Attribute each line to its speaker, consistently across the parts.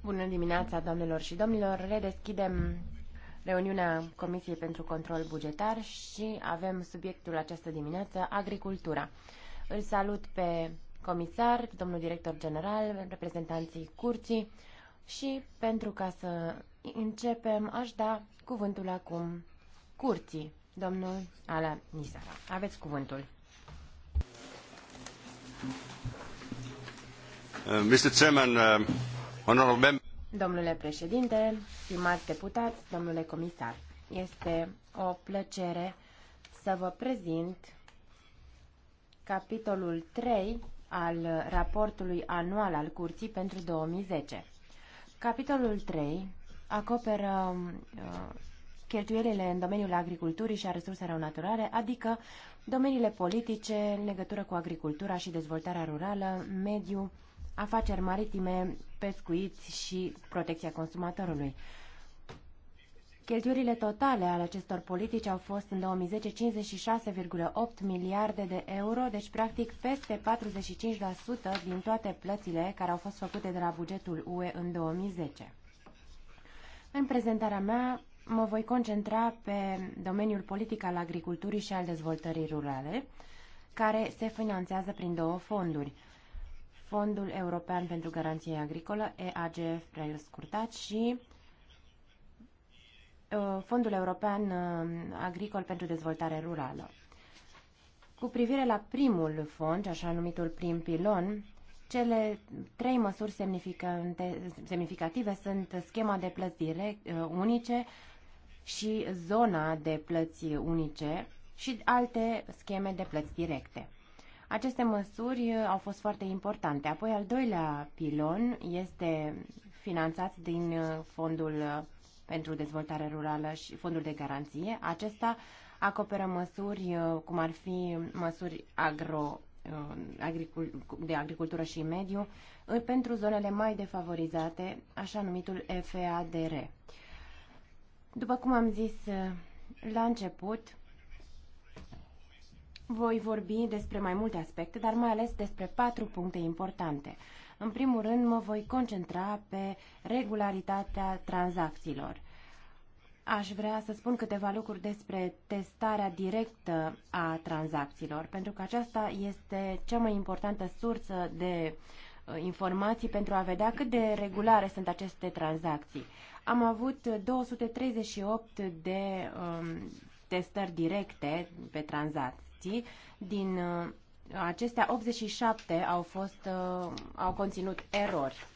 Speaker 1: Bună dimineața, doamnelor și domnilor. Redeschidem reuniunea Comisiei pentru Control Bugetar și avem subiectul această dimineață, agricultura. Îl salut pe comisar, domnul director general, reprezentanții curții și pentru ca să începem, aș da cuvântul acum curții, domnul Alan Nisara. Aveți cuvântul.
Speaker 2: Uh, uh,
Speaker 1: domnule președinte, stimați deputați, domnule comisar, este o plăcere să vă prezint capitolul 3 al raportului anual al Curții pentru 2010. Capitolul 3 acoperă uh, cheltuielile în domeniul agriculturii și a resurselor naturale, adică domeniile politice în legătură cu agricultura și dezvoltarea rurală, mediu, afaceri maritime, pescuiți și protecția consumatorului. Cheltuielile totale ale acestor politici au fost în 2010 56,8 miliarde de euro, deci practic peste 45% din toate plățile care au fost făcute de la bugetul UE în 2010. În prezentarea mea mă voi concentra pe domeniul politic al agriculturii și al dezvoltării rurale, care se finanțează prin două fonduri – Fondul European pentru Garanție Agricolă, EAGF scurtat, și uh, Fondul European uh, Agricol pentru Dezvoltare Rurală. Cu privire la primul fond, așa numitul prim pilon, cele trei măsuri semnificative sunt schema de plăți direct, uh, unice și zona de plăți unice și alte scheme de plăți directe. Aceste măsuri uh, au fost foarte importante. Apoi, al doilea pilon este finanțat din uh, Fondul uh, pentru Dezvoltare Rurală și Fondul de Garanție. Acesta acoperă măsuri cum ar fi măsuri agro de agricultură și mediu pentru zonele mai defavorizate, așa numitul FADR. După cum am zis la început, voi vorbi despre mai multe aspecte, dar mai ales despre patru puncte importante. În primul rând, mă voi concentra pe regularitatea tranzacțiilor. Aș vrea să spun câteva lucruri despre testarea directă a tranzacțiilor, pentru că aceasta este cea mai importantă sursă de uh, informații pentru a vedea cât de regulare sunt aceste tranzacții. Am avut 238 de um, testări directe pe tranzacții direcții. Din uh, acestea, 87 au, fost, uh, au conținut erori.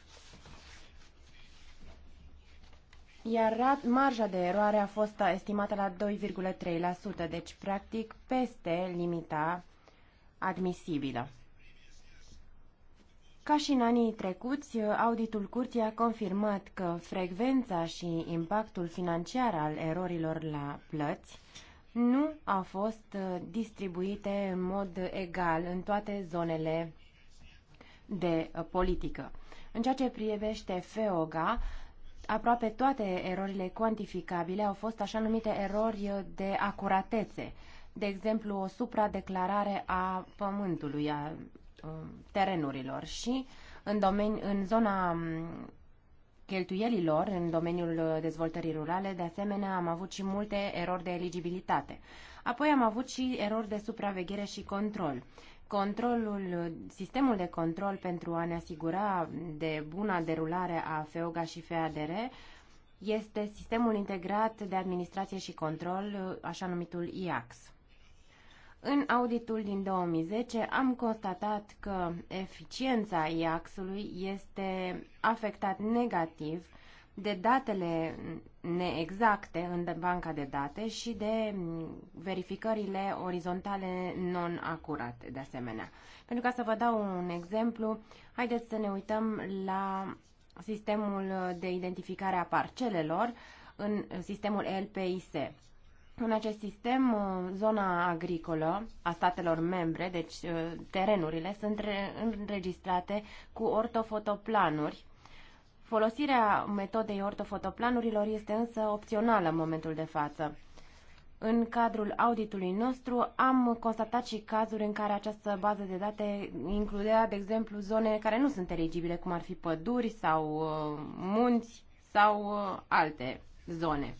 Speaker 1: Iar marja de eroare a fost estimată la 2,3%, deci practic peste limita admisibilă. Ca și în anii trecuți, auditul curții a confirmat că frecvența și impactul financiar al erorilor la plăți nu au fost uh, distribuite în mod egal în toate zonele de uh, politică. În ceea ce privește FEOGA, aproape toate erorile cuantificabile au fost așa numite erori uh, de acuratețe. De exemplu, o supradeclarare a pământului, a um, terenurilor și în, domeni, în zona um, cheltuielilor în domeniul dezvoltării rurale, de asemenea am avut și multe erori de eligibilitate. Apoi am avut și erori de supraveghere și control. Controlul, sistemul de control pentru a ne asigura de buna derulare a FEOGA și FEADR este sistemul integrat de administrație și control, așa numitul IACS. În auditul din 2010 am constatat că eficiența IAX-ului este afectat negativ de datele neexacte în banca de date și de verificările orizontale non-acurate, de asemenea. Pentru ca să vă dau un exemplu, haideți să ne uităm la sistemul de identificare a parcelelor în sistemul LPIS. În acest sistem, uh, zona agricolă a statelor membre, deci uh, terenurile, sunt înregistrate cu ortofotoplanuri. Folosirea metodei ortofotoplanurilor este însă opțională în momentul de față. În cadrul auditului nostru am constatat și cazuri în care această bază de date includea, de exemplu, zone care nu sunt eligibile, cum ar fi păduri sau uh, munți sau alte zone.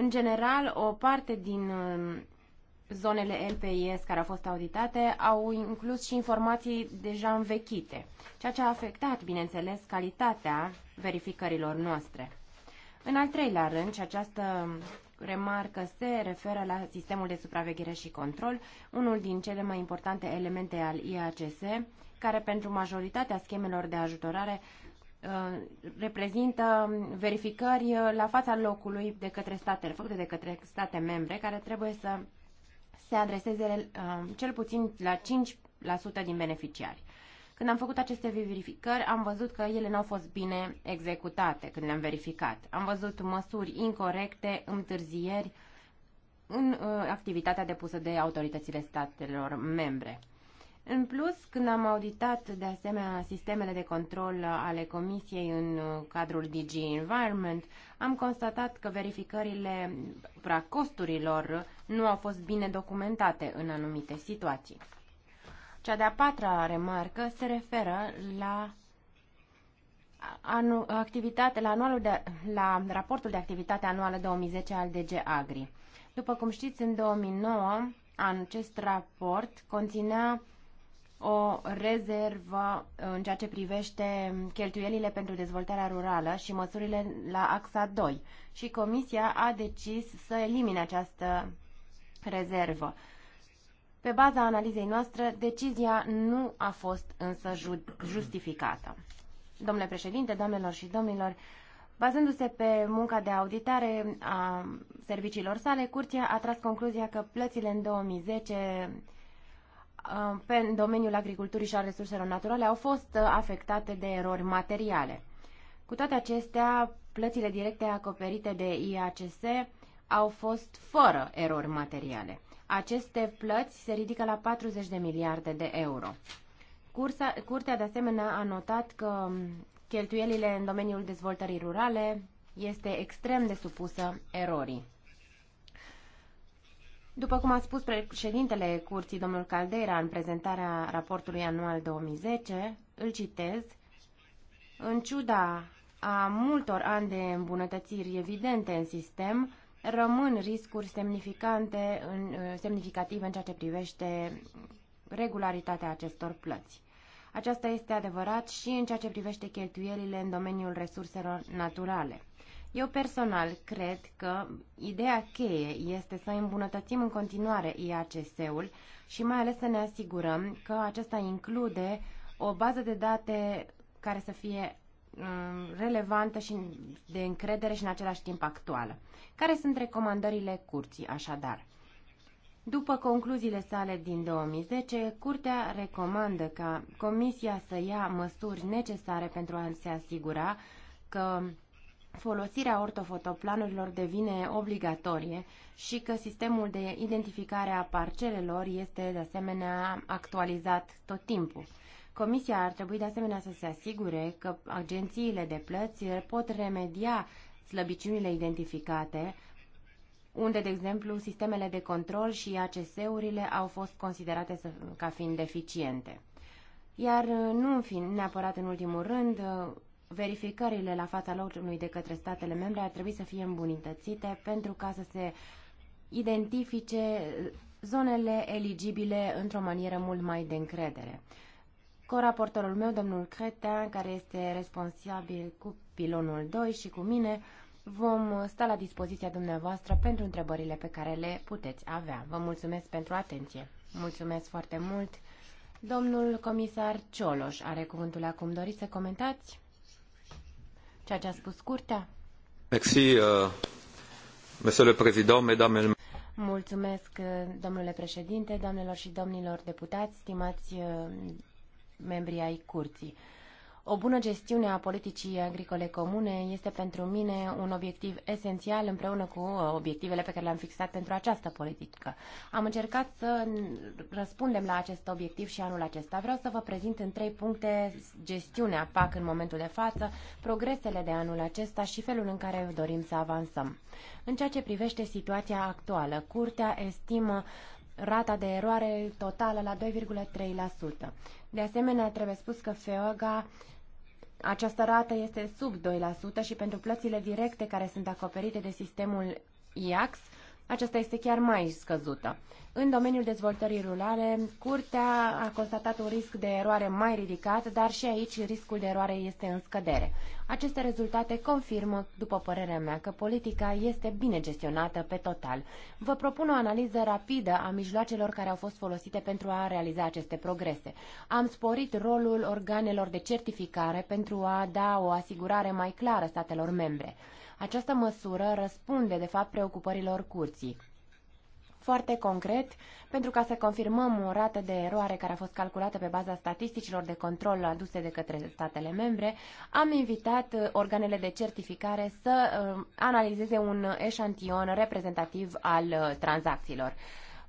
Speaker 1: În general, o parte din um, zonele LPIS care au fost auditate au inclus și informații deja învechite, ceea ce a afectat, bineînțeles, calitatea verificărilor noastre. În al treilea rând, și această remarcă se referă la sistemul de supraveghere și control, unul din cele mai importante elemente al IACS, care pentru majoritatea schemelor de ajutorare Uh, reprezintă verificări uh, la fața locului de către statele, făcute de către state membre, care trebuie să se adreseze uh, cel puțin la 5% din beneficiari. Când am făcut aceste verificări, am văzut că ele nu au fost bine executate când le-am verificat. Am văzut măsuri incorrecte, întârzieri în activitatea depusă de autoritățile statelor membre. În plus, când am auditat de asemenea sistemele de control ale Comisiei în uh, cadrul DG Environment, am constatat că verificările costurilor nu au fost bine documentate în anumite situații. Cea de-a patra remarcă se referă la anu, activitate, la, anualul de, la raportul de activitate anuală 2010 al DG Agri. După cum știți, în 2009, acest raport conținea o rezervă uh, în ceea ce privește cheltuielile pentru dezvoltarea rurală și măsurile la axa 2 și Comisia a decis să elimine această rezervă. Pe baza analizei noastre, decizia nu a fost însă justificată. Domnule președinte, doamnelor și domnilor, Bazându-se pe munca de auditare a serviciilor sale, Curtea a tras concluzia că plățile în 2010 Uh, pe domeniul agriculturii și al resurselor naturale au fost uh, afectate de erori materiale. Cu toate acestea, plățile directe acoperite de IACS au fost fără erori materiale. Aceste plăți se ridică la 40 de miliarde de euro. Cursa, curtea, de asemenea, a notat că um, cheltuielile în domeniul dezvoltării rurale este extrem de supusă erorii. După cum a spus președintele curții, domnul Caldera, în prezentarea raportului anual 2010, îl citez, în ciuda a multor ani de îmbunătățiri evidente în sistem, rămân riscuri semnificante în, semnificative în ceea ce privește regularitatea acestor plăți. Aceasta este adevărat și în ceea ce privește cheltuielile în domeniul resurselor naturale. Eu personal cred că ideea cheie este să îmbunătățim în continuare IACS-ul și mai ales să ne asigurăm că acesta include o bază de date care să fie mm, relevantă și de încredere și în același timp actuală. Care sunt recomandările curții, așadar? După concluziile sale din 2010, Curtea recomandă ca Comisia să ia măsuri necesare pentru a se asigura că folosirea ortofotoplanurilor devine obligatorie și că sistemul de identificare a parcelelor este de asemenea actualizat tot timpul. Comisia ar trebui de asemenea să se asigure că agențiile de plăți pot remedia slăbiciunile identificate, unde, de exemplu, sistemele de control și ACS-urile au fost considerate ca fiind deficiente. Iar nu în neapărat în ultimul rând, verificările la fața locului de către statele membre ar trebui să fie îmbunătățite pentru ca să se identifice zonele eligibile într-o manieră mult mai de încredere. Coraportorul meu, domnul Cretan, care este responsabil cu pilonul 2 și cu mine, vom sta la dispoziția dumneavoastră pentru întrebările pe care le puteți avea. Vă mulțumesc pentru atenție. Mulțumesc foarte mult. Domnul comisar Cioloș are cuvântul acum. Doriți să comentați? ceea ce a spus curtea?
Speaker 3: Merci, uh, monsieur le président, mesdames
Speaker 1: Mulțumesc, uh, domnule președinte, doamnelor și domnilor deputați, stimați uh, membrii ai curții. O bună gestiune a politicii agricole comune este pentru mine un obiectiv esențial împreună cu uh, obiectivele pe care le-am fixat pentru această politică. Am încercat să răspundem la acest obiectiv și anul acesta. Vreau să vă prezint în trei puncte gestiunea PAC în momentul de față, progresele de anul acesta și felul în care dorim să avansăm. În ceea ce privește situația actuală, Curtea estimă rata de eroare totală la 2,3%. De asemenea, trebuie spus că FEOGA această rată este sub 2% și pentru plățile directe care sunt acoperite de sistemul IACS, aceasta este chiar mai scăzută. În domeniul dezvoltării rurale, Curtea a constatat un risc de eroare mai ridicat, dar și aici riscul de eroare este în scădere. Aceste rezultate confirmă, după părerea mea, că politica este bine gestionată pe total. Vă propun o analiză rapidă a mijloacelor care au fost folosite pentru a realiza aceste progrese. Am sporit rolul organelor de certificare pentru a da o asigurare mai clară statelor membre. Această măsură răspunde, de fapt, preocupărilor curții. Foarte concret, pentru ca să confirmăm o rată de eroare care a fost calculată pe baza statisticilor de control aduse de către statele membre, am invitat uh, organele de certificare să uh, analizeze un eșantion reprezentativ al uh, tranzacțiilor.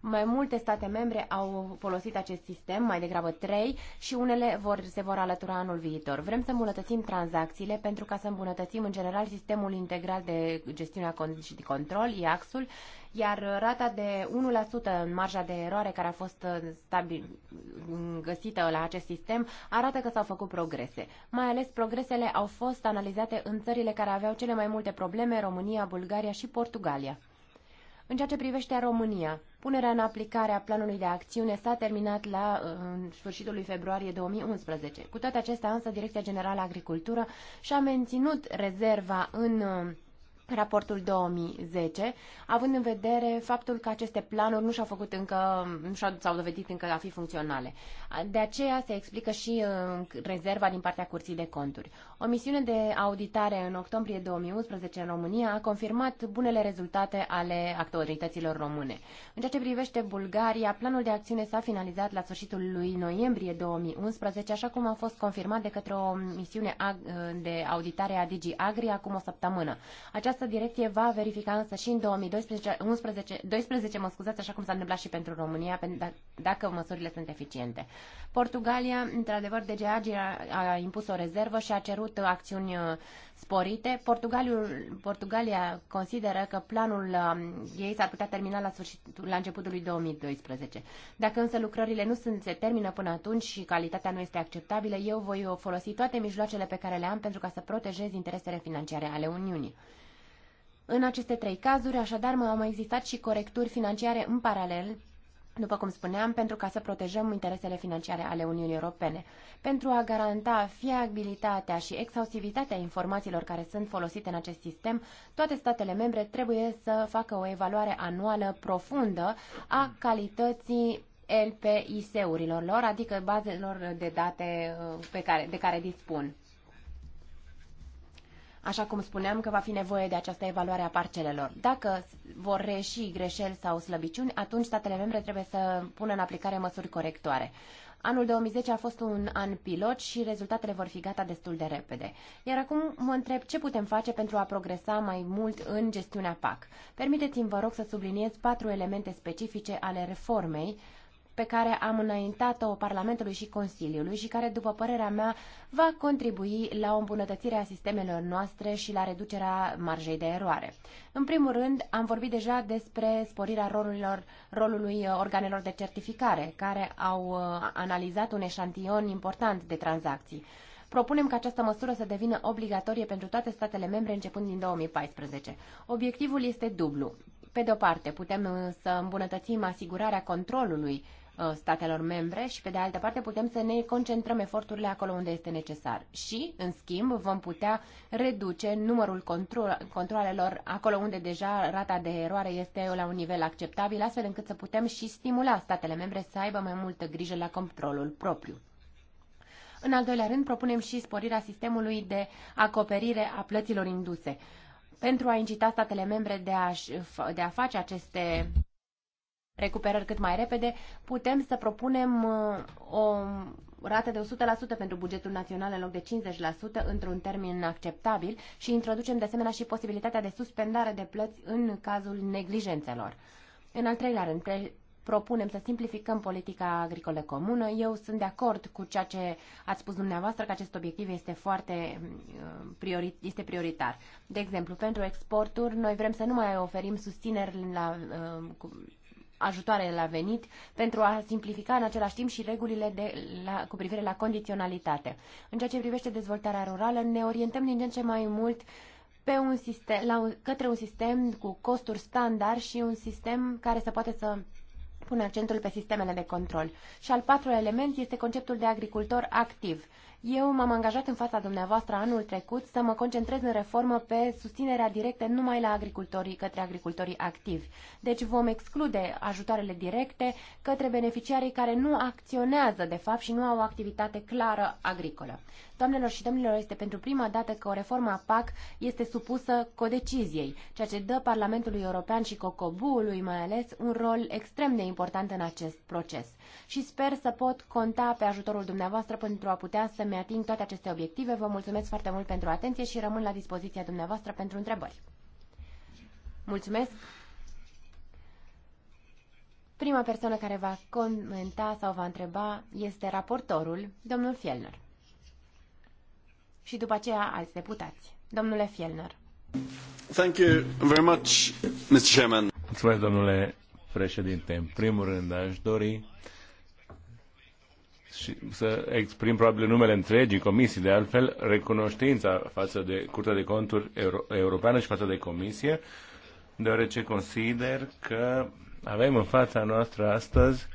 Speaker 1: Mai multe state membre au folosit acest sistem, mai degrabă trei, și unele vor, se vor alătura anul viitor. Vrem să îmbunătățim tranzacțiile pentru ca să îmbunătățim în general sistemul integral de gestiune și de control, IAX-ul, iar rata de 1% în marja de eroare care a fost uh, stabil, găsită la acest sistem arată că s-au făcut progrese. Mai ales progresele au fost analizate în țările care aveau cele mai multe probleme, România, Bulgaria și Portugalia. În ceea ce privește România, punerea în aplicare a planului de acțiune s-a terminat la în sfârșitul lui februarie 2011. Cu toate acestea, însă, Direcția Generală Agricultură și-a menținut rezerva în raportul 2010, având în vedere faptul că aceste planuri nu și-au făcut încă, nu și-au dovedit încă a fi funcționale. De aceea se explică și uh, rezerva din partea Curții de Conturi. O misiune de auditare în octombrie 2011 în România a confirmat bunele rezultate ale autorităților române. În ceea ce privește Bulgaria, planul de acțiune s-a finalizat la sfârșitul lui noiembrie 2011, așa cum a fost confirmat de către o misiune uh, de auditare a Digi Agri acum o săptămână. Această această direcție va verifica însă și în 2012, 11, 12, mă scuzați, așa cum s-a întâmplat și pentru România, da, dacă măsurile sunt eficiente. Portugalia, într-adevăr, DG a impus o rezervă și a cerut acțiuni uh, sporite. Portugaliul, Portugalia consideră că planul um, ei s-ar putea termina la, sfârșitul, la începutul lui 2012. Dacă însă lucrările nu sunt, se termină până atunci și calitatea nu este acceptabilă, eu voi folosi toate mijloacele pe care le am pentru ca să protejez interesele financiare ale Uniunii. În aceste trei cazuri, așadar, mai au mai existat și corecturi financiare în paralel, după cum spuneam, pentru ca să protejăm interesele financiare ale Uniunii Europene. Pentru a garanta fiabilitatea și exhaustivitatea informațiilor care sunt folosite în acest sistem, toate statele membre trebuie să facă o evaluare anuală profundă a calității LPIS-urilor lor, adică bazelor de date uh, pe care, de care dispun. Așa cum spuneam că va fi nevoie de această evaluare a parcelelor. Dacă vor reși greșeli sau slăbiciuni, atunci statele membre trebuie să pună în aplicare măsuri corectoare. Anul 2010 a fost un an pilot și rezultatele vor fi gata destul de repede. Iar acum mă întreb ce putem face pentru a progresa mai mult în gestiunea PAC. Permiteți-mi, vă rog, să subliniez patru elemente specifice ale reformei pe care am înaintat-o Parlamentului și Consiliului și care, după părerea mea, va contribui la o îmbunătățire a sistemelor noastre și la reducerea marjei de eroare. În primul rând, am vorbit deja despre sporirea rolurilor, rolului uh, organelor de certificare, care au uh, analizat un eșantion important de tranzacții. Propunem ca această măsură să devină obligatorie pentru toate statele membre începând din 2014. Obiectivul este dublu. Pe de o parte, putem uh, să îmbunătățim asigurarea controlului Uh, statelor membre și, pe de altă parte, putem să ne concentrăm eforturile acolo unde este necesar. Și, în schimb, vom putea reduce numărul control controlelor acolo unde deja rata de eroare este la un nivel acceptabil, astfel încât să putem și stimula statele membre să aibă mai multă grijă la controlul propriu. În al doilea rând, propunem și sporirea sistemului de acoperire a plăților induse pentru a incita statele membre de a, de a face aceste recuperări cât mai repede, putem să propunem uh, o rată de 100% pentru bugetul național în loc de 50% într-un termen acceptabil și introducem de asemenea și posibilitatea de suspendare de plăți în cazul neglijențelor. În al treilea rând, propunem să simplificăm politica agricolă comună. Eu sunt de acord cu ceea ce ați spus dumneavoastră, că acest obiectiv este foarte uh, priori, este prioritar. De exemplu, pentru exporturi, noi vrem să nu mai oferim susțineri la, uh, ajutoarele la venit pentru a simplifica în același timp și regulile de, la, cu privire la condiționalitate. În ceea ce privește dezvoltarea rurală, ne orientăm din ce în ce mai mult pe un sistem, la un, către un sistem cu costuri standard și un sistem care să poate să pună accentul pe sistemele de control. Și al patrulea element este conceptul de agricultor activ. Uh, eu m-am angajat în fața dumneavoastră anul trecut să mă concentrez în reformă pe susținerea directă numai la agricultorii către agricultorii activi. Deci vom exclude ajutoarele directe către beneficiarii care nu acționează de fapt și nu au o activitate clară agricolă. Doamnelor și domnilor, este pentru prima dată că o reformă a PAC este supusă codeciziei, ceea ce dă Parlamentului European și Cocobului mai ales un rol extrem de important în acest proces. Și sper să pot conta pe ajutorul dumneavoastră pentru a putea să-mi ating toate aceste obiective. Vă mulțumesc foarte mult pentru atenție și rămân la dispoziția dumneavoastră pentru întrebări. Mulțumesc! Prima persoană care va comenta sau va întreba este raportorul, domnul Fielner și după aceea alți deputați. Domnule Fielner.
Speaker 4: Thank you very much, Mr. Chairman. Mulțumesc, domnule președinte. În primul rând, aș dori și să exprim probabil numele întregii comisii, de altfel, recunoștința față de Curtea de Conturi Euro- Europeană și față de Comisie, deoarece consider că avem în fața noastră astăzi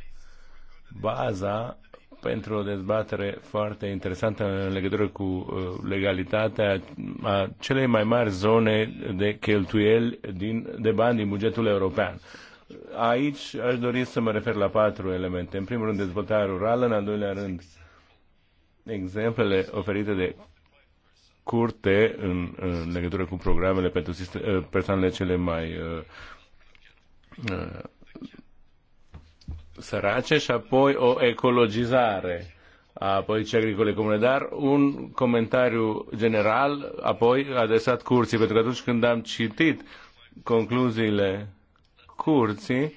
Speaker 4: baza pentru o dezbatere foarte interesantă în legătură cu uh, legalitatea a celei mai mari zone de cheltuieli din, de bani din bugetul european. Aici aș dori să mă refer la patru elemente. În primul rând, dezvoltarea rurală, în al doilea rând, exemplele oferite de curte în, în legătură cu programele pentru uh, persoanele cele mai uh, uh sărace și apoi o ecologizare a politicii agricole comune, dar un comentariu general apoi adresat curții, pentru că atunci când am citit concluziile curții,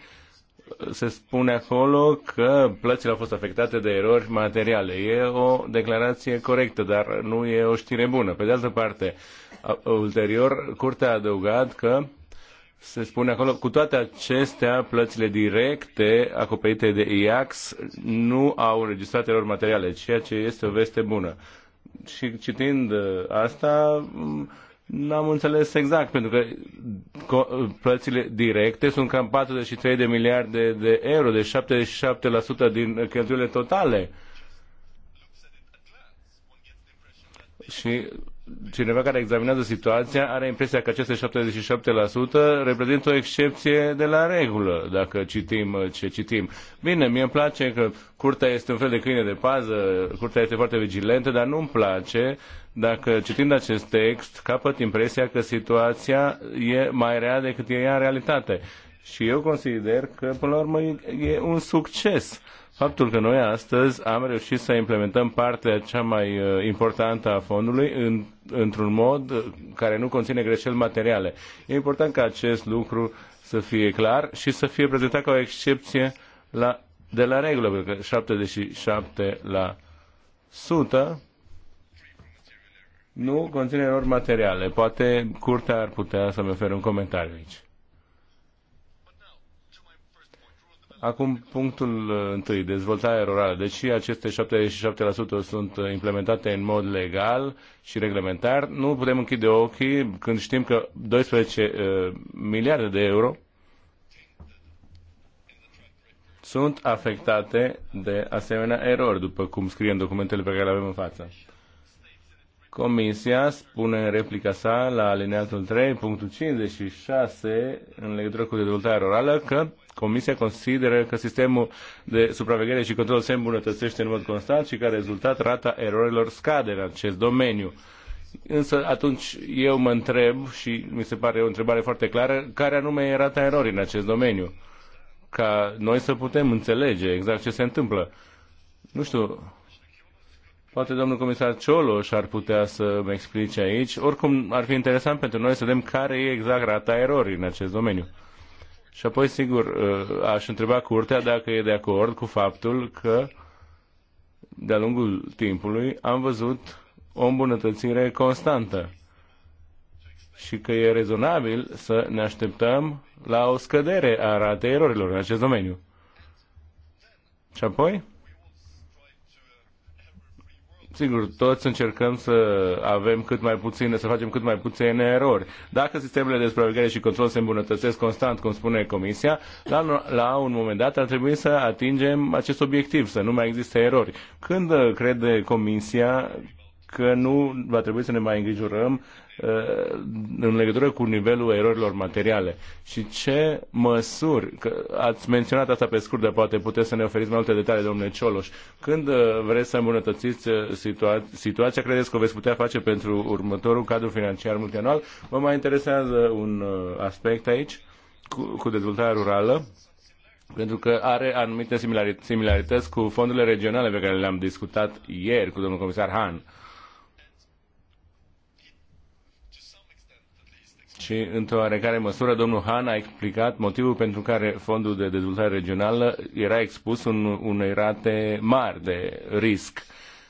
Speaker 4: se spune acolo că plățile au fost afectate de erori materiale. E o declarație corectă, dar nu e o știre bună. Pe de altă parte, ulterior, curtea a adăugat că se spune acolo, cu toate acestea, plățile directe acoperite de IAX nu au înregistrat erori materiale, ceea ce este o veste bună. Și citind uh, asta, n-am înțeles exact, pentru că uh, plățile directe sunt cam 43 de miliarde de euro, de deci 77% din cheltuielile totale. Și cineva care examinează situația are impresia că aceste 77% reprezintă o excepție de la regulă, dacă citim uh, ce citim. Bine, mie îmi place că curtea este un fel de câine de pază, curtea este foarte vigilentă, dar nu-mi place dacă citind acest text capăt impresia că situația e mai rea decât e ea în realitate. Și eu consider că, până la urmă, e un succes faptul că noi astăzi am reușit să implementăm partea cea mai uh, importantă a fondului în, într-un mod uh, care nu conține greșeli materiale. E important ca acest lucru să fie clar și să fie prezentat ca o excepție la, de la regulă, pentru că 77 la 100 nu conține erori materiale. Poate curtea ar putea să-mi ofere un comentariu aici. Acum, punctul uh, întâi, dezvoltarea rurală. Deci aceste 77% sunt uh, implementate în mod legal și reglementar. Nu putem închide ochii când știm că 12 uh, miliarde de euro sunt afectate de asemenea erori, după cum scrie în documentele pe care le avem în față. Comisia spune în replica sa la alineatul 3.56 în legătură cu dezvoltarea rurală că Comisia consideră că sistemul de supraveghere și control se îmbunătățește în mod constant și ca rezultat rata erorilor scade în acest domeniu. Însă atunci eu mă întreb și mi se pare o întrebare foarte clară, care anume e rata erorii în acest domeniu? Ca noi să putem înțelege exact ce se întâmplă. Nu știu, Poate domnul comisar Cioloș ar putea să mă explice aici. Oricum, ar fi interesant pentru noi să vedem care e exact rata erorii în acest domeniu. Și apoi, sigur, uh, aș întreba curtea dacă e de acord cu faptul că de-a lungul timpului am văzut o îmbunătățire constantă și că e rezonabil să ne așteptăm la o scădere a ratei erorilor în acest domeniu. Și apoi? Sigur, toți încercăm să avem cât mai puține, să facem cât mai puține erori. Dacă sistemele de supraveghere și control se îmbunătățesc constant, cum spune Comisia, la, la un moment dat ar trebui să atingem acest obiectiv, să nu mai existe erori. Când crede Comisia că nu va trebui să ne mai îngrijorăm uh, în legătură cu nivelul erorilor materiale. Și ce măsuri, că ați menționat asta pe scurt, dar poate puteți să ne oferiți mai multe detalii, domnule Cioloș. Când uh, vreți să îmbunătățiți uh, situa- situația, credeți că o veți putea face pentru următorul cadru financiar multianual? Mă mai interesează un aspect aici cu, cu dezvoltarea rurală pentru că are anumite similarități cu fondurile regionale pe care le-am discutat ieri cu domnul comisar Han. Și, într-o oarecare măsură, domnul Han a explicat motivul pentru care Fondul de Dezvoltare Regională era expus un, unei rate mari de risc.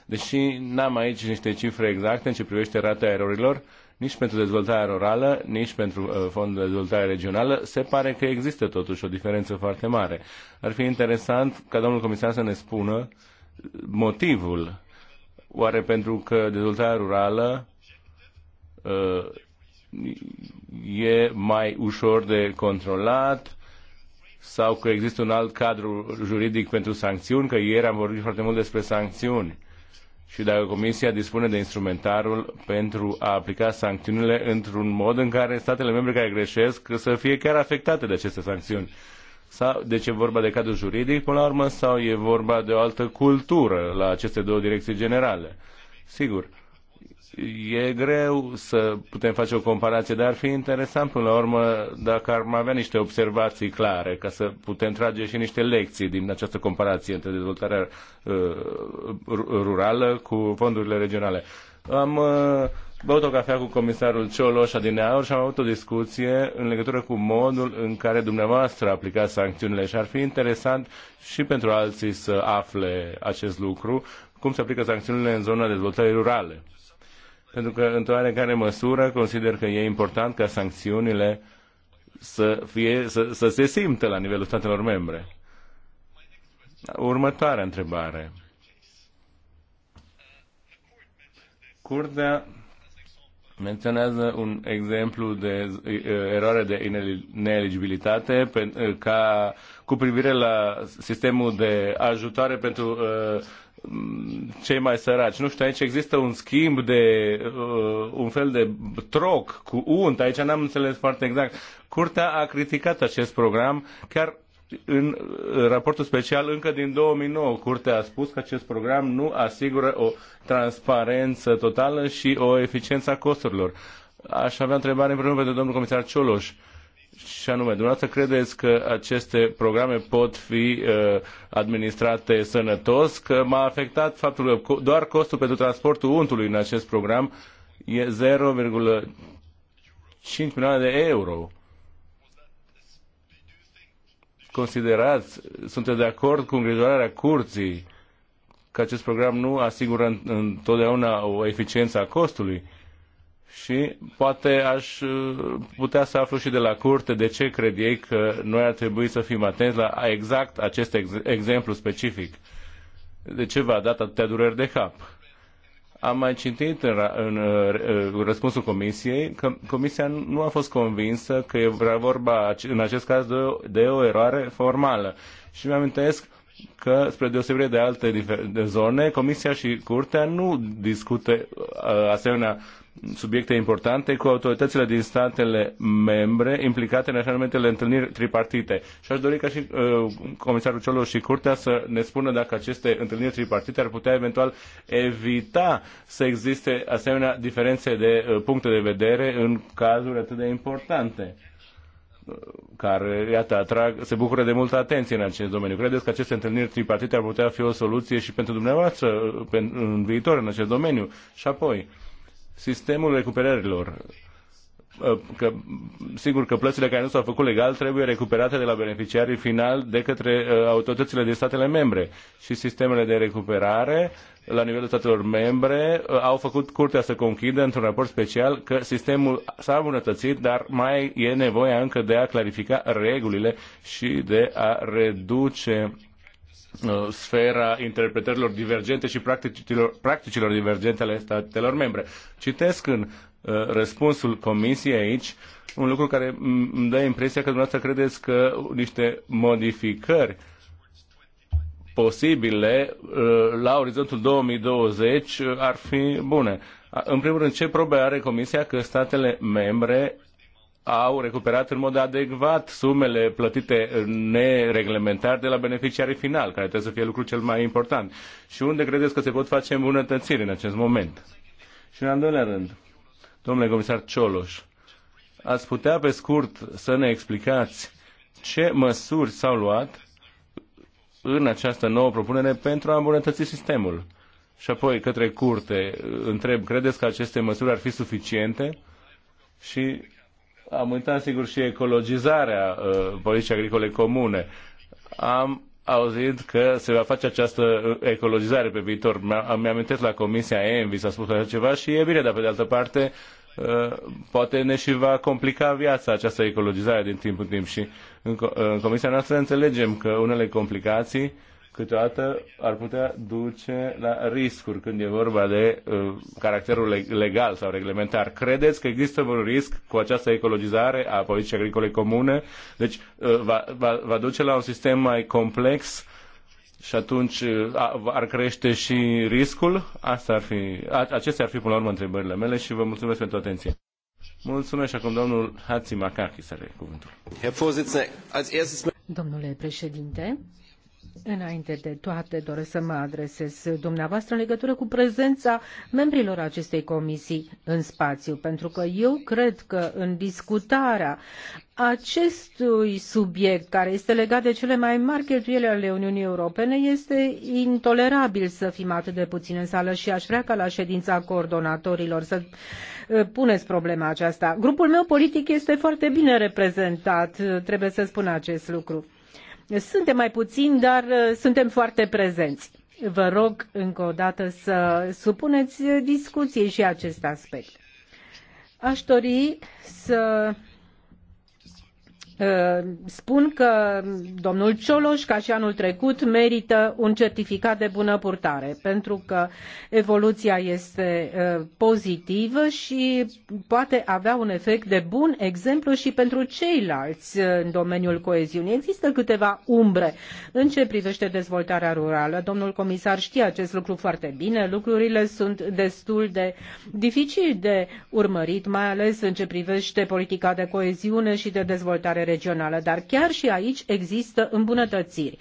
Speaker 4: Deși n-am aici niște cifre exacte în ce privește rata erorilor, nici pentru dezvoltarea rurală, nici pentru uh, fondul de dezvoltare regională, se pare că există totuși o diferență foarte mare. Ar fi interesant ca domnul comisar să ne spună motivul. Oare pentru că dezvoltarea rurală uh, e mai ușor de controlat sau că există un alt cadru juridic pentru sancțiuni, că ieri am vorbit foarte mult despre sancțiuni și dacă Comisia dispune de instrumentarul pentru a aplica sancțiunile într-un mod în care statele membre care greșesc să fie chiar afectate de aceste sancțiuni. Sau, deci e vorba de cadru juridic până la urmă sau e vorba de o altă cultură la aceste două direcții generale? Sigur, E greu să putem face o comparație, dar ar fi interesant până la urmă dacă ar mai avea niște observații clare, ca să putem trage și niște lecții din această comparație între dezvoltarea uh, rurală cu fondurile regionale. Am uh, băut o cafea cu comisarul Cioloș adineaur și am avut o discuție în legătură cu modul în care dumneavoastră aplicați sancțiunile și ar fi interesant și pentru alții să afle acest lucru, cum se aplică sancțiunile în zona dezvoltării rurale pentru că, într-o oarecare măsură, consider că e important ca sancțiunile să, fie, să, să se simtă la nivelul statelor membre. Următoarea întrebare. Curtea menționează un exemplu de eh, eroare de ineligibilitate eh, ca cu privire la sistemul de ajutoare pentru uh, Mm, cei mai săraci. Nu știu, aici există un schimb de uh, un fel de troc cu unt. Aici n-am înțeles foarte exact. Curtea a criticat acest program chiar în uh, raportul special încă din 2009 Curtea a spus că acest program nu asigură o transparență totală și o eficiență a costurilor. Aș avea întrebare rând pentru domnul comisar Cioloș. Uh, și anume, dumneavoastră credeți că aceste programe pot fi uh, administrate sănătos? Că m-a afectat faptul că doar costul pentru transportul untului în acest program e 0,5 milioane de euro. Considerați, sunteți de acord cu îngrijorarea curții că acest program nu asigură întotdeauna o eficiență a costului? și poate aș uh, putea să aflu și de la curte de ce cred ei că noi ar trebui să fim atenți la exact acest ex- exemplu specific. De ce v-a dat atâtea dureri de cap? Am mai citit în, în, în uh, răspunsul comisiei că comisia nu a fost convinsă că e vorba în acest caz de o, de o eroare formală. Și mi-amintesc că, spre deosebire de alte de zone, comisia și curtea nu discută uh, asemenea subiecte importante cu autoritățile din statele membre implicate în așa numitele întâlniri tripartite. Și aș dori ca și uh, comisarul Ciolo și Curtea să ne spună dacă aceste întâlniri tripartite ar putea eventual evita să existe asemenea diferențe de uh, puncte de vedere în cazuri atât de importante uh, care, iată, atrag, se bucură de multă atenție în acest domeniu. Credeți că aceste întâlniri tripartite ar putea fi o soluție și pentru dumneavoastră uh, în viitor în acest domeniu? Și apoi, sistemul recuperărilor. Ă, că, sigur că plățile care nu s-au făcut legal trebuie recuperate de la beneficiarii final de către ă, autoritățile din statele membre și sistemele de recuperare la nivelul statelor membre ă, au făcut curtea să conchidă într-un raport special că sistemul s-a îmbunătățit, dar mai e nevoie încă de a clarifica regulile și de a reduce Uh, sfera interpretărilor divergente și practicilor, practicilor divergente ale statelor membre. Citesc în uh, răspunsul comisiei aici un lucru care îmi dă impresia că dumneavoastră credeți că niște modificări posibile uh, la orizontul 2020 ar fi bune. În primul rând, ce probe are Comisia că statele membre au recuperat în mod adecvat sumele plătite nereglementar de la beneficiarii final, care trebuie să fie lucru cel mai important. Și unde credeți că se pot face îmbunătățiri în acest moment? Și în al doilea rând, domnule comisar Cioloș, ați putea pe scurt să ne explicați ce măsuri s-au luat în această nouă propunere pentru a îmbunătăți sistemul? Și apoi, către curte, întreb, credeți că aceste măsuri ar fi suficiente? Și am uitat, sigur, și ecologizarea uh, politicii agricole comune. Am auzit că se va face această uh, ecologizare pe viitor. Am mi amintit la Comisia Envi s-a spus așa ceva și e bine, dar pe de altă parte uh, poate ne și va complica viața această ecologizare din timp în timp și în Comisia noastră înțelegem că unele complicații uh, câteodată ar putea duce la riscuri când e vorba de uh, caracterul legal sau reglementar. Credeți că există un risc cu această ecologizare a politicii agricole comune? Deci uh, va, va, va duce la un sistem mai complex și atunci uh, ar crește și riscul? Asta ar fi, a, acestea ar fi până la urmă întrebările mele și vă mulțumesc pentru atenție. Mulțumesc acum domnul să are cuvântul.
Speaker 3: Domnule președinte, Înainte de toate, doresc să mă adresez dumneavoastră în legătură cu prezența membrilor acestei comisii în spațiu, pentru că eu cred că în discutarea acestui subiect, care este legat de cele mai mari cheltuieli ale Uniunii Europene, este intolerabil să fim atât de puțin în sală și aș vrea ca la ședința coordonatorilor să eh, puneți problema aceasta. Grupul meu politic este foarte bine reprezentat, trebuie să spun acest lucru suntem mai puțini, dar uh, suntem foarte prezenți. Vă rog încă o dată să supuneți discuției și acest aspect. Aș dori să Uh, spun că domnul Cioloș, ca și anul trecut, merită un certificat de bună purtare, pentru că evoluția este uh, pozitivă și poate avea un efect de bun exemplu și pentru ceilalți uh, în domeniul coeziunii. Există câteva umbre în ce privește dezvoltarea rurală. Domnul comisar știe acest lucru foarte bine. Lucrurile sunt destul de dificil de urmărit, mai ales în ce privește politica de coeziune și de dezvoltare regională, dar chiar și aici există îmbunătățiri.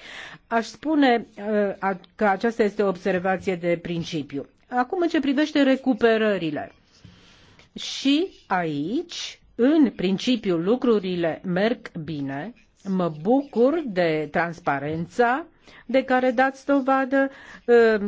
Speaker 3: Aș spune uh, că aceasta este o observație de principiu. Acum, în ce privește recuperările. Și aici, în principiu, lucrurile merg bine, Mă bucur de transparența de care dați dovadă. Uh,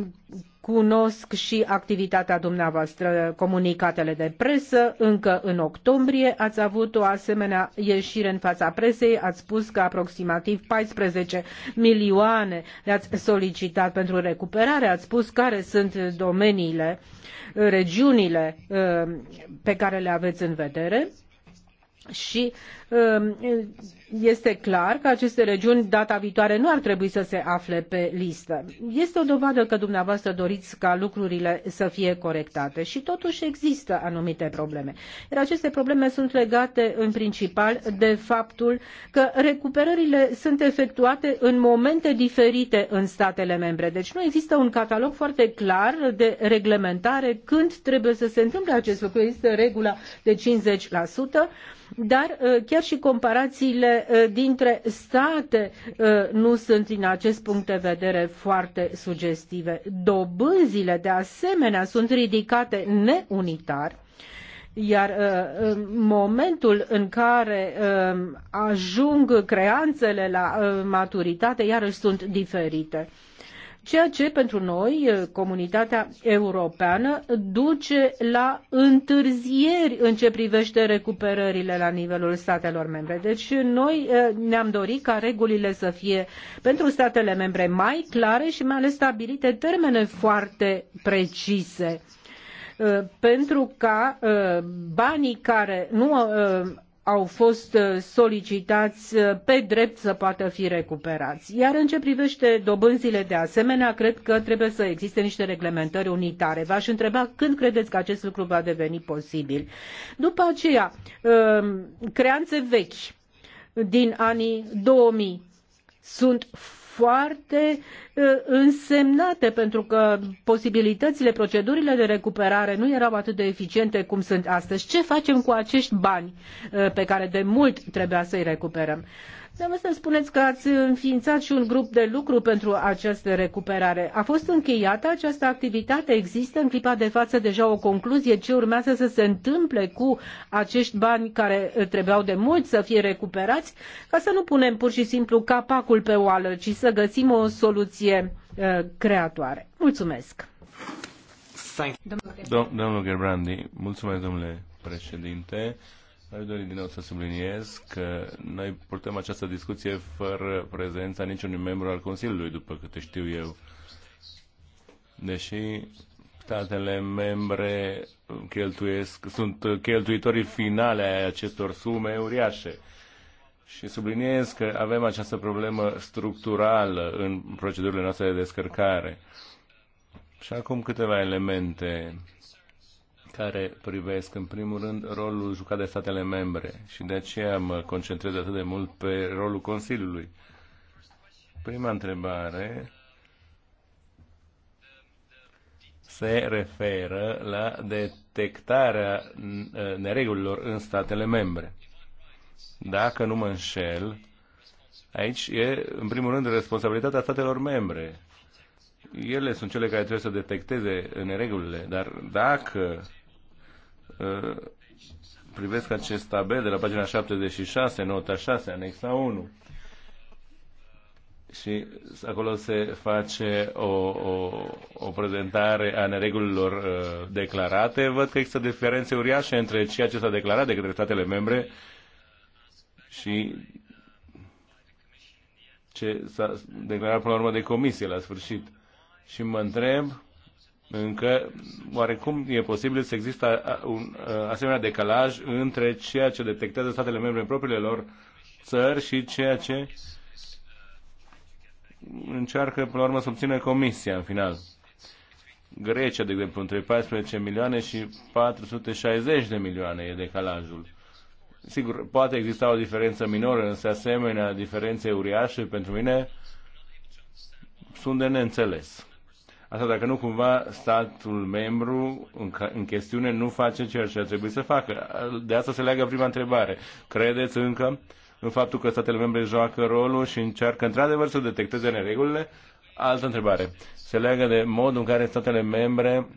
Speaker 3: cunosc și activitatea dumneavoastră, comunicatele de presă. Încă în octombrie ați avut o asemenea ieșire în fața presei. Ați spus că aproximativ 14 milioane le-ați solicitat pentru recuperare. Ați spus care sunt domeniile, regiunile uh, pe care le aveți în vedere și uh, este clar că aceste regiuni data viitoare nu ar trebui să se afle pe listă. Este o dovadă că dumneavoastră doriți ca lucrurile să fie corectate și totuși există anumite probleme. Iar aceste probleme sunt legate în principal de faptul că recuperările sunt efectuate în momente diferite în statele membre. Deci nu există un catalog foarte clar de reglementare când trebuie să se întâmple acest lucru. Există regula de 50%, dar eh, chiar și comparațiile Uh, dintre state uh, nu sunt din acest punct de vedere foarte sugestive. Dobânzile de asemenea sunt ridicate neunitar iar uh, momentul în care ajung creanțele la maturitate iarăși sunt diferite ceea ce pentru noi, eh, comunitatea europeană, duce la întârzieri în ce privește recuperările la nivelul statelor membre. Deci noi eh, ne-am dorit ca regulile să fie pentru statele membre mai clare și mai ales stabilite termene foarte precise eh, pentru ca banii care nu au fost uh, solicitați uh, pe drept să poată fi recuperați. Iar în ce privește dobânzile de asemenea, cred că trebuie să existe niște reglementări unitare. V-aș întreba când credeți că acest lucru va deveni posibil. După aceea, um, creanțe vechi din anii 2000 sunt foarte uh, însemnate pentru că posibilitățile, procedurile de recuperare nu erau atât de eficiente cum sunt astăzi. Ce facem cu acești bani uh, pe care de mult trebuia să-i recuperăm? să spuneți că ați înființat și un grup de lucru pentru această recuperare. A fost încheiată această activitate? Există în clipa de față deja o concluzie? Ce urmează să se întâmple cu acești bani care uh, trebuiau de mult să fie recuperați? Ca să nu punem pur și simplu capacul pe oală, ci să găsim o soluție uh, creatoare. Mulțumesc!
Speaker 4: Domnul Gerbrandi, mulțumesc domnule președinte. Aș dori din nou să subliniez că noi purtăm această discuție fără prezența niciunui membru al Consiliului, după câte știu eu. Deși statele membre cheltuiesc, sunt cheltuitorii finale ai acestor sume uriașe. Și subliniez că avem această problemă structurală în procedurile noastre de descărcare. Și acum câteva elemente care privesc în primul rând rolul jucat de statele membre și de aceea mă concentrez atât de mult pe rolul Consiliului. Prima întrebare se referă la detectarea uh, neregulilor în statele membre. Dacă nu mă înșel, aici e în primul rând responsabilitatea statelor membre ele sunt cele care trebuie să detecteze neregulile, dar dacă Uh, privesc acest tabel de la pagina 76, nota 6, anexa 1. Și acolo se face o, o, o prezentare a neregulilor uh, declarate. Văd că există diferențe uriașe între ceea ce s-a declarat de către statele membre și ce s-a declarat până la urmă de comisie la sfârșit. Și mă întreb încă oarecum e posibil să există un asemenea decalaj între ceea ce detectează statele membre în propriile lor țări și ceea ce încearcă, până la urmă, să obțină Comisia în final. Grecia, de exemplu, între 14 milioane și 460 de milioane e decalajul. Sigur, poate exista o diferență minoră, însă asemenea diferențe uriașe pentru mine sunt de neînțeles. Asta dacă nu cumva statul membru în, în chestiune nu face ceea ce ar trebui să facă. De asta se leagă prima întrebare. Credeți încă în faptul că statele membre joacă rolul și încearcă într-adevăr să detecteze neregulile? Altă întrebare. Se leagă de modul în care statele membre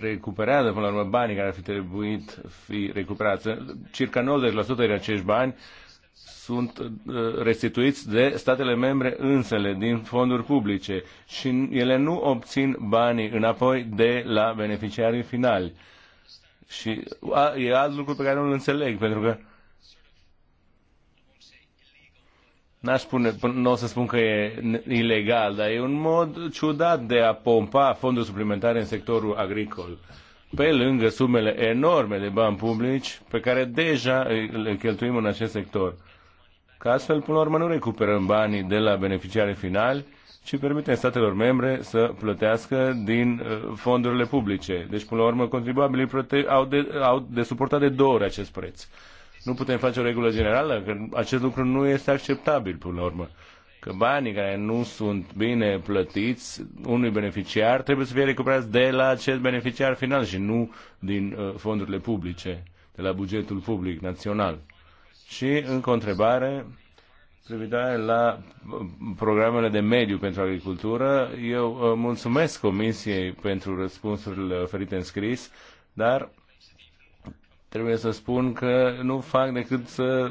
Speaker 4: recuperează până la urmă banii care ar fi trebuit fi recuperați. Circa 90% din acești bani uh, sunt uh, restituiți de statele membre însele din fonduri publice și ele nu obțin banii înapoi de la beneficiarii finali. Și e alt lucru pe care nu-l înțeleg, pentru că n-aș spune, nu o să spun că e ilegal, dar e un mod ciudat de a pompa fonduri suplimentare în sectorul agricol pe lângă sumele enorme de bani publici pe care deja le cheltuim în acest sector. Ca astfel, până la urmă, nu recuperăm banii de la beneficiarii finali, ci permitem statelor membre să plătească din uh, fondurile publice. Deci, până la urmă, contribuabilii au de, au de suportat de două ori acest preț. Nu putem face o regulă generală, că acest lucru nu este acceptabil, până la urmă că banii care nu sunt bine plătiți unui beneficiar trebuie să fie recuperați de la acest beneficiar final și nu din uh, fondurile publice, de la bugetul public național. Și încă o întrebare privitoare la uh, programele de mediu pentru agricultură. Eu uh, mulțumesc Comisiei pentru răspunsurile oferite în scris, dar trebuie să spun că nu fac decât să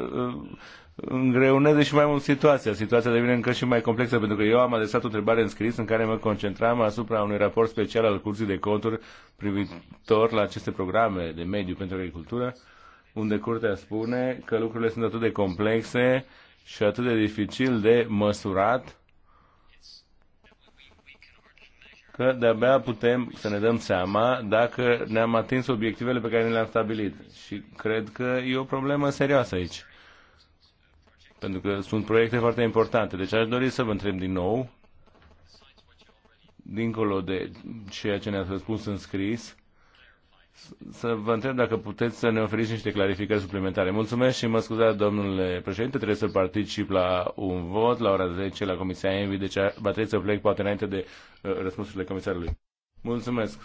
Speaker 4: îngreuneze și mai mult situația. Situația devine încă și mai complexă pentru că eu am adresat o întrebare în scris în care mă concentram asupra unui raport special al Curții de Conturi privitor la aceste programe de mediu pentru agricultură, unde Curtea spune că lucrurile sunt atât de complexe și atât de dificil de măsurat că de-abia putem să ne dăm seama dacă ne-am atins obiectivele pe care ne le-am stabilit. Și cred că e o problemă serioasă aici pentru că sunt proiecte foarte importante. Deci aș dori să vă întreb din nou, dincolo de ceea ce ne-ați răspuns în scris, să vă întreb dacă puteți să ne oferiți niște clarificări suplimentare. Mulțumesc și mă scuzați, domnule președinte, trebuie să particip la un vot la ora 10 la Comisia Envi, deci va trebui să plec poate înainte de uh, răspunsurile comisarului. Mulțumesc!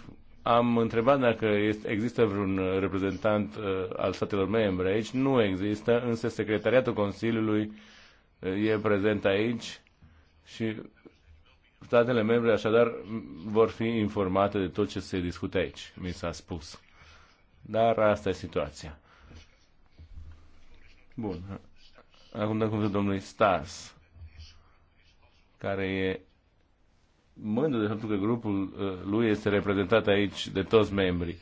Speaker 4: Am întrebat dacă este, există vreun reprezentant uh, al statelor membre aici. Nu există, însă secretariatul Consiliului uh, e prezent aici și statele membre așadar vor fi informate de tot ce se discute aici, mi s-a spus. Dar asta e situația. Bun. Acum dăm cuvântul domnului Stas, care e mândru de faptul că grupul uh, lui este reprezentat aici de toți membrii.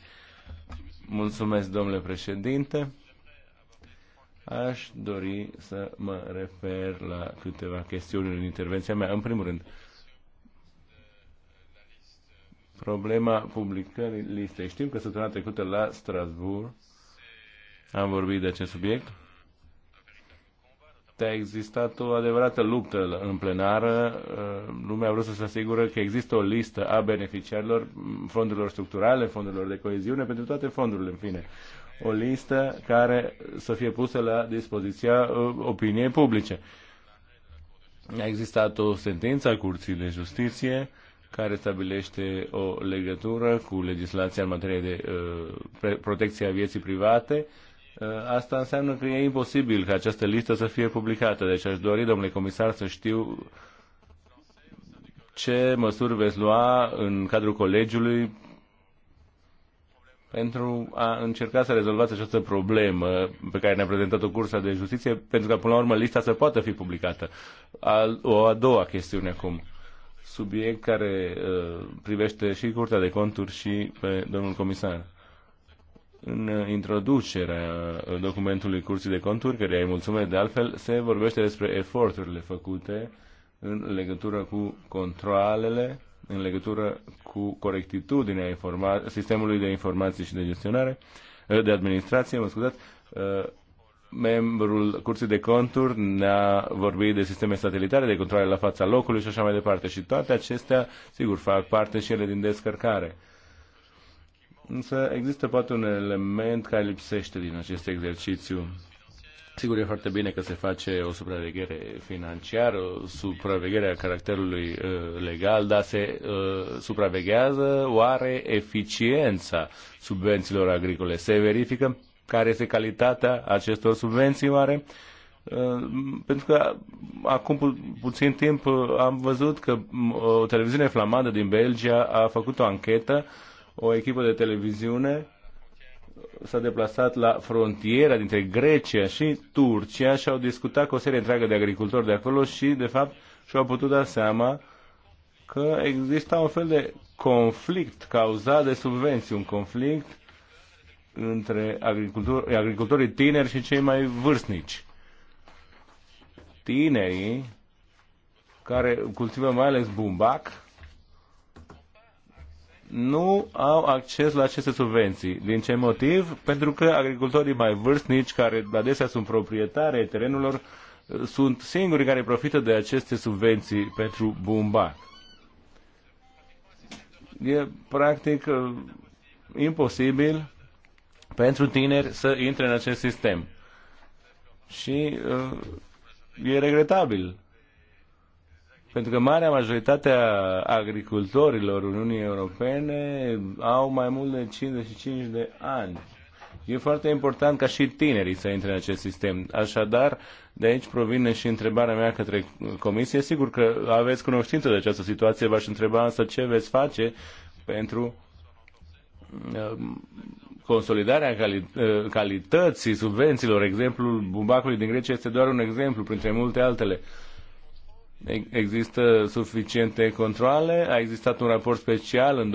Speaker 4: Mulțumesc, domnule președinte. Aș dori să mă refer la câteva chestiuni în intervenția mea. În primul rând, problema publicării listei. Știm că săptămâna trecută la Strasbourg am vorbit de acest subiect a existat o adevărată luptă în plenară. Lumea a vrut să se asigură că există o listă a beneficiarilor fondurilor structurale, fondurilor de coeziune, pentru toate fondurile, în fine. O listă care să fie pusă la dispoziția uh, opiniei publice. A existat o sentință a Curții de Justiție care stabilește o legătură cu legislația în materie de uh, protecție a vieții private uh, Uh, asta înseamnă că e imposibil ca această listă să fie publicată. Deci aș dori, domnule comisar, să știu ce măsuri veți lua în cadrul colegiului pentru a încerca să rezolvați această problemă pe care ne-a prezentat-o Cursa de Justiție, pentru că, până la urmă, lista să poată fi publicată. o a doua chestiune acum, subiect care uh, privește și Curtea de Conturi și pe domnul comisar în introducerea documentului Curții de Conturi, care îi mulțumesc de altfel, se vorbește despre eforturile făcute în legătură cu controlele, în legătură cu corectitudinea sistemului de informații și de gestionare, eh, de administrație, mă scuzați, eh, membrul Curții de Conturi ne-a vorbit de sisteme satelitare, de controle la fața locului și așa mai departe. Și toate acestea, sigur, fac parte și ele din descărcare. Însă există poate un element care lipsește din acest exercițiu. Sigur, e foarte bine că se face o supraveghere financiară, o supraveghere a caracterului uh, legal, dar se uh, supraveghează oare eficiența subvențiilor agricole? Se verifică care este calitatea acestor subvenții oare? Uh, pentru că acum pu- puțin timp uh, am văzut că mm, o televiziune flamandă din Belgia a făcut o anchetă uh, o echipă de televiziune s-a deplasat la frontiera dintre Grecia și Turcia și au discutat cu o serie întreagă de agricultori de acolo și, de fapt, și-au putut da seama că exista un fel de conflict cauzat de subvenții, un conflict între agricultori, agricultorii tineri și cei mai vârstnici. Tinerii care cultivă mai ales bumbac, nu au acces la aceste subvenții. Din ce motiv? Pentru că agricultorii mai vârstnici, care adesea sunt proprietari ai terenurilor, sunt singurii care profită de aceste subvenții pentru bumbac. E practic imposibil pentru tineri să intre în acest sistem. Și uh, e regretabil pentru că marea majoritate a agricultorilor Uniunii Europene au mai mult de 55 de ani. E foarte important ca și tinerii să intre în acest sistem. Așadar, de aici provine și întrebarea mea către Comisie. Sigur că aveți cunoștință de această situație, v-aș întreba însă ce veți face pentru uh, consolidarea cali- uh, calității subvențiilor. Exemplul bumbacului din Grecia este doar un exemplu printre multe altele. Uh, Există suficiente controle? A existat un raport special în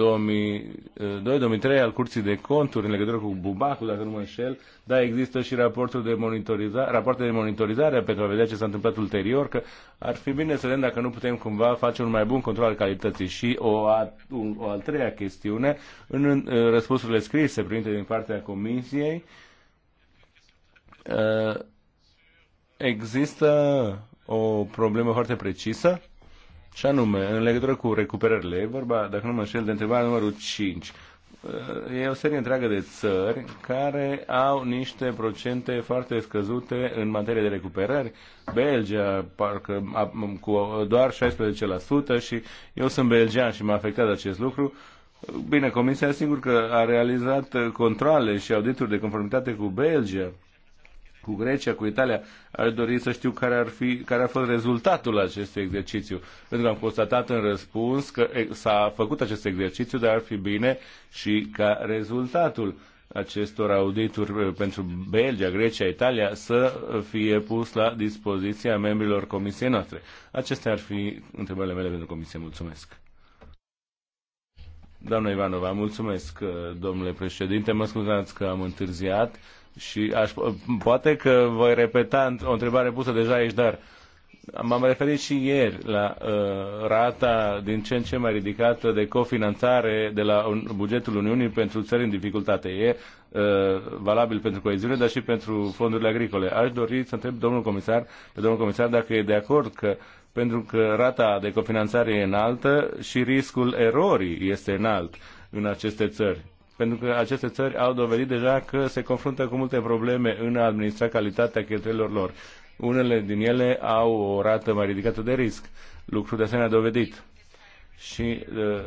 Speaker 4: 2002-2003 eh, al Curții de Conturi în legătură cu Bubacul, dacă nu mă înșel, dar există și raportul de monitorizare, rapoarte de monitorizare pentru a vedea ce s-a întâmplat ulterior, că ar fi bine să vedem dacă nu putem cumva face un mai bun control al calității. Și o, a, un, o al treia chestiune, în, în, în eh, răspunsurile scrise primite din partea Comisiei, uh, există o problemă foarte precisă, și anume, în legătură cu recuperările, e vorba, dacă nu mă înșel, de întrebarea numărul 5. E o serie întreagă de țări care au niște procente foarte scăzute în materie de recuperări. Belgia, parcă cu doar 16% și eu sunt belgian și m-a afectat acest lucru. Bine, Comisia sigur că a realizat controle și audituri de conformitate cu Belgia cu Grecia, cu Italia. Aș dori să știu care, ar fi, care a fost rezultatul acestui exercițiu. Pentru că am constatat în răspuns că s-a făcut acest exercițiu, dar ar fi bine și ca rezultatul acestor audituri uh, pentru Belgia, Grecia, Italia să fie pus la dispoziția membrilor comisiei noastre. Acestea ar fi întrebările mele pentru comisie. Mulțumesc. Doamna Ivanova, mulțumesc, uh, domnule președinte. Mă scuzați că am întârziat și aș, poate că voi repeta o întrebare pusă deja aici, dar m-am referit și ieri la uh, rata din ce în ce mai ridicată de cofinanțare de la un, bugetul Uniunii pentru țări în dificultate. E uh, valabil pentru coeziune, dar și pentru fondurile agricole. Aș dori să întreb domnul comisar, pe domnul comisar dacă e de acord că pentru că rata de cofinanțare e înaltă și riscul erorii este înalt în aceste țări pentru că aceste țări au dovedit deja că se confruntă cu multe probleme în a administra calitatea cheltuielor lor. Unele din ele au o rată mai ridicată de risc, lucru de asemenea dovedit. Și uh,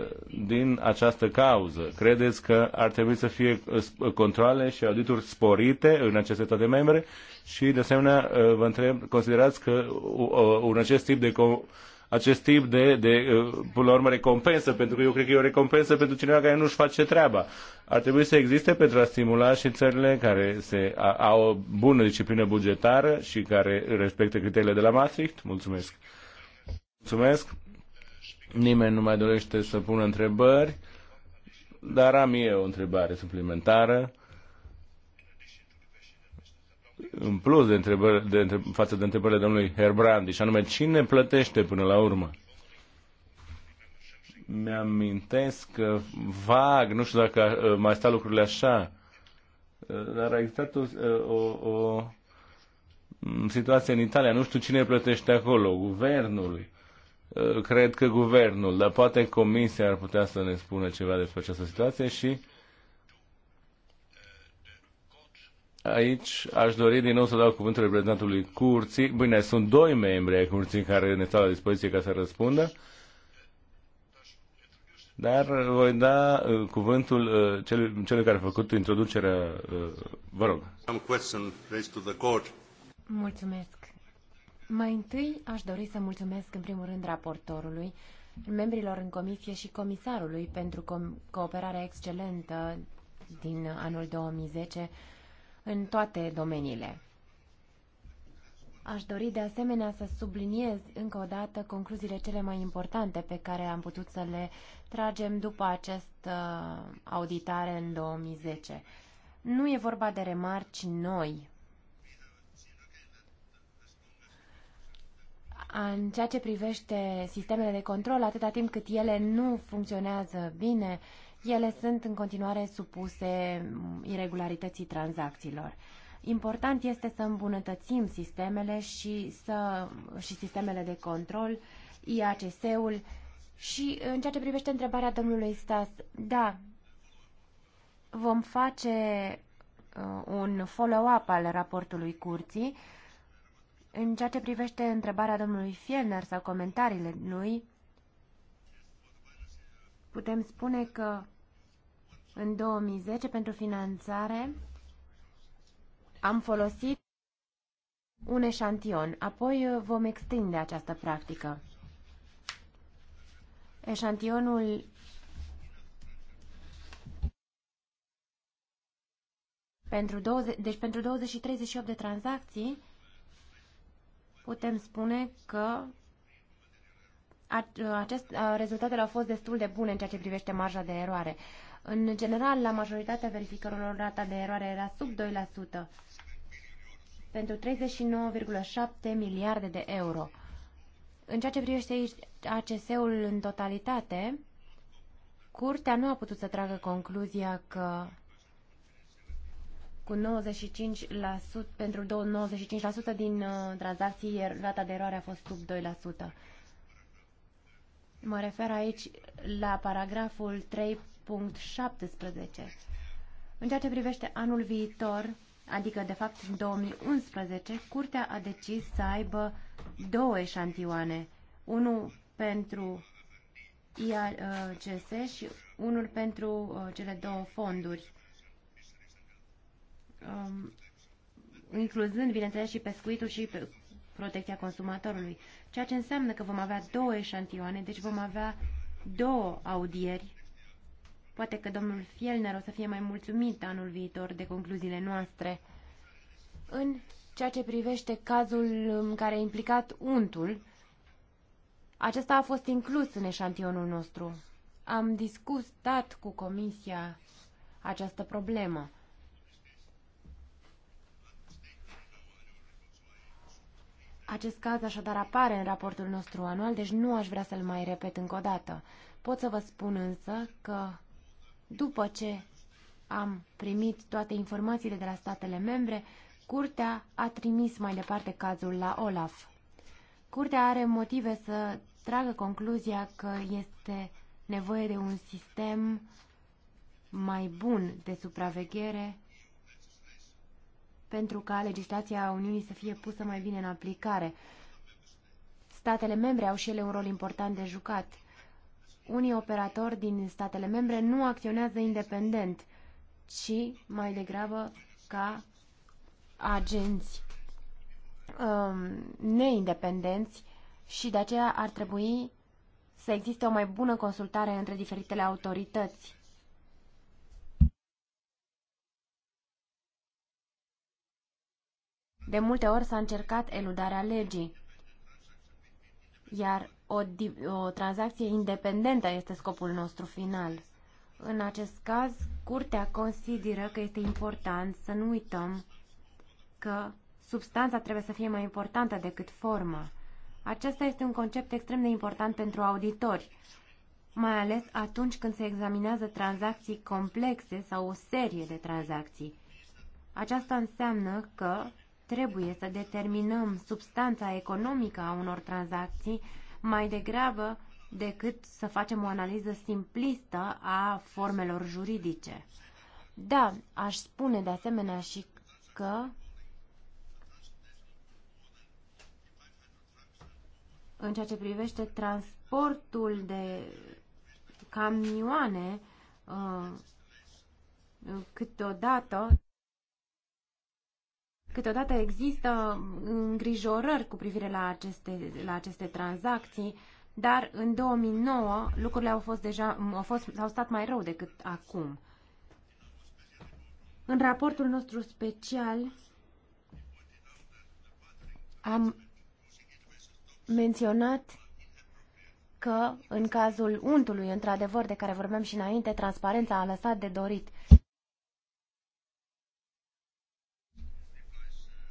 Speaker 4: din această cauză, credeți că ar trebui să fie uh, controle și audituri sporite în aceste state membre? Și, de asemenea, uh, vă întreb, considerați că un acest tip de co- acest tip de, de uh, până la urmă, recompensă, pentru că eu cred că e o recompensă pentru cineva care nu-și face treaba. Ar trebui să existe pentru a stimula și țările care se, a, au o bună disciplină bugetară și care respectă criteriile de la Maastricht. Mulțumesc! Mulțumesc! Nimeni nu mai dorește să pună întrebări, dar am eu o întrebare suplimentară în plus de întrebări, de, de, față de întrebările domnului Herbrandi, și anume cine plătește până la urmă? Mi-amintesc că vag, nu știu dacă mai stau lucrurile așa, dar a existat o, o, o situație în Italia, nu știu cine plătește acolo, guvernul. Cred că guvernul, dar poate comisia ar putea să ne spună ceva despre această situație și uh, Aici aș dori din nou să dau cuvântul reprezentantului curții. Bine, sunt doi membri ai curții care ne stau la dispoziție ca să răspundă. Dar voi da uh, cuvântul uh, celui, celui care a făcut introducerea. Uh, vă rog. Am question raised to the court.
Speaker 1: Mulțumesc. Mai întâi aș dori să mulțumesc în primul rând raportorului, membrilor în comisie și comisarului pentru com- cooperarea excelentă din anul 2010 în toate domeniile. Aș dori de asemenea să subliniez încă o dată concluziile cele mai importante pe care am putut să le tragem după această uh, auditare în 2010. Nu e vorba de remarci noi. În ceea ce privește sistemele de control, atâta timp cât ele nu funcționează bine, uh, ele sunt în continuare supuse irregularității tranzacțiilor. Important este să îmbunătățim sistemele și, să, și sistemele de control, IACS-ul și în ceea ce privește întrebarea domnului Stas, da, vom face uh, un follow-up al raportului curții. În ceea ce privește întrebarea domnului Fielner sau comentariile lui, putem spune că în 2010 pentru finanțare am folosit un eșantion, apoi uh, vom extinde această practică. Eșantionul pentru 20, deci pentru 20 și 38 de tranzacții putem spune că Uh, acest, uh, rezultatele au fost destul de bune în ceea ce privește marja de eroare. În general, la majoritatea verificărilor, rata de eroare era sub 2% pentru 39,7 miliarde de euro. În ceea ce privește ACS-ul în totalitate, curtea nu a putut să tragă concluzia că cu 95%, pentru 95% din uh, tranzacții er- rata de eroare a fost sub 2%. Mă refer aici la paragraful 3.17. În ceea ce privește anul viitor, adică de fapt 2011, Curtea a decis să aibă două eșantioane, unul pentru IACS și unul pentru uh, cele două fonduri, um, incluzând, bineînțeles, și pescuitul și protecția consumatorului, ceea ce înseamnă că vom avea două eșantioane, deci vom avea două audieri. Poate că domnul Fielner o să fie mai mulțumit anul viitor de concluziile noastre. În ceea ce privește cazul în care a implicat untul, acesta a fost inclus în eșantionul nostru. Am discutat cu comisia această problemă. Acest caz așadar apare în raportul nostru anual, deci nu aș vrea să-l mai repet încă o dată. Pot să vă spun însă că după ce am primit toate informațiile de la statele membre, Curtea a trimis mai departe cazul la Olaf. Curtea are motive să tragă concluzia că este nevoie de un sistem mai bun de supraveghere pentru ca legislația Uniunii să fie pusă mai bine în aplicare. Statele membre au și ele un rol important de jucat. Unii operatori din statele membre nu acționează independent, ci mai degrabă ca agenți um, neindependenți și de aceea ar trebui să existe o mai bună consultare între diferitele autorități De multe ori s-a încercat eludarea legii, iar o, o tranzacție independentă este scopul nostru final. În acest caz, Curtea consideră că este important să nu uităm că substanța trebuie să fie mai importantă decât forma. Acesta este un concept extrem de important pentru auditori, mai ales atunci când se examinează tranzacții complexe sau o serie de tranzacții. Aceasta înseamnă că Trebuie să determinăm substanța economică a unor tranzacții mai degrabă decât să facem o analiză simplistă a formelor juridice. Da, aș spune de asemenea și că în ceea ce privește transportul de camioane, uh, câteodată Câteodată există îngrijorări cu privire la aceste, la aceste tranzacții, dar în 2009 lucrurile au fost deja, au, fost, au stat mai rău decât acum. În raportul nostru special am menționat că, în cazul untului, într-adevăr, de care vorbeam și înainte, transparența a lăsat de dorit.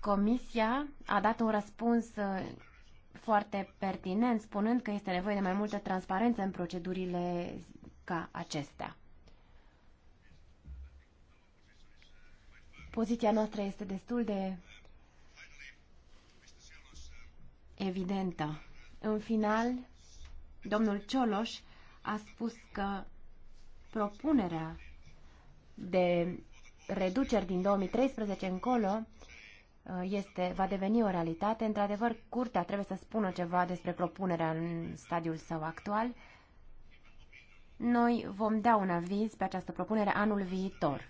Speaker 1: Comisia a dat un răspuns uh, foarte pertinent, spunând că este nevoie de mai multă transparență în procedurile ca acestea. Poziția noastră este destul de evidentă. În final, domnul Cioloș a spus că propunerea de reduceri din 2013 încolo Uh, este, va deveni o realitate. Într-adevăr, curtea trebuie să spună ceva despre propunerea în stadiul său actual. Noi vom da un aviz pe această propunere anul viitor.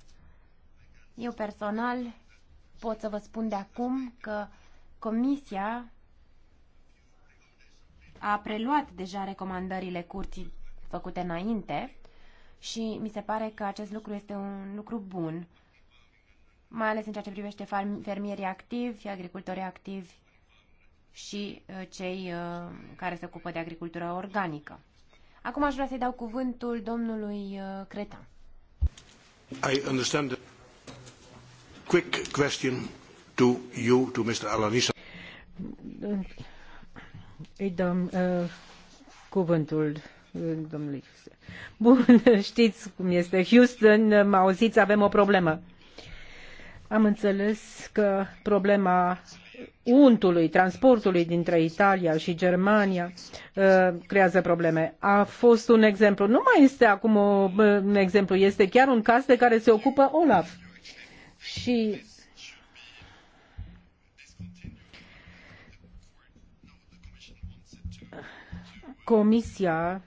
Speaker 1: Eu personal pot să vă spun de acum că Comisia a preluat deja recomandările curții făcute înainte și mi se pare că acest lucru este un lucru bun mai ales în ceea ce privește fermierii activi, agricultorii activi și uh, cei uh, care se ocupă de agricultură organică. Acum aș vrea să-i dau cuvântul domnului uh, Creta.
Speaker 2: I understand the quick question to you, to Mr. Alanisa.
Speaker 3: Îi dăm uh, cuvântul domnului Bun, știți cum este Houston, mă auziți, avem o problemă. Am înțeles că problema untului, transportului dintre Italia și Germania uh, creează probleme. A fost un exemplu. Nu mai este acum un uh, exemplu, este chiar un caz de care se ocupă Olaf. Și Comisia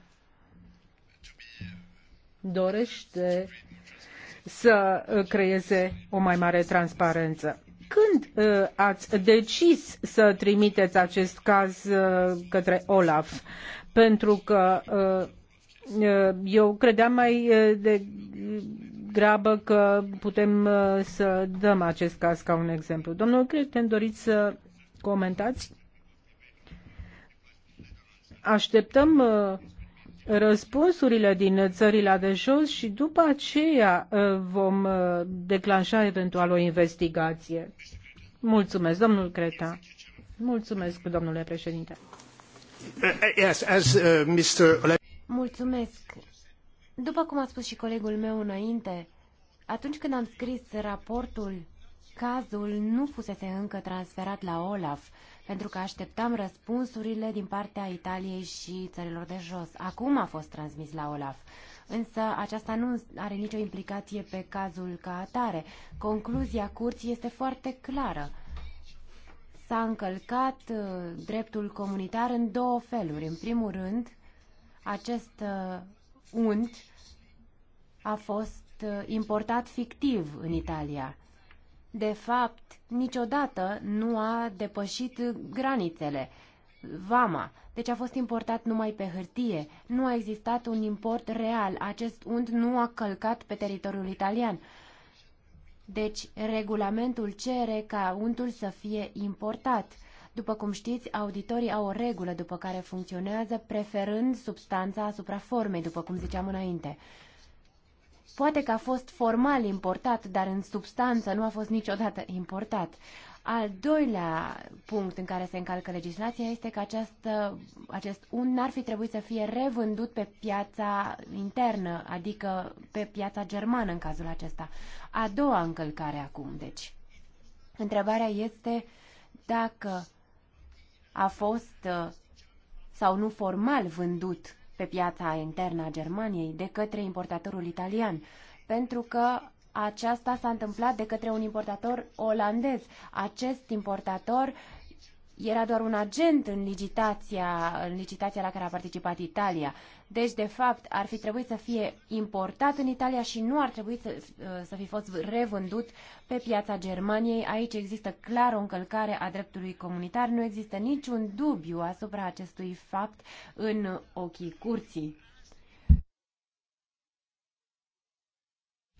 Speaker 3: dorește să uh, creeze o mai mare transparență. Când uh, ați decis să trimiteți acest caz uh, către Olaf? Pentru că eu credeam mai de grabă că putem să dăm acest caz ca un exemplu. Domnul Crichten, doriți să comentați? Așteptăm răspunsurile din țările de jos și după aceea uh, vom uh, declanșa eventual o investigație. Mulțumesc, domnul Creta. Mulțumesc, domnule președinte.
Speaker 2: Uh,
Speaker 1: Mulțumesc. După cum a spus și colegul meu înainte, atunci când am scris raportul, cazul nu fusese încă transferat la Olaf, pentru că așteptam răspunsurile din partea Italiei și țărilor de jos. Acum a fost transmis la Olaf. Însă aceasta nu are nicio implicație pe cazul ca atare. Concluzia curții este foarte clară. S-a încălcat uh, dreptul comunitar în două feluri. În primul rând, acest uh, unt a fost uh, importat fictiv în Italia. De fapt, niciodată nu a depășit granițele, vama, deci a fost importat numai pe hârtie, nu a existat un import real, acest unt nu a călcat pe teritoriul italian. Deci, regulamentul cere ca untul să fie importat. După cum știți, auditorii au o regulă după care funcționează, preferând substanța asupra formei, după cum ziceam înainte. Poate că a fost formal importat, dar în substanță nu a fost niciodată importat. Al doilea punct în care se încalcă legislația este că această, acest un n-ar fi trebuit să fie revândut pe piața internă, adică pe piața germană în cazul acesta. A doua încălcare acum, deci. Întrebarea este dacă a fost uh, sau nu formal vândut pe piața internă a Germaniei de către importatorul italian, pentru că aceasta s-a întâmplat de către un importator olandez. Acest importator uh, era doar un agent în licitația, în licitația la care a participat Italia. Deci, de fapt, ar fi trebuit să fie importat în Italia și nu ar trebui să, să fi fost revândut pe piața Germaniei. Aici există clar o încălcare a dreptului comunitar. Nu există niciun dubiu asupra acestui fapt în ochii curții.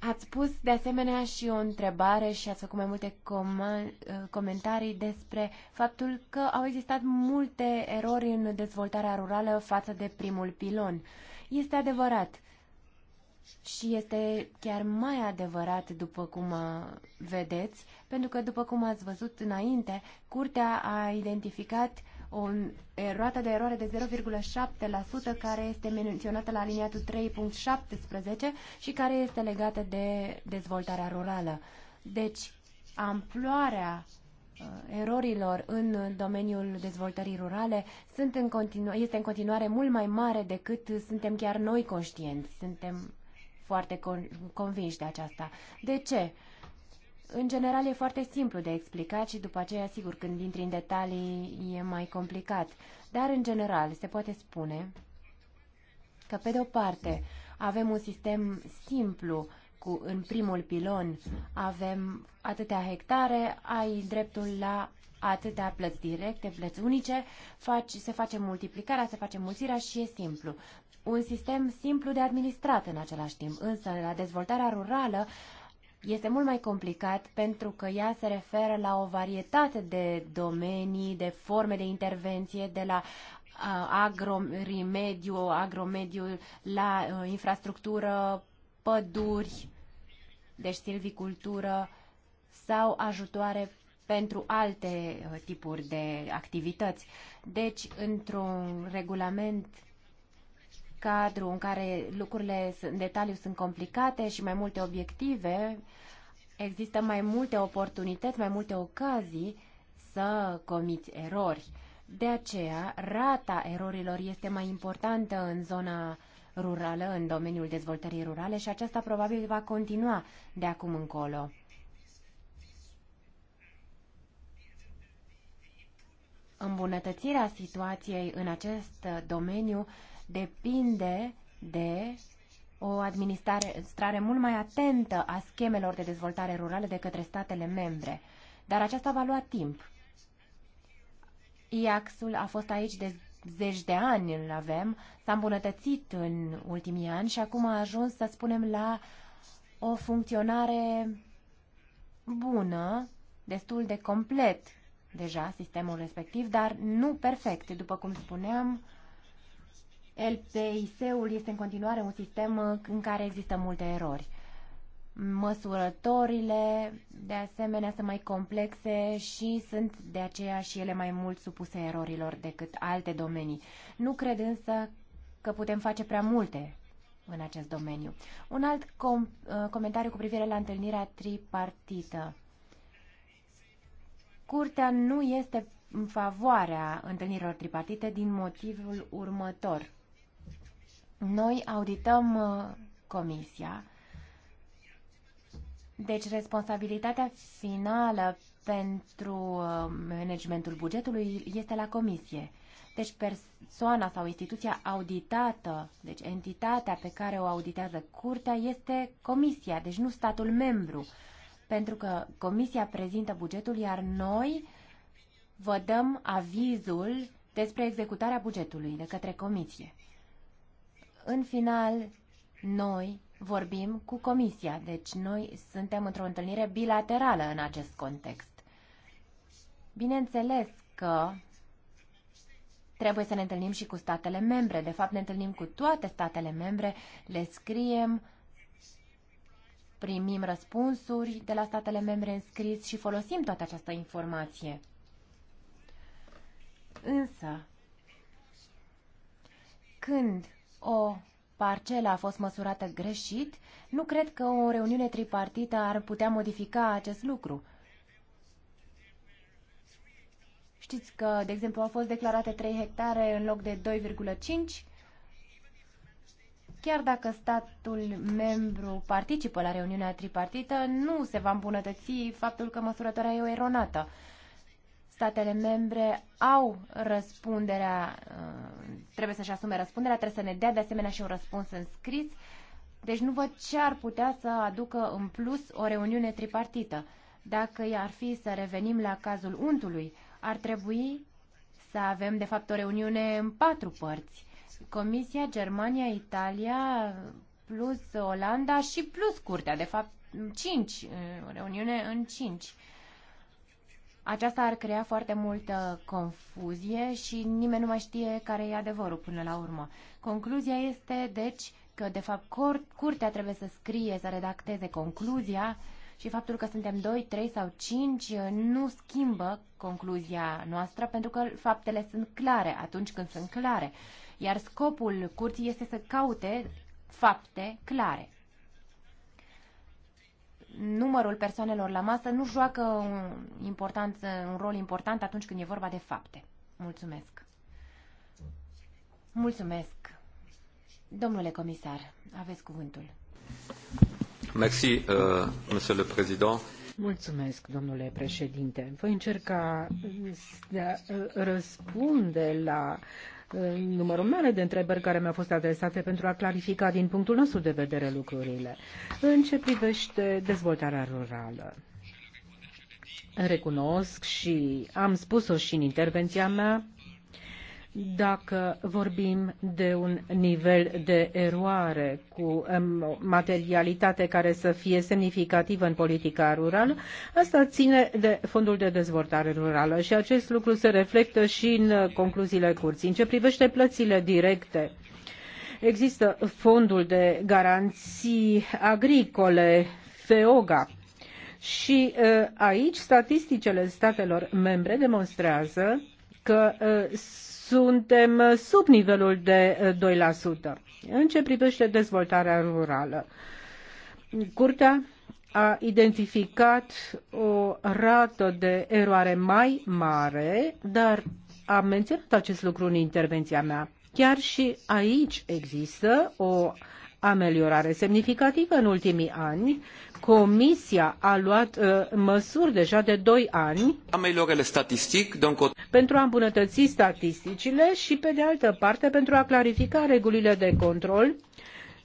Speaker 1: Ați pus de asemenea și o întrebare și ați făcut mai multe com- uh, comentarii despre faptul că au existat multe erori în dezvoltarea rurală față de primul pilon. Este adevărat. Și este chiar mai adevărat, după cum uh, vedeți, pentru că, după cum ați văzut înainte, Curtea a identificat uh, o rată de eroare de 0,7% care este menționată la aliniatul 3.17 și care este legată de dezvoltarea rurală. Deci, amploarea uh, erorilor în domeniul dezvoltării rurale sunt în este în continuare mult mai mare decât suntem chiar noi conștienți. Suntem foarte con- convinși de aceasta. De ce? În general e foarte simplu de explicat și după aceea, sigur, când intri în detalii e mai complicat. Dar, în general, se poate spune că, pe de o parte, avem un sistem simplu cu, în primul pilon, avem atâtea hectare, ai dreptul la atâtea plăți directe, plăți unice, faci, se face multiplicarea, se face mulțirea și e simplu. Un sistem simplu de administrat în același timp, însă la dezvoltarea rurală este mult mai complicat pentru că ea se referă la o varietate de domenii, de forme de intervenție, de la agromediu, agromediu la infrastructură, păduri, deci silvicultură sau ajutoare pentru alte tipuri de activități. Deci, într-un regulament cadru în care lucrurile în detaliu sunt complicate și mai multe obiective, există mai multe oportunități, mai multe ocazii să comiți erori. De aceea, rata erorilor este mai importantă în zona rurală, în domeniul dezvoltării rurale și aceasta probabil va continua de acum încolo. Îmbunătățirea situației în acest domeniu depinde de o administrare mult mai atentă a schemelor de dezvoltare rurală de către statele membre. Dar aceasta va lua timp. IAX-ul a fost aici de zeci de ani, îl avem, s-a îmbunătățit în ultimii ani și acum a ajuns, să spunem, la o funcționare bună, destul de complet deja sistemul respectiv, dar nu perfect, după cum spuneam, LPIS-ul este în continuare un sistem uh, în care există multe erori. Măsurătorile, de asemenea, sunt mai complexe și sunt de aceea și ele mai mult supuse erorilor decât alte domenii. Nu cred însă că putem face prea multe în acest domeniu. Un alt com uh, comentariu cu privire la întâlnirea tripartită. Curtea nu este în favoarea întâlnirilor tripartite din motivul următor. Noi audităm uh, comisia. Deci responsabilitatea finală pentru uh, managementul bugetului este la comisie. Deci persoana sau instituția auditată, deci entitatea pe care o auditează curtea este comisia, deci nu statul membru. Pentru că comisia prezintă bugetul, iar noi vă dăm avizul despre executarea bugetului de către comisie. În final, noi vorbim cu Comisia, deci noi suntem într-o întâlnire bilaterală în acest context. Bineînțeles că trebuie să ne întâlnim și cu statele membre. De fapt, ne întâlnim cu toate statele membre, le scriem, primim răspunsuri de la statele membre în scris și folosim toată această informație. Însă, când o parcelă a fost măsurată greșit, nu cred că o reuniune tripartită ar putea modifica acest lucru. Știți că, de exemplu, au fost declarate 3 hectare în loc de 2,5 Chiar dacă statul membru participă la reuniunea tripartită, nu se va îmbunătăți faptul că măsurătoarea e eronată statele membre au răspunderea, uh, trebuie să-și asume răspunderea, trebuie să ne dea de asemenea și un răspuns în scris. Deci nu văd ce ar putea să aducă în plus o reuniune tripartită. Dacă ar fi să revenim la cazul untului, ar trebui să avem, de fapt, o reuniune în patru părți. Comisia, Germania, Italia, plus Olanda și plus Curtea, de fapt, cinci, uh, o reuniune în cinci. Aceasta ar crea foarte multă confuzie și nimeni nu mai știe care e adevărul până la urmă. Concluzia este, deci, că, de fapt, curtea trebuie să scrie, să redacteze concluzia și faptul că suntem 2, 3 sau 5 uh, nu schimbă concluzia noastră pentru că faptele sunt clare atunci când sunt clare. Iar scopul curții este să caute fapte clare numărul persoanelor la masă nu joacă un, important, un rol important atunci când e vorba de fapte. Mulțumesc. Mulțumesc. Domnule comisar,
Speaker 3: aveți cuvântul. Merci, uh, monsieur le président. Mulțumesc, domnule președinte. Voi încerca să răspunde la uh, numărul mare de întrebări care mi-au fost adresate pentru a clarifica din punctul nostru de vedere lucrurile. În ce privește dezvoltarea rurală? Recunosc și am spus-o și în intervenția mea dacă vorbim de un nivel de eroare cu um, materialitate care să fie semnificativă în politica rurală, asta ține de Fondul de Dezvoltare Rurală și acest lucru se reflectă și în concluziile curții. În ce privește plățile directe, există fondul de garanții agricole, FEOGA, și uh, aici statisticele statelor membre demonstrează că uh, suntem sub nivelul de 2%. Eh, în ce privește dezvoltarea rurală, Curtea a identificat o rată de eroare mai mare, dar am menționat acest lucru în intervenția mea. Chiar și aici există o ameliorare semnificativă în ultimii ani Comisia a luat uh, măsuri deja de 2 ani pentru a îmbunătăți statisticile și, pe de altă parte, pentru a clarifica regulile de control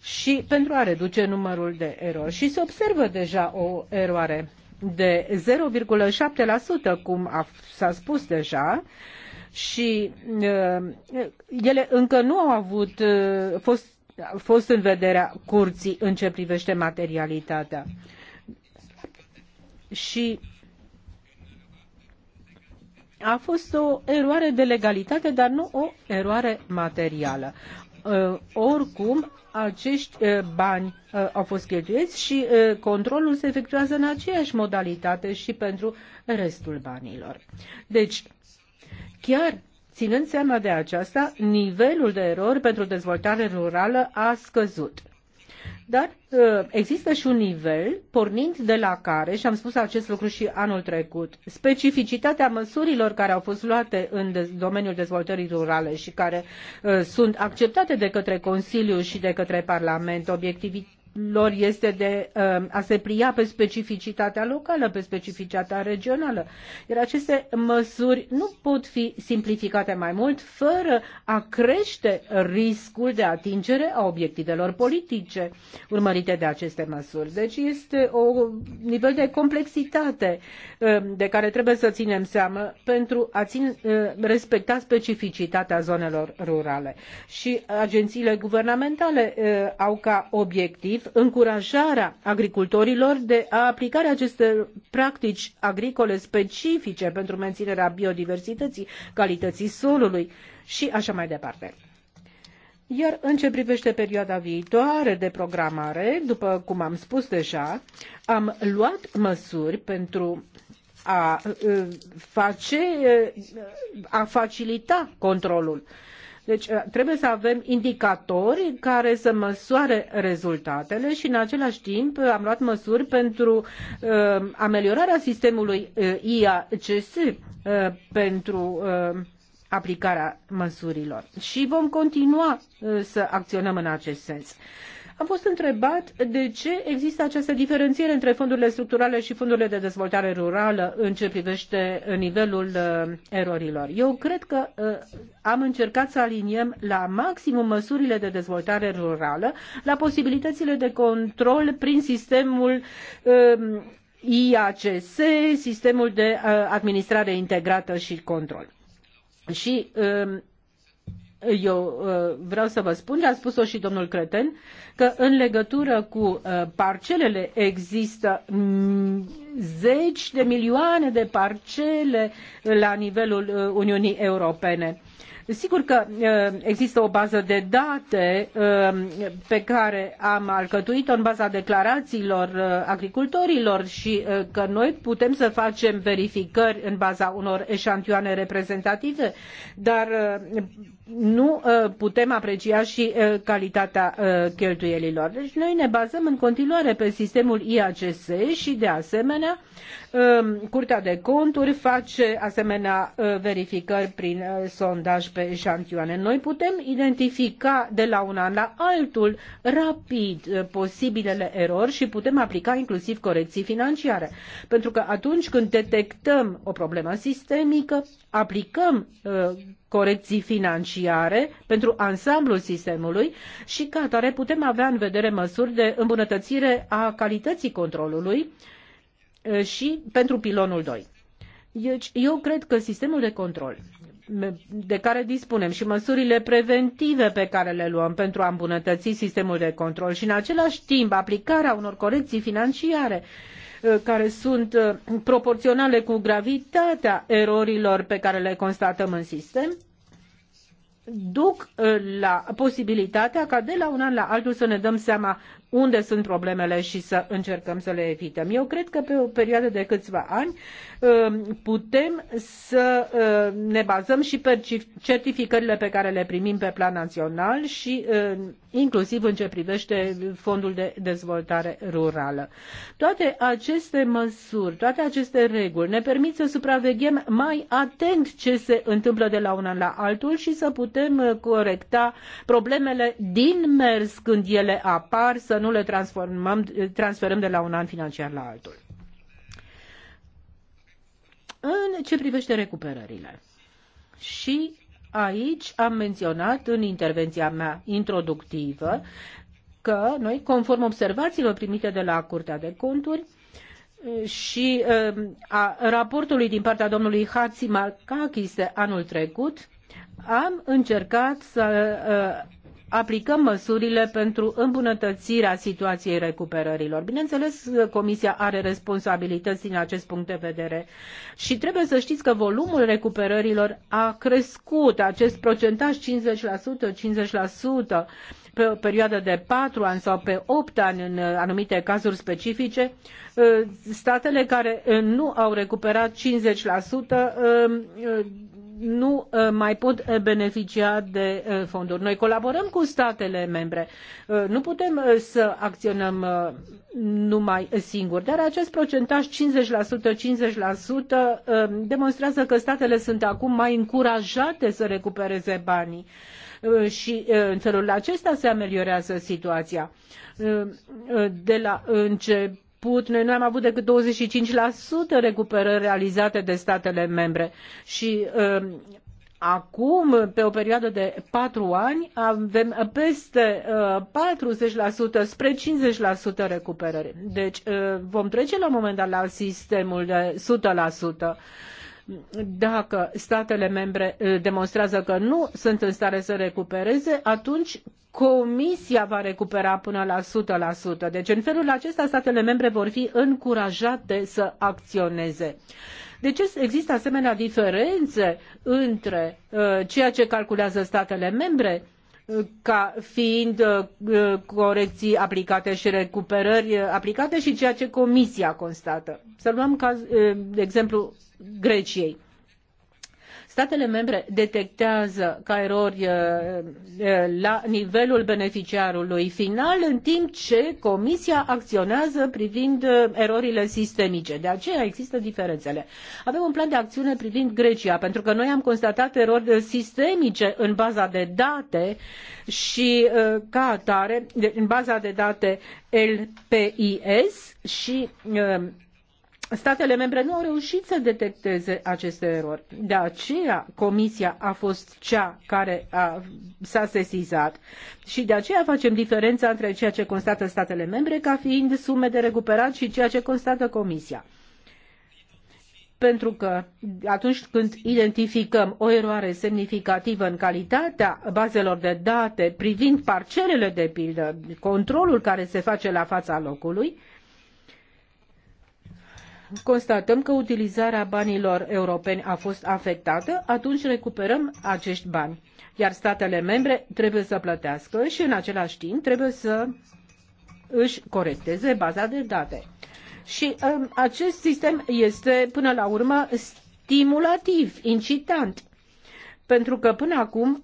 Speaker 3: și pentru a reduce numărul de erori. Și se observă deja o eroare de 0,7%, cum s-a spus deja, și uh, ele încă nu au avut, uh, fost a fost în vederea curții în ce privește materialitatea. Și a fost o eroare de legalitate, dar nu o eroare materială. Ă, oricum, acești ă, bani ă, au fost cheltuiți și controlul se efectuează în aceeași modalitate și pentru restul banilor. Deci, chiar Ținând seama de aceasta, nivelul de erori pentru dezvoltare rurală a scăzut. Dar uh, există și un nivel pornind de la care, și am spus acest lucru și anul trecut, specificitatea măsurilor care au fost luate în domeniul dezvoltării rurale și care uh, sunt acceptate de către Consiliu și de către Parlament, obiectivitatea lor este de um, a se plia pe specificitatea locală, pe specificitatea regională. Iar aceste măsuri nu pot fi simplificate mai mult fără a crește riscul de atingere a obiectivelor politice urmărite de aceste măsuri. Deci este un nivel de complexitate um, de care trebuie să ținem seamă pentru a țin, uh, respecta specificitatea zonelor rurale. Și agențiile guvernamentale uh, au ca obiectiv încurajarea agricultorilor de a aplica aceste practici agricole specifice pentru menținerea biodiversității, calității solului și așa mai departe. Iar în ce privește perioada viitoare de programare, după cum am spus deja, am luat măsuri pentru a uh, face, uh, a facilita controlul deci uh, trebuie să avem indicatori care să măsoare rezultatele și în același timp uh, am luat măsuri pentru uh, ameliorarea sistemului uh, IACS uh, pentru uh, aplicarea măsurilor. Și vom continua uh, să acționăm în acest sens. Uh, am fost întrebat de ce există această diferențiere între fondurile structurale și fondurile de dezvoltare rurală în ce privește uh, nivelul uh, erorilor. Eu cred că uh, am încercat să aliniem la maximum măsurile de dezvoltare rurală la posibilitățile de control prin sistemul IACS, sistemul de administrare integrată și control. Și eu uh, vreau să vă spun, a spus-o și domnul Creten, că în legătură cu uh, parcelele există mm, zeci de milioane de parcele la nivelul uh, Uniunii Europene. Sigur că există o bază de date pe care am alcătuit-o în baza declarațiilor agricultorilor și că noi putem să facem verificări în baza unor eșantioane reprezentative, dar nu uh, putem aprecia și uh, calitatea uh, cheltuielilor. Deci noi ne bazăm în continuare pe sistemul IACS și de asemenea um, Curtea de Conturi face asemenea verificări prin sondaj pe eșantioane. Noi putem identifica de la un an la altul rapid posibilele erori și putem aplica inclusiv corecții financiare. Pentru că atunci când detectăm o problemă sistemică, aplicăm corecții financiare pentru ansamblul sistemului și ca atare putem avea în vedere măsuri de îmbunătățire a calității controlului și pentru pilonul 2. Deci, eu cred că sistemul de control de care dispunem și măsurile preventive pe care le luăm pentru a îmbunătăți sistemul de control și în același timp aplicarea unor corecții financiare Eh, care sunt eh, proporționale cu gravitatea erorilor pe care le constatăm în sistem, duc eh, la posibilitatea ca de la un an la altul să ne dăm seama unde sunt problemele și să încercăm să le evităm. Eu cred că pe o perioadă de câțiva ani um, putem să um, ne bazăm și pe certificările pe care le primim pe plan național și um, inclusiv în ce privește fondul de dezvoltare rurală. Toate aceste măsuri, toate aceste reguli ne permit să supraveghem mai atent ce se întâmplă de la un an la altul și să putem uh, corecta problemele din mers când ele apar, să nu le transformăm, transferăm de la un an financiar la altul. În ce privește recuperările? Și aici am menționat în intervenția mea introductivă că noi, conform observațiilor primite de la Curtea de Conturi, și um, a raportului din partea domnului Hatzimarkakis de anul trecut, am încercat să uh, aplicăm măsurile pentru îmbunătățirea situației recuperărilor. Bineînțeles, Comisia are responsabilități din acest punct de vedere și trebuie să știți că volumul recuperărilor a crescut, acest procentaj 50%, 50% pe o perioadă de patru ani sau pe opt ani în anumite cazuri specifice, statele care nu au recuperat 50% nu uh, mai pot uh, beneficia de uh, fonduri. Noi colaborăm cu statele membre. Nu putem să acționăm numai singuri, dar acest procentaj 50%, 50% demonstrează că statele sunt acum mai încurajate să recupereze banii și în felul acesta se ameliorează situația. De la început început, noi nu am avut decât 25% recuperări realizate de statele membre și um, acum, pe o perioadă de patru ani, avem peste 40% uh, spre 50% recuperări. Deci uh, vom trece la un moment dat la sistemul de 100%. Dacă statele membre uh, demonstrează că nu sunt în stare să recupereze, atunci Comisia va recupera până la 100%. Deci, în felul acesta, statele membre vor fi încurajate să acționeze. Deci există asemenea diferențe între uh, ceea ce calculează statele membre uh, ca fiind corecții aplicate și recuperări aplicate și ceea ce Comisia constată. Să luăm caz, de exemplu Greciei. Statele membre detectează ca erori uh, uh, la nivelul beneficiarului final, în timp ce Comisia acționează privind uh, erorile sistemice. De aceea există diferențele. Avem un plan de acțiune privind Grecia, pentru că noi am constatat erori sistemice în baza de date și ca atare, în baza de date LPIS și statele membre nu au reușit să detecteze aceste erori. De aceea Comisia a fost cea care a, s-a sesizat și de aceea facem diferența între ceea ce constată statele membre ca fiind sume de recuperat și ceea ce constată Comisia pentru că atunci când identificăm o eroare semnificativă în calitatea bazelor de date privind parcelele de pildă, controlul care se face la fața locului, constatăm că utilizarea banilor europeni a fost afectată, atunci recuperăm acești bani. Iar statele membre trebuie să plătească și în același timp trebuie să își corecteze baza de date. Și um, acest sistem este până la urmă stimulativ, incitant pentru că până acum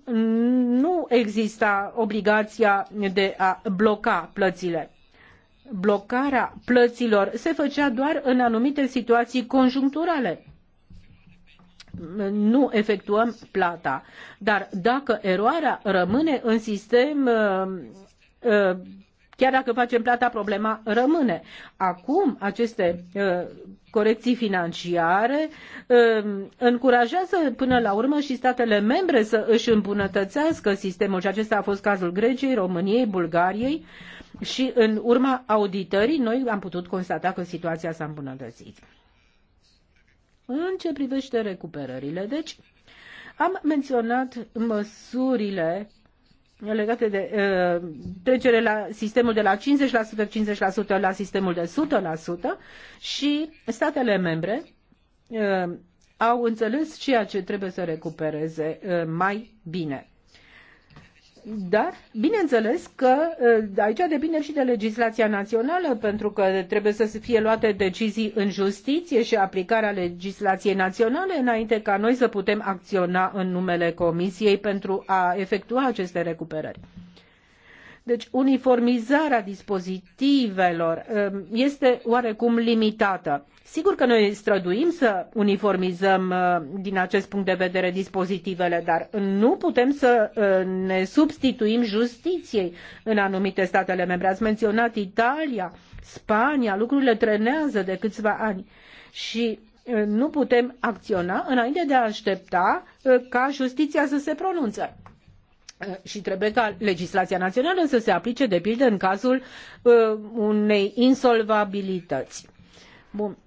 Speaker 3: nu exista obligația de a bloca plățile blocarea plăților se făcea doar în anumite situații conjuncturale. Nu efectuăm plata. Dar dacă eroarea rămâne în sistem, uh, uh, chiar dacă facem plata, problema rămâne. Acum aceste uh, corecții financiare, um, încurajează până la urmă și statele membre să își îmbunătățească sistemul. Și acesta a fost cazul Greciei, României, Bulgariei și în urma auditării noi am putut constata că situația s-a îmbunătățit. În ce privește recuperările, deci, am menționat măsurile legate de uh, trecere la sistemul de la 50%, 50% la sistemul de 100% și statele membre uh, au înțeles ceea ce trebuie să recupereze uh, mai bine. Dar, bineînțeles că ă, aici depinde și de legislația națională, pentru că trebuie să fie luate decizii în justiție și aplicarea legislației naționale înainte ca noi să putem acționa în numele Comisiei pentru a efectua aceste recuperări. Deci uniformizarea dispozitivelor ă, este oarecum limitată. Sigur că noi străduim să uniformizăm uh, din acest punct de vedere dispozitivele, dar nu putem să uh, ne substituim justiției în anumite statele membre. Ați menționat Italia, Spania, lucrurile trenează de câțiva ani și uh, nu putem acționa înainte de a aștepta ca justiția să se pronunțe și trebuie ca legislația națională să se aplice, de pildă, în cazul unei insolvabilități. Bun.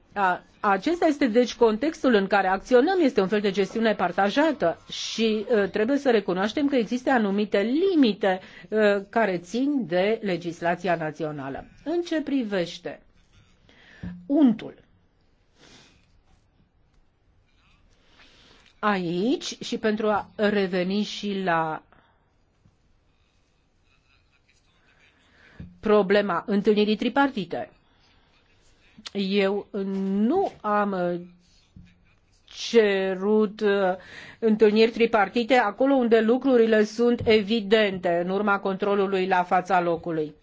Speaker 3: Acesta este deci contextul în care acționăm, este un fel de gestiune partajată și ă, trebuie să recunoaștem că există anumite limite ă, care țin de legislația națională. În ce privește untul? Aici și pentru a reveni și la problema întâlnirii tripartite eu nu am uh, cerut uh, întâlniri tripartite acolo unde lucrurile sunt evidente în urma controlului la fața locului.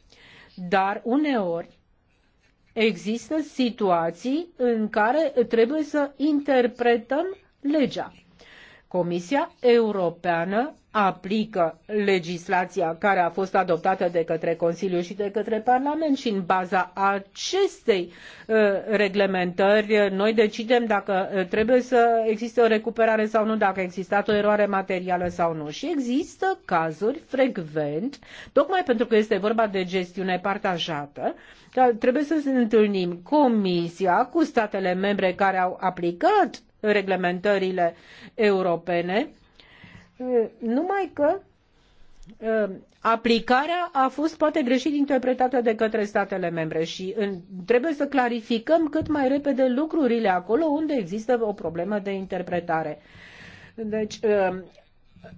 Speaker 3: Dar uneori există situații în care trebuie să interpretăm legea. Comisia Europeană aplică legislația care a fost adoptată de către Consiliu și de către Parlament și în baza acestei uh, reglementări noi decidem dacă uh, trebuie să existe o recuperare sau nu, dacă a existat o eroare materială sau nu. Și există cazuri frecvent, tocmai pentru că este vorba de gestiune partajată, că trebuie să ne întâlnim Comisia cu statele membre care au aplicat reglementările europene, uh, numai că uh, aplicarea a fost poate greșit interpretată de către statele membre și trebuie să clarificăm cât mai repede lucrurile acolo unde există o problemă de interpretare. Deci, uh,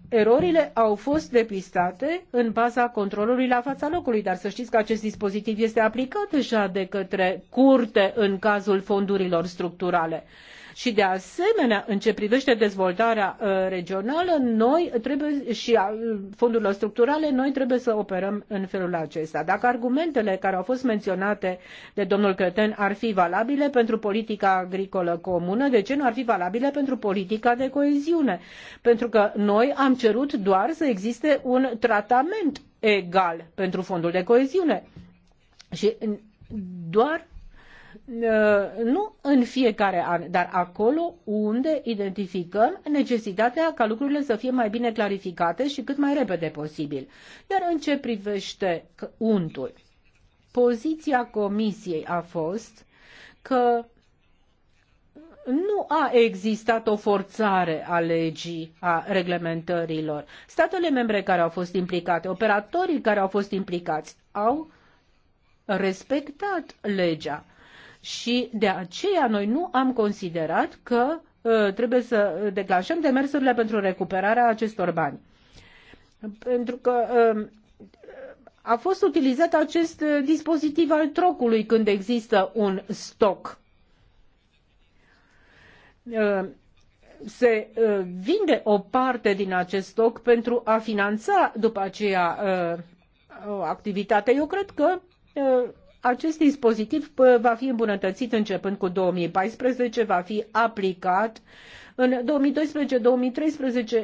Speaker 3: erorile au fost depistate în baza controlului la fața locului, dar să știți că acest dispozitiv este aplicat deja de către curte în cazul fondurilor structurale. Și de asemenea, în ce privește dezvoltarea uh, regională, noi trebuie și a fondurilor structurale, noi trebuie să operăm în felul acesta. Dacă argumentele care au fost menționate de domnul Creten ar fi valabile pentru politica agricolă comună, de ce nu ar fi valabile pentru politica de coeziune? Pentru că noi am cerut doar să existe un tratament egal pentru fondul de coeziune. Și doar Uh, nu în fiecare an, dar acolo unde identificăm necesitatea ca lucrurile să fie mai bine clarificate și cât mai repede posibil. Iar în ce privește untul, poziția comisiei a fost că nu a existat o forțare a legii, a reglementărilor. Statele membre care au fost implicate, operatorii care au fost implicați, au respectat legea și de aceea noi nu am considerat că uh, trebuie să declanșăm demersurile pentru recuperarea acestor bani. Pentru că um, a fost utilizat acest uh, dispozitiv al trocului când există un stoc. Uh, se vinde o parte din acest stoc pentru a finanța după aceea o activitate. Eu cred că acest dispozitiv va fi îmbunătățit începând cu 2014, va fi aplicat. În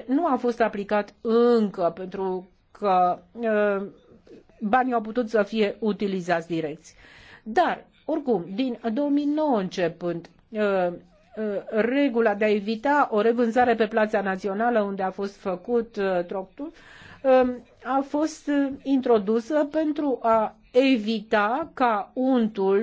Speaker 3: 2012-2013 nu a fost aplicat încă, pentru că ă, banii au putut să fie utilizați direct. Dar, oricum, din 2009 începând, ă, ă, regula de a evita o revânzare pe plața națională unde a fost făcut troctul, a fost introdusă pentru a evita ca untul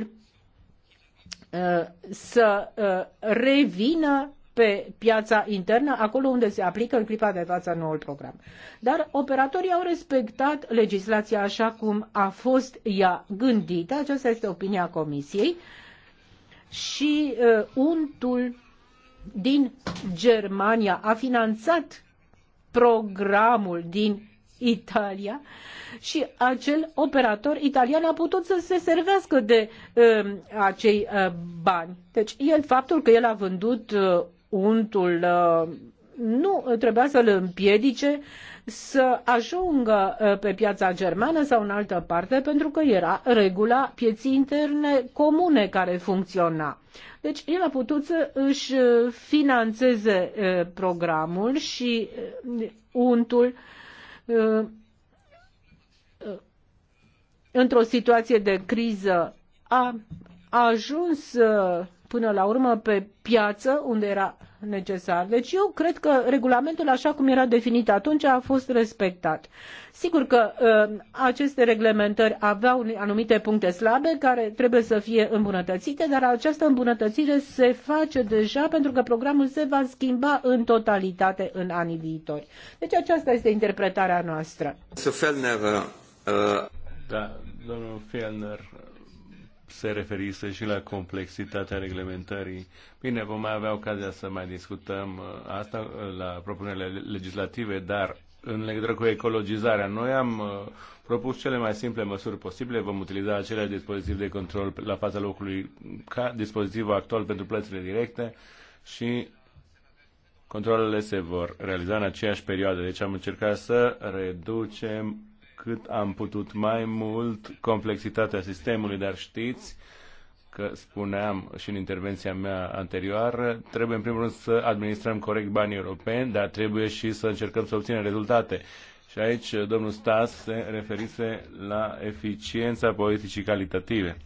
Speaker 3: uh, să uh, revină pe piața internă, acolo unde se aplică în clipa de față noul program. Dar operatorii au respectat legislația așa cum a fost ea gândită, aceasta este opinia Comisiei, și uh, untul din Germania a finanțat programul din Italia și acel operator italian a putut să se servească de uh, acei uh, bani. Deci el, faptul că el a vândut uh, untul uh, nu trebuia să-l împiedice să ajungă uh, pe piața germană sau în altă parte, pentru că era regula pieții interne comune care funcționa. Deci el a putut să își uh, financeze uh, programul și untul într-o situație de criză a ajuns până la urmă pe piață unde era necesar. Deci eu cred că regulamentul așa cum era definit atunci a fost respectat. Sigur că uh, aceste reglementări aveau anumite puncte slabe care trebuie să fie îmbunătățite, dar această îmbunătățire se face deja pentru că programul se va schimba în totalitate în anii viitori. Deci aceasta este interpretarea noastră.
Speaker 4: Uh, uh, da, domnul Fellner, se referise și la complexitatea reglementării. Bine, vom mai avea ocazia să mai discutăm uh, asta uh, la propunerile legislative, dar în legătură cu ecologizarea, noi am uh, propus cele mai simple măsuri posibile, vom utiliza acelea dispozitiv de control la fața locului ca dispozitivul actual pentru plățile directe și controlele se vor realiza în aceeași perioadă. Deci am încercat să reducem cât am putut mai mult complexitatea sistemului, dar știți că spuneam și în intervenția mea anterioară, trebuie în primul rând să administrăm corect banii europeni, dar trebuie și să încercăm să obținem rezultate. Și aici domnul Stas se referise la eficiența politicii calitative.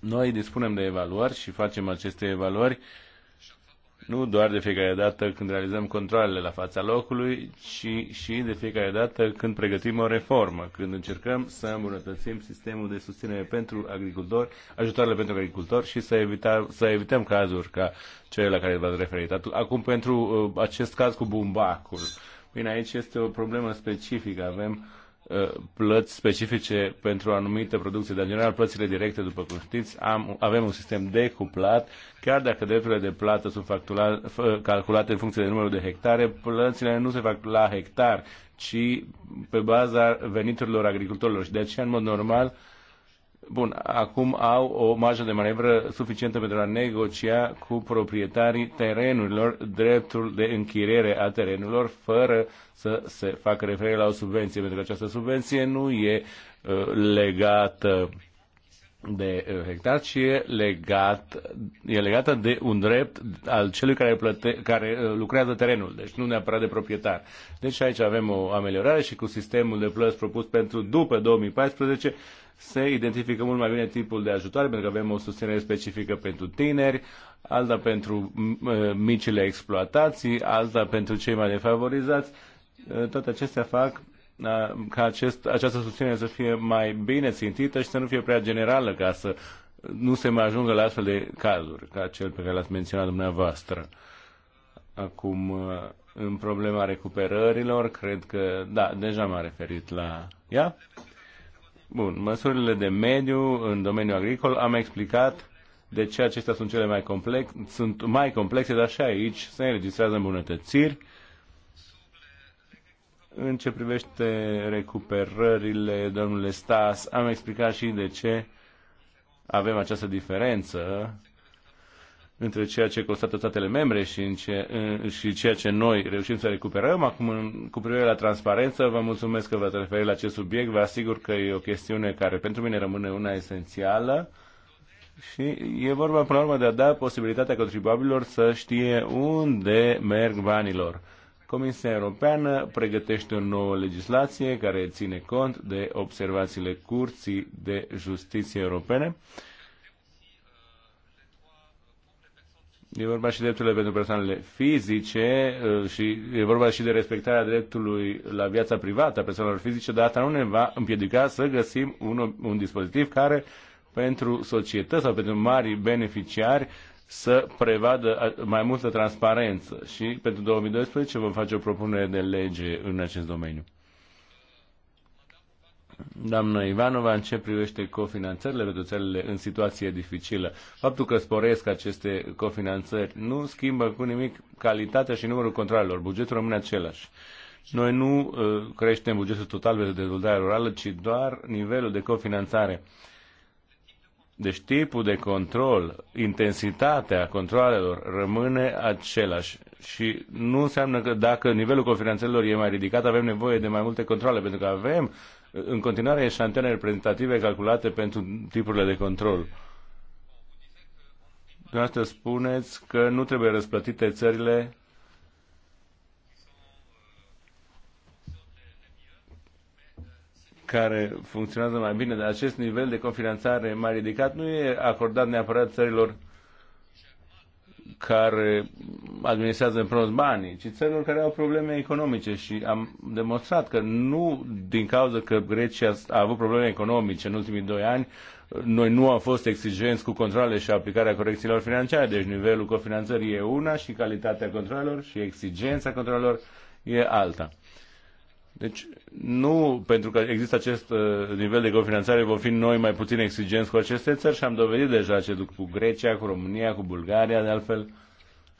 Speaker 4: Noi dispunem de evaluări și facem aceste evaluări uh, nu doar de fiecare dată când realizăm controlele la fața locului, ci și de fiecare dată când pregătim o reformă, când încercăm să îmbunătățim sistemul de susținere pentru agricultori, ajutoarele pentru agricultori și să, evita, să evităm cazuri ca cele la care v-ați referit. Acum, pentru uh, acest caz cu bumbacul, bine, aici este o problemă specifică. Avem uh, Uh, plăți specifice pentru anumite producții, dar în general plățile directe, după cum știți, am, avem un sistem decuplat, chiar dacă drepturile de plată sunt f- calculate în funcție de numărul de hectare, plățile nu se fac la hectar, ci pe baza veniturilor agricultorilor și de aceea, în mod normal, uh, Bun, acum au o marjă de manevră suficientă pentru a negocia cu proprietarii terenurilor dreptul de închiriere a terenurilor fără să se facă referire la o subvenție, pentru că această subvenție nu e uh, legată de uh, hectar, ci e, legat, e legată de un drept al celui care, plăte, care uh, lucrează terenul, deci nu neapărat de proprietar. Deci aici avem o ameliorare și cu sistemul de plăți propus pentru după 2014 se identifică mult mai bine tipul de ajutoare, pentru că avem o susținere specifică pentru tineri, alta pentru micile exploatații, alta pentru cei mai defavorizați. Uh, toate acestea fac uh, ca acest, această susținere să fie mai bine țintită și să nu fie prea generală ca să nu se mai ajungă la astfel de cazuri, ca cel pe care l-ați menționat dumneavoastră. Acum, uh, în problema recuperărilor, cred că, da, deja m-am referit la ea. Yeah? Bun, măsurile de mediu în domeniul agricol am explicat de ce acestea sunt cele mai complexe, sunt mai complexe, dar și aici se înregistrează îmbunătățiri în ce privește recuperările, domnule Stas, am explicat și de ce avem această diferență între ceea ce constată statele membre și, în ce, în, și ceea ce noi reușim să recuperăm. Acum, în, cu privire la transparență, vă mulțumesc că v-ați referit la acest subiect. Vă asigur că e o chestiune care pentru mine rămâne una esențială. Și e vorba, până la urmă, de a da posibilitatea contribuabililor să știe unde merg banilor. Comisia Europeană pregătește o nouă legislație care ține cont de observațiile Curții de Justiție Europene E vorba și de drepturile pentru persoanele fizice și e vorba și de respectarea dreptului la viața privată a persoanelor fizice, dar asta nu ne va împiedica să găsim un, un dispozitiv care pentru societăți sau pentru mari beneficiari să prevadă mai multă transparență și pentru 2012 vom face o propunere de lege în acest domeniu doamnă Ivanova, în ce privește cofinanțările pentru țările în situație dificilă. Faptul că sporesc aceste cofinanțări nu schimbă cu nimic calitatea și numărul controlelor. Bugetul rămâne același. Noi nu uh, creștem bugetul total pentru de dezvoltare rurală, ci doar nivelul de cofinanțare. Deci tipul de control, intensitatea controlelor rămâne același și nu înseamnă că dacă nivelul cofinanțelor e mai ridicat, avem nevoie de mai multe controle, pentru că avem în continuare eșantioane reprezentative calculate pentru tipurile de control. Dumneavoastră spuneți că nu trebuie răsplătite țările care funcționează mai bine, dar acest nivel de cofinanțare mai ridicat nu e acordat neapărat țărilor uh, care administrează în prost banii, ci țărilor care au probleme economice și am demonstrat că nu din cauza că Grecia a avut probleme economice în ultimii doi ani, noi nu am fost exigenți cu controle și aplicarea corecțiilor financiare, deci nivelul cofinanțării e una și calitatea controlelor și exigența controlelor e alta. Deci nu pentru că există acest uh, nivel de cofinanțare vor fi noi mai puțin exigenți cu aceste țări și am dovedit deja acest lucru cu Grecia, cu România, cu Bulgaria, de altfel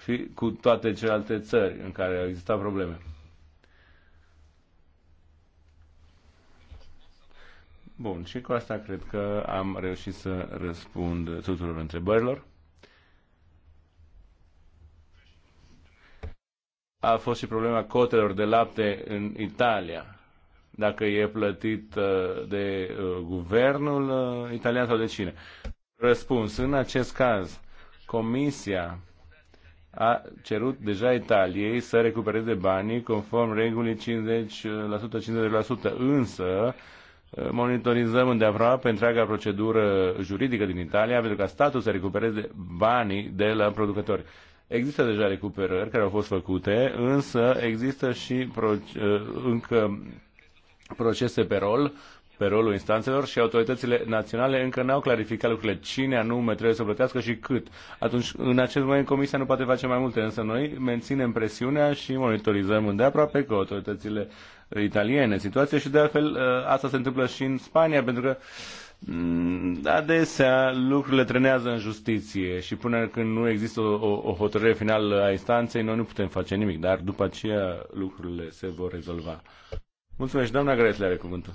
Speaker 4: și cu toate celelalte țări în care au existat probleme. Bun, și cu asta cred că am reușit să răspund tuturor întrebărilor. A fost și problema cotelor de lapte în Italia dacă e plătit uh, de uh, guvernul uh, italian sau de cine. Răspuns, în acest caz, Comisia a cerut deja Italiei să recupereze banii conform regulii 50%-50%, însă monitorizăm îndeaproape întreaga procedură juridică din Italia pentru ca statul să recupereze banii de la producători. Există deja recuperări care au fost făcute, însă există și încă procese pe rol, pe rolul instanțelor și autoritățile naționale încă n-au clarificat lucrurile cine anume trebuie să plătească și cât. Atunci, în acest moment, Comisia nu poate face mai multe, însă noi menținem presiunea și monitorizăm îndeaproape cu autoritățile italiene situația și de altfel ă, asta se întâmplă și în Spania, pentru că mm, adesea lucrurile trenează în justiție și până când nu există o, o hotărâre finală a instanței, noi nu putem face nimic, dar după aceea lucrurile se vor rezolva. Mulțumesc, doamna Gresle are cuvântul.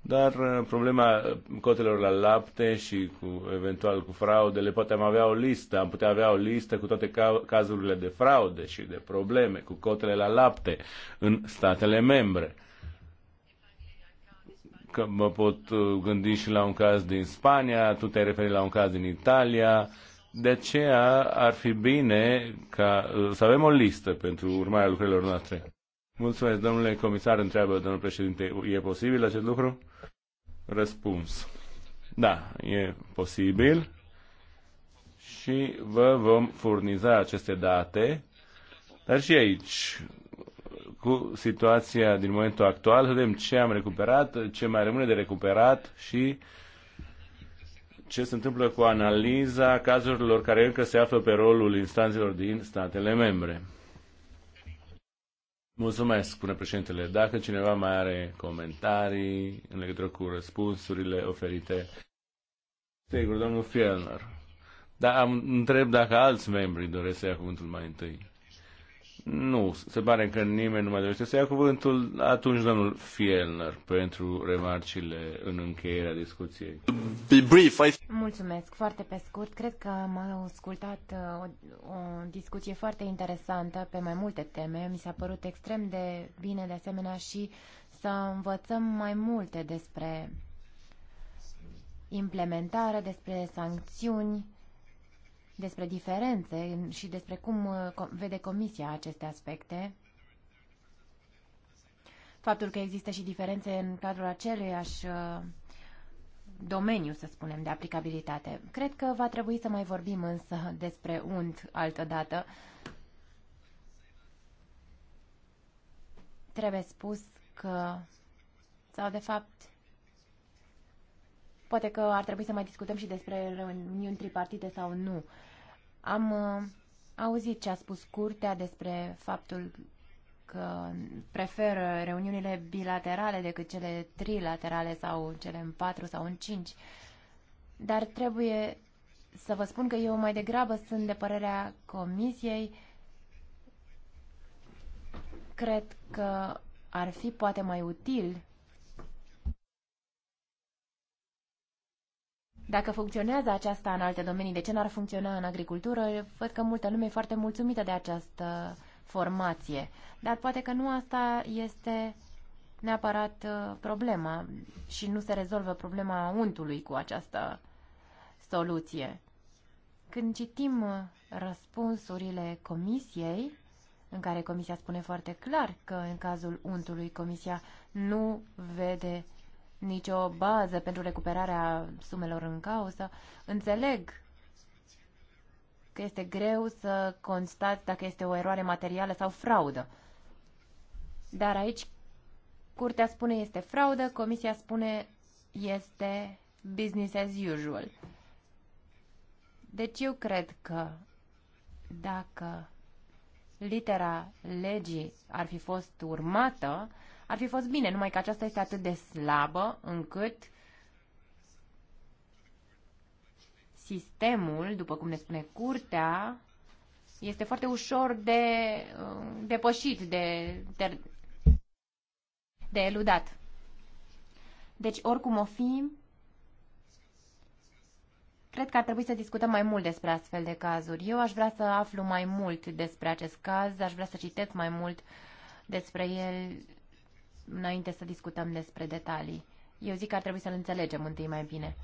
Speaker 4: Dar uh, problema uh, cotelor la lapte și cu, eventual cu fraudele, poate am avea o listă, am putea avea o listă cu toate ca, cazurile de fraude și de probleme cu cotele la lapte în statele membre. Că mă pot uh, gândi și la un caz din Spania, tu te-ai referit la un caz din Italia, de aceea ar fi bine ca să avem o listă pentru urmarea lucrărilor noastre. Mulțumesc, domnule comisar, întreabă domnul președinte, e posibil acest lucru? Răspuns. Da, e posibil și vă vom furniza aceste date, dar și aici, cu situația din momentul actual, vedem ce am recuperat, ce mai rămâne de recuperat și ce se întâmplă cu analiza cazurilor care încă se află pe rolul instanțelor din statele membre. Mulțumesc, spune președintele. Dacă cineva mai are comentarii în legătură cu răspunsurile oferite, sigur, domnul Fielner. Dar am, întreb dacă alți membri doresc să ia cuvântul mai întâi. Nu, se pare că nimeni nu mai dorește să ia cuvântul. Atunci, domnul Fielner, pentru remarcile în încheierea discuției. Be brief, I...
Speaker 1: Mulțumesc, foarte pe scurt. Cred că am ascultat uh, o, o discuție foarte interesantă pe mai multe teme. Mi s-a părut extrem de bine, de asemenea, și să învățăm mai multe despre implementare, despre sancțiuni, despre diferențe și despre cum uh, vede Comisia aceste aspecte. Faptul că există și diferențe în cadrul aceleiași uh, domeniu, să spunem, de aplicabilitate. Cred că va trebui să mai vorbim însă despre unt altă dată. Trebuie spus că, sau de fapt, Poate că ar trebui să mai discutăm și despre reuniuni tripartite sau nu. Am uh, auzit ce a spus curtea despre faptul că preferă reuniunile bilaterale decât cele trilaterale sau cele în patru sau în cinci. Dar trebuie să vă spun că eu mai degrabă sunt de părerea comisiei. Cred că ar fi poate mai util Dacă funcționează aceasta în alte domenii, de ce n-ar funcționa în agricultură? Văd că multă lume e foarte mulțumită de această formație. Dar poate că nu asta este neapărat uh, problema și nu se rezolvă problema untului cu această soluție. Când citim uh, răspunsurile comisiei, în care comisia spune foarte clar că în cazul untului comisia nu vede nicio bază pentru recuperarea sumelor în cauză. Înțeleg că este greu să constați dacă este o eroare materială sau fraudă. Dar aici curtea spune este fraudă, comisia spune este business as usual. Deci eu cred că dacă litera legii ar fi fost urmată, ar fi fost bine, numai că aceasta este atât de slabă încât sistemul, după cum ne spune curtea, este foarte ușor de uh, depășit, de, de, de eludat. Deci, oricum o fi, cred că ar trebui să discutăm mai mult despre astfel de cazuri. Eu aș vrea să aflu mai mult despre acest caz, aș vrea să citesc mai mult despre el înainte să discutăm despre detalii. Eu zic că ar trebui să-l înțelegem întâi mai bine.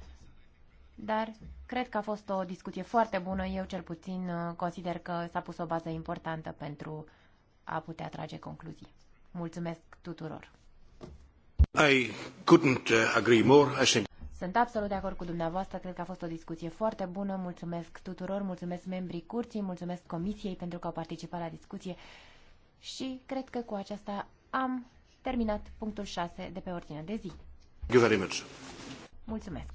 Speaker 1: Dar cred că a fost o discuție foarte bună. Eu cel puțin uh, consider că s-a pus o bază importantă pentru a putea trage concluzii. Mulțumesc tuturor!
Speaker 2: I couldn't uh, agree more. I think...
Speaker 1: Sunt absolut de acord cu dumneavoastră, cred că a fost o discuție foarte bună. Mulțumesc tuturor, mulțumesc membrii curții, mulțumesc comisiei pentru că au participat la discuție și cred că cu aceasta am terminat punctul 6 de pe ordinea de zi.
Speaker 2: Mulțumesc.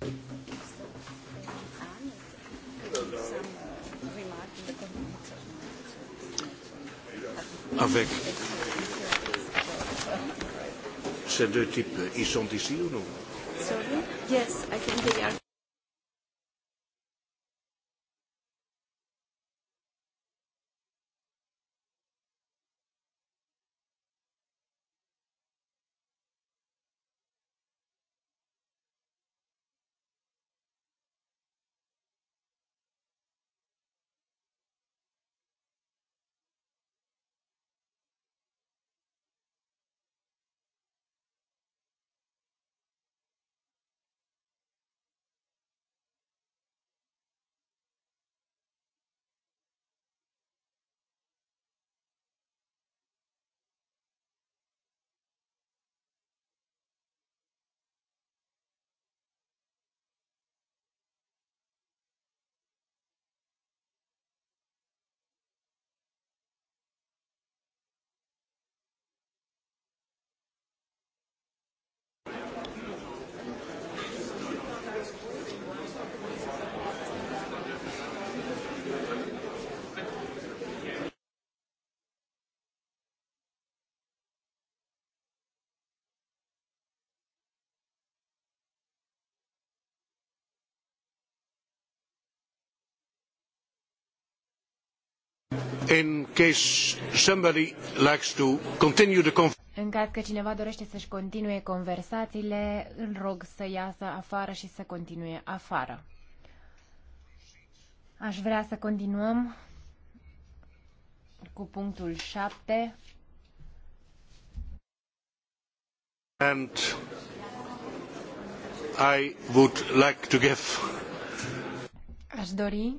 Speaker 2: Avec ces deux types, ils sont ici ou non?
Speaker 3: Sorry? Yes, I think they are.
Speaker 2: In case somebody likes to continue the
Speaker 1: în caz că cineva dorește să-și continue conversațiile, îl rog să iasă afară și să continue afară. Aș vrea să continuăm cu punctul 7.
Speaker 2: And I would like to give Aș dori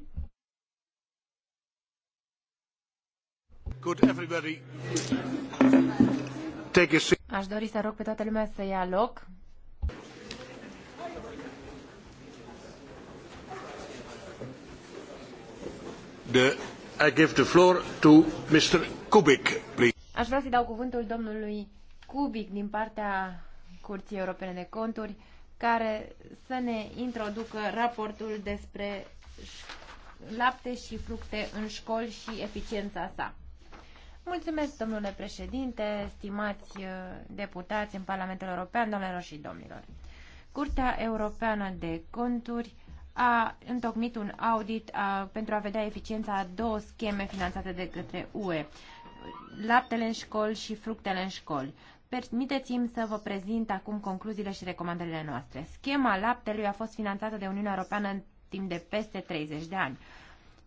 Speaker 2: a
Speaker 1: Aș dori să rog pe toată lumea să ia loc.
Speaker 2: The, I give the floor to Mr. Kubik, please.
Speaker 1: Aș vrea să dau cuvântul domnului Kubik din partea Curții Europene de Conturi, care să ne introducă raportul despre lapte și fructe în școli și eficiența sa. Mulțumesc, domnule președinte, stimați uh, deputați în Parlamentul European, domnilor și domnilor. Curtea Europeană de Conturi a întocmit un audit a, uh, pentru a vedea eficiența a două scheme finanțate de către UE, laptele în școli și fructele în școli. Permiteți-mi să vă prezint acum concluziile și recomandările noastre. Schema laptelui a fost finanțată de Uniunea Europeană în timp de peste 30 de ani.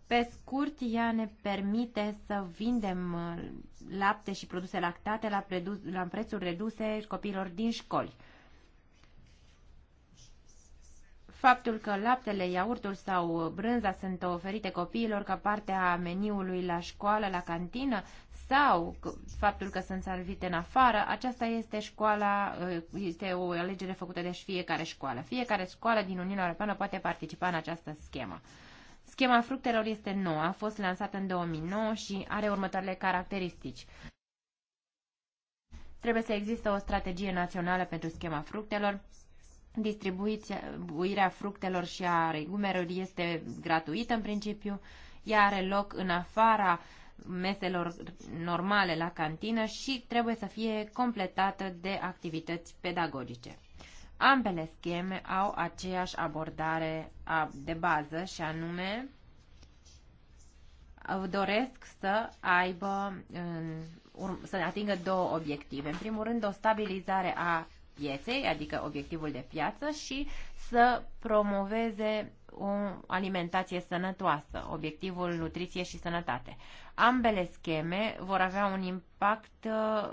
Speaker 1: Pe scurt, ea ne permite să vindem uh, lapte și produse lactate la, predu- la prețuri reduse copiilor din școli. Faptul că laptele, iaurtul sau brânza sunt oferite copiilor ca parte a meniului la școală, la cantină sau faptul că sunt servite în afară, aceasta este școala, uh, este o alegere făcută de fiecare școală. Fiecare școală din Uniunea Europeană poate participa în această schemă. Schema fructelor este nouă, a fost lansată în 2009 și are următoarele caracteristici. Trebuie să existe o strategie națională pentru schema fructelor, distribuirea fructelor și a legumelor este gratuită în principiu, ea are loc în afara meselor normale la cantină și trebuie să fie completată de activități pedagogice. Ambele scheme au aceeași abordare de bază și anume doresc să aibă, să atingă două obiective. În primul rând, o stabilizare a pieței, adică obiectivul de piață, și să promoveze o alimentație sănătoasă, obiectivul nutriție și sănătate. Ambele scheme vor avea un impact uh,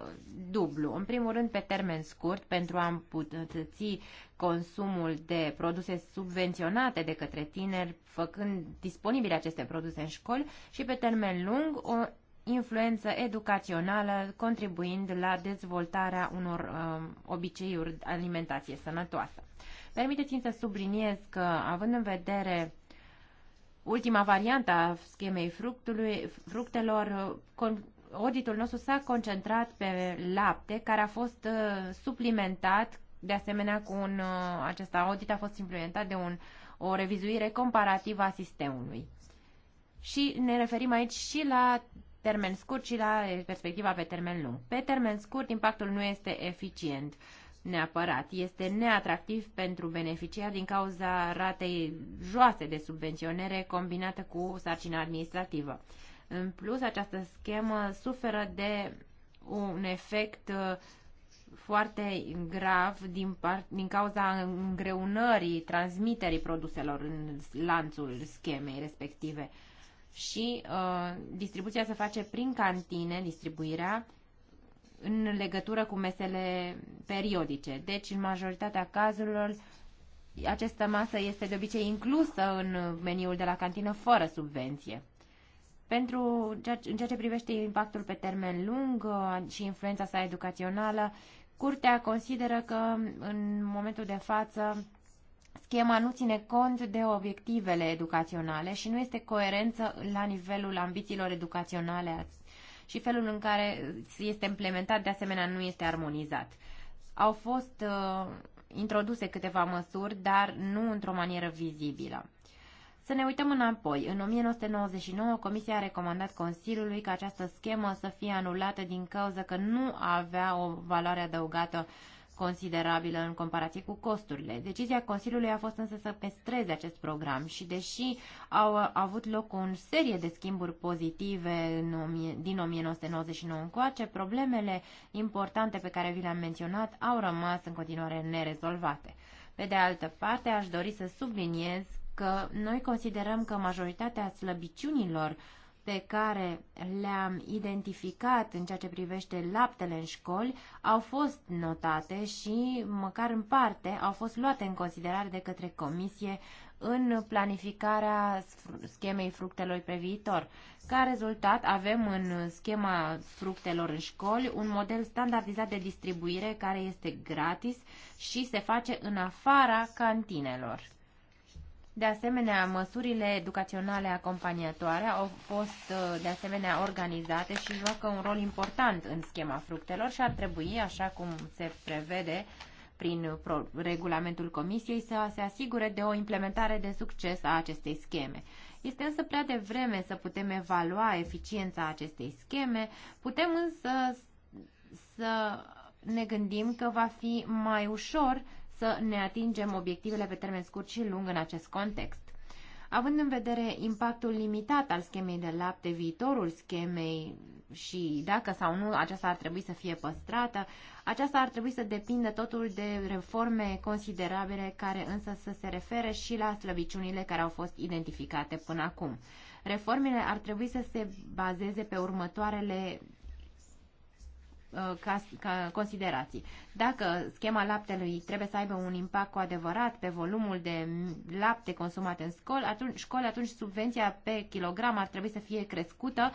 Speaker 1: dublu. În primul rând, pe termen scurt, pentru a îmbunătăți consumul de produse subvenționate de către tineri, făcând disponibile aceste produse în școli, și pe termen lung, o influență educațională, contribuind la dezvoltarea unor um, obiceiuri de alimentație sănătoasă. Permiteți-mi să subliniez că, având în vedere ultima variantă a schemei fructului, fructelor, auditul nostru s-a concentrat pe lapte, care a fost uh, suplimentat, de asemenea cu un, uh, acesta audit a fost suplimentat de un, o revizuire comparativă a sistemului. Și ne referim aici și la termen scurt și la perspectiva pe termen lung. Pe termen scurt, impactul nu este eficient. Uh, neapărat. Este neatractiv pentru beneficiar din cauza ratei joase de subvenționare combinată cu sarcina administrativă. În plus, această schemă suferă de un efect uh, foarte grav din, part, din cauza îngreunării transmiterii produselor în lanțul schemei respective. Și uh, distribuția se face prin cantine, distribuirea, în legătură cu mesele periodice. Deci, în majoritatea cazurilor, această masă este de obicei inclusă în meniul de la cantină fără subvenție. Pentru, în ceea ce privește impactul pe termen lung uh, și influența sa educațională, Curtea consideră că în momentul de față schema nu ține cont de obiectivele educaționale și nu este coerență la nivelul ambițiilor educaționale și felul în care este implementat de asemenea nu este armonizat. Au fost uh, introduse câteva măsuri, dar nu într-o manieră vizibilă. Să ne uităm înapoi. În 1999, Comisia a recomandat Consiliului ca această schemă să fie anulată din cauza că nu avea o valoare adăugată uh, considerabilă în comparație cu costurile. Decizia Consiliului a fost însă să pestreze acest program și deși au avut loc o serie de schimburi pozitive din 1999 încoace, problemele importante pe care vi le-am menționat au rămas în continuare nerezolvate. Pe de altă parte, aș dori să subliniez că noi considerăm că majoritatea slăbiciunilor uh, pe care le-am identificat în ceea ce privește laptele în școli au fost notate și, măcar în parte, au fost luate în considerare de către comisie în planificarea schemei fructelor pe viitor. Ca rezultat, avem în schema fructelor în școli un model standardizat de distribuire care este gratis și se face în afara cantinelor. De asemenea, măsurile educaționale acompaniatoare au fost uh, de asemenea organizate și joacă un rol important în schema fructelor și ar trebui, așa cum se prevede prin regulamentul Comisiei, să se asigure de o implementare de succes a acestei scheme. Este însă prea devreme să putem evalua eficiența acestei scheme, putem însă să ne gândim că va fi mai ușor să ne atingem obiectivele pe termen scurt și lung în acest context. Având în vedere impactul limitat al schemei de lapte, viitorul schemei și dacă sau nu aceasta ar trebui să fie păstrată, aceasta ar trebui să depindă totul de reforme considerabile care însă să se refere și la slăbiciunile care au fost identificate până acum. Reformele ar trebui să se bazeze pe următoarele Uh, ca, ca considerații. Dacă schema laptelui trebuie să aibă un impact cu adevărat pe volumul de lapte consumat în școli, atunci, școli, atunci subvenția pe kilogram ar trebui să fie crescută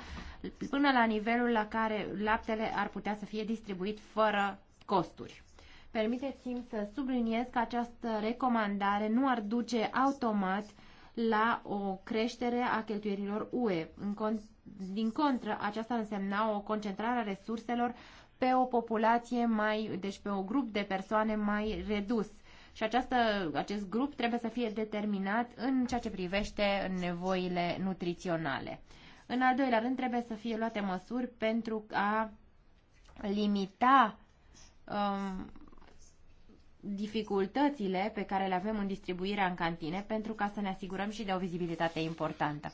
Speaker 1: până la nivelul la care laptele ar putea să fie distribuit fără costuri. Permiteți-mi să subliniez că această recomandare nu ar duce automat la o creștere a cheltuierilor UE. din contră, aceasta însemna o concentrare a resurselor pe o populație mai, deci pe un grup de persoane mai redus. Și această, acest grup trebuie să fie determinat în ceea ce privește nevoile nutriționale. În al doilea rând, trebuie să fie luate măsuri pentru a limita um, dificultățile pe care le avem în distribuirea în cantine pentru ca să ne asigurăm și de o vizibilitate importantă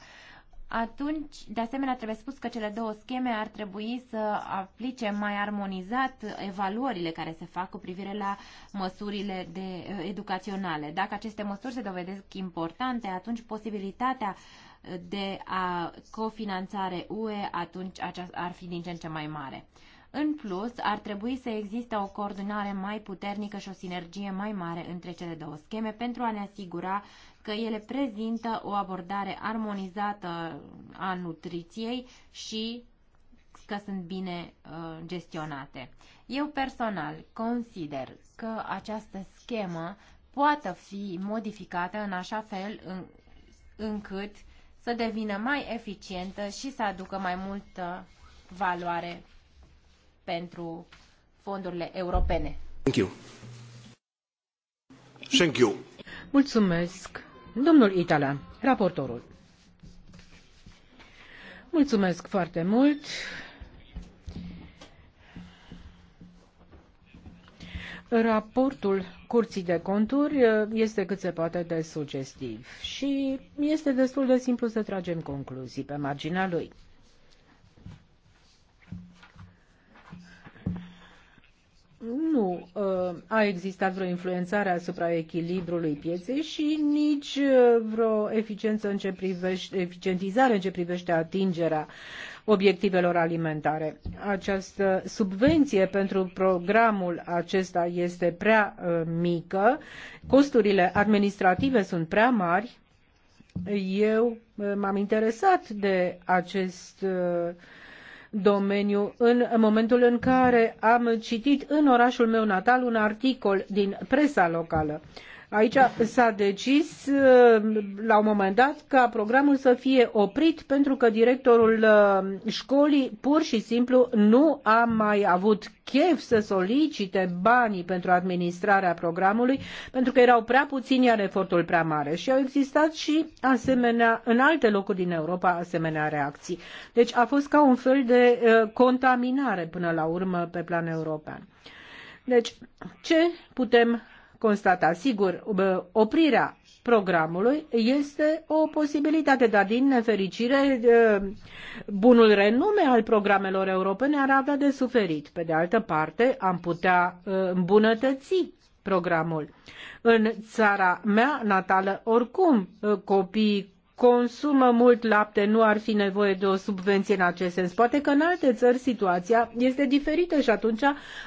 Speaker 1: atunci, de asemenea, trebuie spus că cele două scheme ar trebui să aplice mai armonizat evaluările care se fac cu privire la măsurile de, eh, educaționale. Dacă aceste măsuri se dovedesc importante, atunci posibilitatea eh, de a cofinanțare UE atunci ar fi din ce în ce mai mare. În plus, ar trebui să existe o coordonare mai puternică și o sinergie mai mare între cele două scheme pentru a ne asigura că ele prezintă o abordare armonizată a nutriției și că sunt bine uh, gestionate. Eu personal consider că această schemă poate fi modificată în așa fel în, încât să devină mai eficientă și să aducă mai multă valoare pentru fondurile europene.
Speaker 2: Thank you. Thank you.
Speaker 3: Mulțumesc. Domnul Itala, raportorul. Mulțumesc foarte mult. Raportul Curții de Conturi uh, este cât se poate de sugestiv și este destul de simplu să tragem concluzii pe marginea lui. nu uh, a existat vreo influențare asupra echilibrului pieței și nici uh, vreo eficiență în ce privește, eficientizare în ce privește atingerea obiectivelor alimentare. Această subvenție pentru programul acesta este prea uh, mică, costurile administrative sunt prea mari. Eu m-am interesat de acest uh, domeniu în momentul în care am citit în orașul meu natal un articol din presa locală. Aici s-a decis uh, la un moment dat ca programul să fie oprit pentru că directorul uh, școlii pur și simplu nu a mai avut chef să solicite banii pentru administrarea programului pentru că erau prea puțini iar efortul prea mare și au existat și asemenea în alte locuri din Europa asemenea reacții. Deci a fost ca un fel de uh, contaminare până la urmă pe plan european. Deci, ce putem constata. Sigur, oprirea programului este o posibilitate, dar din nefericire bunul renume al programelor europene ar avea de suferit. Pe de altă parte, am putea îmbunătăți programul. În țara mea natală, oricum, copiii consumă mult lapte, nu ar fi nevoie de o subvenție în acest sens. Poate că în alte țări situația este diferită și atunci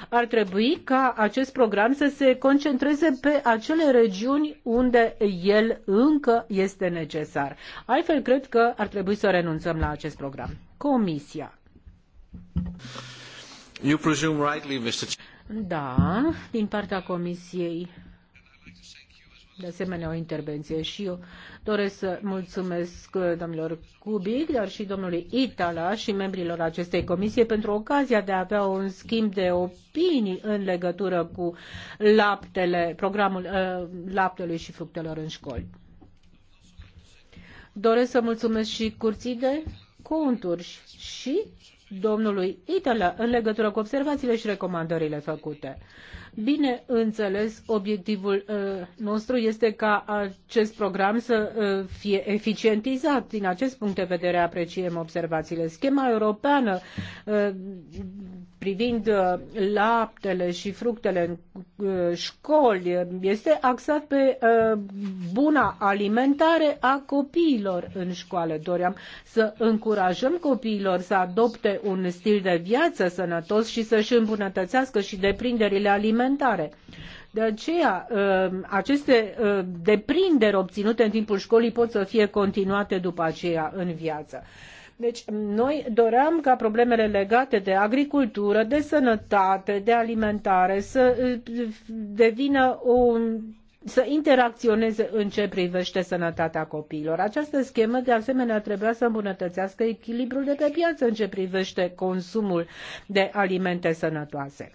Speaker 3: ar trebui ca acest program să se concentreze pe acele regiuni unde el încă este necesar. Altfel, cred că ar trebui să renunțăm la acest program. Comisia.
Speaker 2: You presume rightly, Mr.
Speaker 3: Da, din partea Comisiei de asemenea o intervenție și eu doresc să mulțumesc uh, domnilor Cubic, dar și domnului Itala și membrilor acestei comisie pentru ocazia de a avea un schimb de opinii în legătură cu laptele, programul uh, laptelui și fructelor în școli. Doresc să mulțumesc și curții de conturi și domnului Itala în legătură cu observațiile și recomandările făcute. Bineînțeles, obiectivul uh, nostru este ca acest program să uh, fie eficientizat. Din acest punct de vedere apreciem observațiile. Schema europeană uh, privind laptele și fructele în școli este axat pe buna alimentare a copiilor în școală. Doream să încurajăm copiilor să adopte un stil de viață sănătos și să-și îmbunătățească și deprinderile alimentare alimentare. De aceea, uh, aceste uh, deprinderi obținute în timpul școlii pot să fie continuate după aceea în viață. Deci, noi doream ca problemele legate de agricultură, de sănătate, de alimentare să uh, devină o să interacționeze în ce privește sănătatea copiilor. Această schemă, de asemenea, trebuia să îmbunătățească echilibrul de pe piață în ce privește consumul de alimente sănătoase.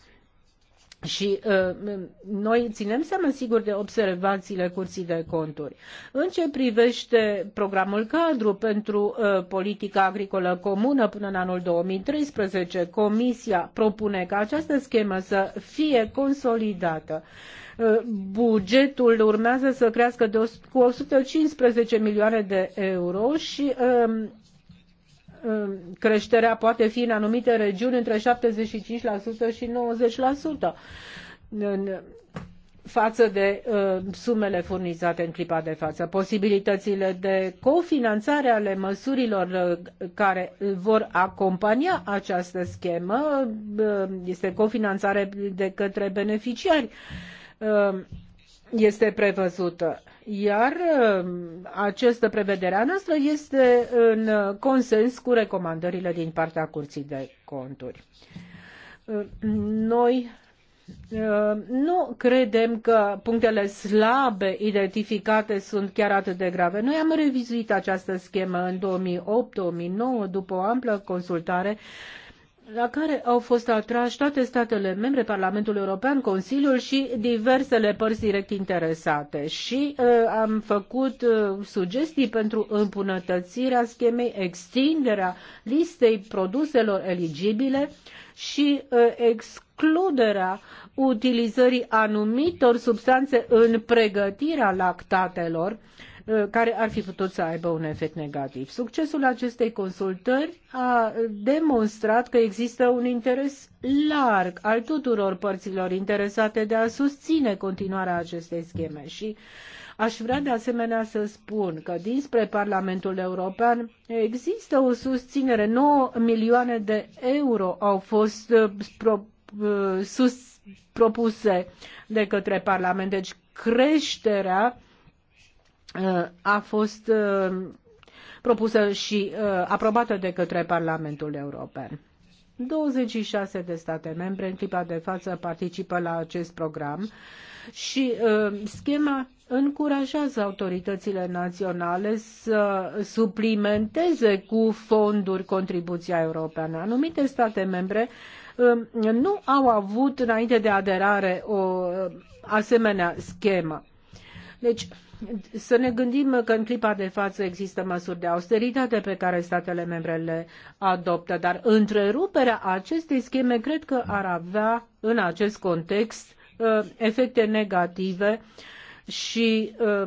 Speaker 3: Și uh, noi ținem seama, sigur, de observațiile curții de conturi. În ce privește programul cadru pentru uh, politica agricolă comună până în anul 2013, Comisia propune ca această schemă să fie consolidată. Uh, bugetul urmează să crească de o, cu 115 milioane de euro și uh, Um, creșterea poate fi în anumite regiuni între 75% și 90% în față de uh, sumele furnizate în clipa de față. Posibilitățile de cofinanțare ale măsurilor uh, care vor acompania această schemă uh, este cofinanțare de către beneficiari. Uh, este prevăzută. Iar uh, această prevedere a noastră este în consens cu recomandările din partea Curții de Conturi. Uh, noi uh, nu credem că punctele slabe identificate sunt chiar atât de grave. Noi am revizuit această schemă în 2008-2009 după o amplă consultare la care au fost atrași toate statele membre, Parlamentul European, Consiliul și diversele părți direct interesate. Și uh, am făcut uh, sugestii pentru îmbunătățirea schemei, extinderea listei produselor eligibile și uh, excluderea utilizării anumitor substanțe în pregătirea lactatelor uh, Uh, care ar fi putut să aibă un efect negativ. Succesul acestei consultări a demonstrat că există un interes larg al tuturor părților interesate de a susține continuarea acestei scheme și Aș vrea de asemenea să spun că dinspre Parlamentul European există o susținere. 9 milioane de euro au fost uh, pro, uh, sus, propuse de către Parlament. Deci creșterea Uh, a fost uh, propusă și uh, aprobată de către Parlamentul European. 26 de state membre în clipa de față participă la acest program și uh, schema încurajează autoritățile naționale să suplimenteze cu fonduri contribuția europeană. Anumite state membre uh, nu au avut înainte de aderare o uh, asemenea schemă. Deci, să ne gândim că în clipa de față există măsuri de austeritate pe care statele membre le adoptă, dar întreruperea acestei scheme cred că ar avea în acest context uh, efecte negative și uh,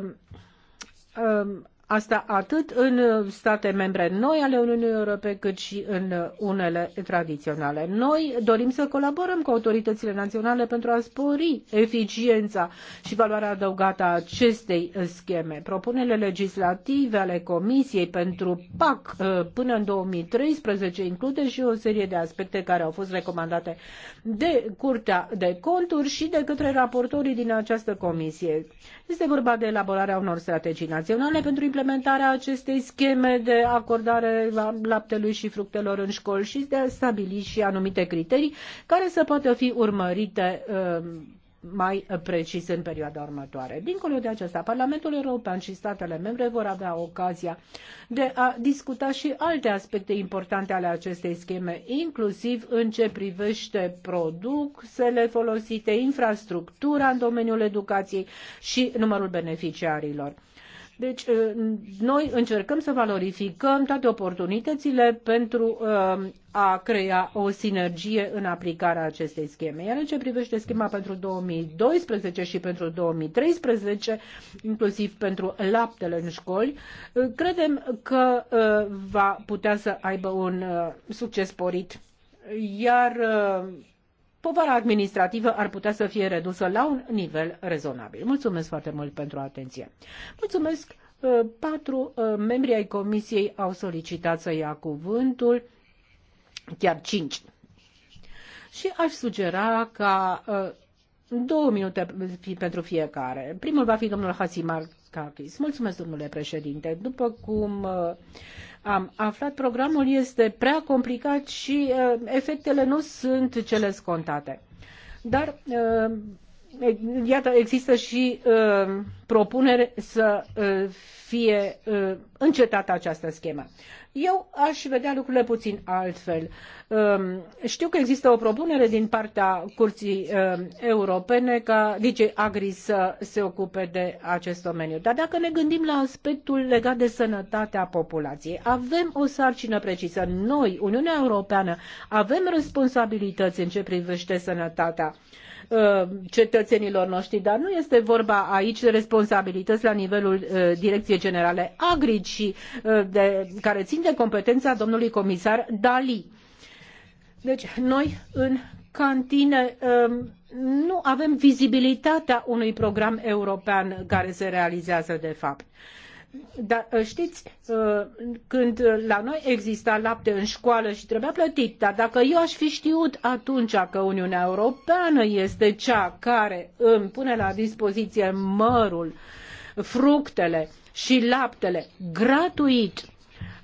Speaker 3: uh, Asta atât în uh, state membre noi ale Uniunii Europene, cât și în uh, unele tradiționale. Noi dorim să colaborăm cu autoritățile naționale pentru a spori eficiența și valoarea adăugată a acestei uh, scheme. Propunerile legislative ale Comisiei pentru PAC până în 2013 include și o serie de aspecte care au fost recomandate de Curtea de Conturi și de către raportorii din această comisie. Este vorba de elaborarea unor strategii naționale pentru implementarea implementarea acestei scheme de acordare a laptelui și fructelor în școli și de a stabili și anumite criterii care să poată fi urmărite uh, mai precis în perioada următoare. Dincolo de aceasta, Parlamentul European și statele membre vor avea ocazia de a discuta și alte aspecte importante ale acestei scheme, inclusiv în ce privește produsele folosite, infrastructura în domeniul educației și numărul beneficiarilor. Deci, uh, noi încercăm să valorificăm toate oportunitățile pentru um, a crea o sinergie în aplicarea acestei scheme. Iar în ce privește schema pentru 2012 și pentru 2013, inclusiv pentru laptele în școli, uh, credem că uh, va putea să aibă un succes sporit. Iar povara administrativă ar putea să fie redusă la un nivel rezonabil. Mulțumesc foarte mult pentru atenție. Mulțumesc. Uh, patru uh, membri ai comisiei au solicitat să ia cuvântul, chiar cinci. Și aș sugera ca uh, două minute pentru fiecare. Primul va fi domnul Hasimar Kakis. Mulțumesc, domnule președinte. După cum am aflat, programul este prea complicat și uh, efectele nu sunt cele scontate. Dar uh, iată, există și uh, propunere să uh, fie uh, încetată această schemă. Eu aș vedea lucrurile puțin altfel. Uh, știu că există o propunere din partea Curții uh, Europene ca DJ Agri să se ocupe de acest domeniu. Dar dacă ne gândim la aspectul legat de sănătatea populației, avem o sarcină precisă. Noi, Uniunea Europeană, avem responsabilități în ce privește sănătatea uh, Uh, cetățenilor noștri, dar nu este vorba aici de responsabilități la nivelul uh, Direcției Generale Agri, ci uh, de, care țin de competența domnului comisar Dali. Deci noi în cantine um, nu avem vizibilitatea unui program european care se realizează de fapt. Dar uh, știți, uh, când uh, la noi exista lapte în școală și trebuia plătit, dar dacă eu aș fi știut atunci că Uniunea Europeană este cea care îmi pune la dispoziție mărul, fructele și laptele gratuit,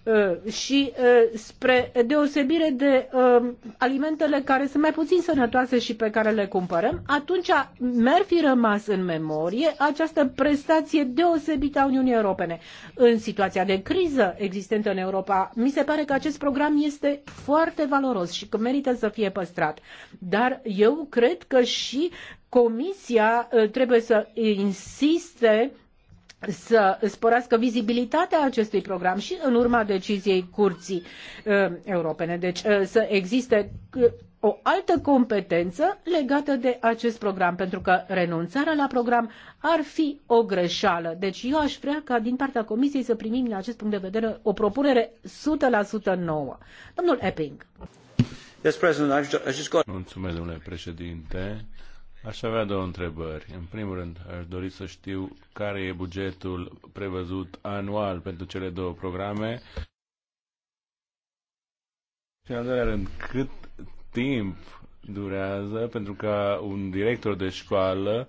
Speaker 3: Uh, și uh, spre deosebire de um, alimentele care sunt mai puțin sănătoase și pe care le cumpărăm, atunci mi-ar fi rămas în memorie această prestație deosebită a Uniunii Europene. În situația de criză existentă în Europa, mi se pare că acest program este foarte valoros și că merită să fie păstrat. Dar eu cred că și Comisia uh, trebuie să insiste să sporească vizibilitatea acestui program și în urma deciziei Curții uh, Europene. Deci uh, să existe uh, o altă competență legată de acest program, pentru că renunțarea la program ar fi o greșeală. Deci eu aș vrea ca din partea Comisiei să primim, din acest punct de vedere, o propunere 100% nouă. Domnul Epping.
Speaker 4: Yes, President, I've just got... Mulțumesc, domnule președinte. Aș avea două întrebări. În primul rând, aș dori să știu care e bugetul prevăzut anual pentru cele două programe. Și în al doilea rând, cât timp durează pentru ca un director de școală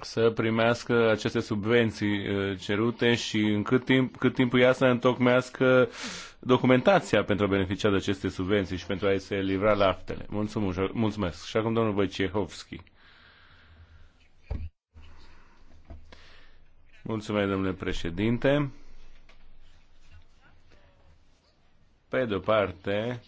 Speaker 4: să primească aceste subvenții uh, cerute și în cât timp, cât timp ea să întocmească documentația pentru a beneficia de aceste subvenții și pentru a se livra la actele. Mulțumesc. Mulțumesc. Și acum domnul Wojciechowski. Mulțumesc, domnule președinte. Pe de o parte,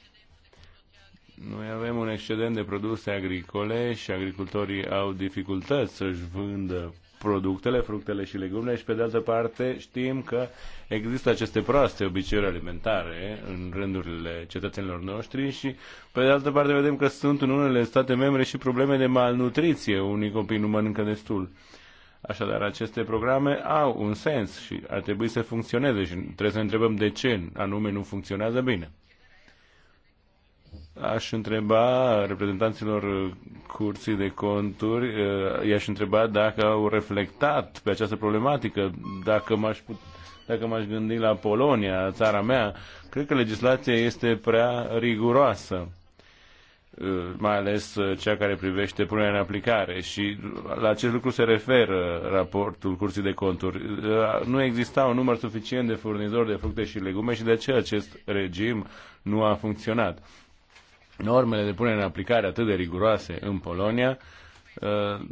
Speaker 4: noi avem un excedent de produse agricole și agricultorii au dificultăți să-și vândă productele, fructele și legumele și pe de altă parte știm că există aceste proaste obiceiuri alimentare în rândurile cetățenilor noștri și pe de altă parte vedem că sunt în unele state membre și probleme de malnutriție, unii copii nu mănâncă destul. Așadar, aceste programe au un sens și ar trebui să funcționeze și trebuie să ne întrebăm de ce anume nu funcționează bine. Aș întreba reprezentanților curții de conturi, eh, i-aș întreba dacă au reflectat pe această problematică, dacă m-aș, put, dacă m-aș gândi la Polonia, țara mea. Cred că legislația este prea riguroasă eh, mai ales eh, cea care privește punerea în aplicare și la acest lucru se referă raportul Curții de Conturi. Nu exista un număr suficient de furnizori de fructe și legume și de aceea acest regim nu a funcționat normele de punere în aplicare atât de riguroase în Polonia uh,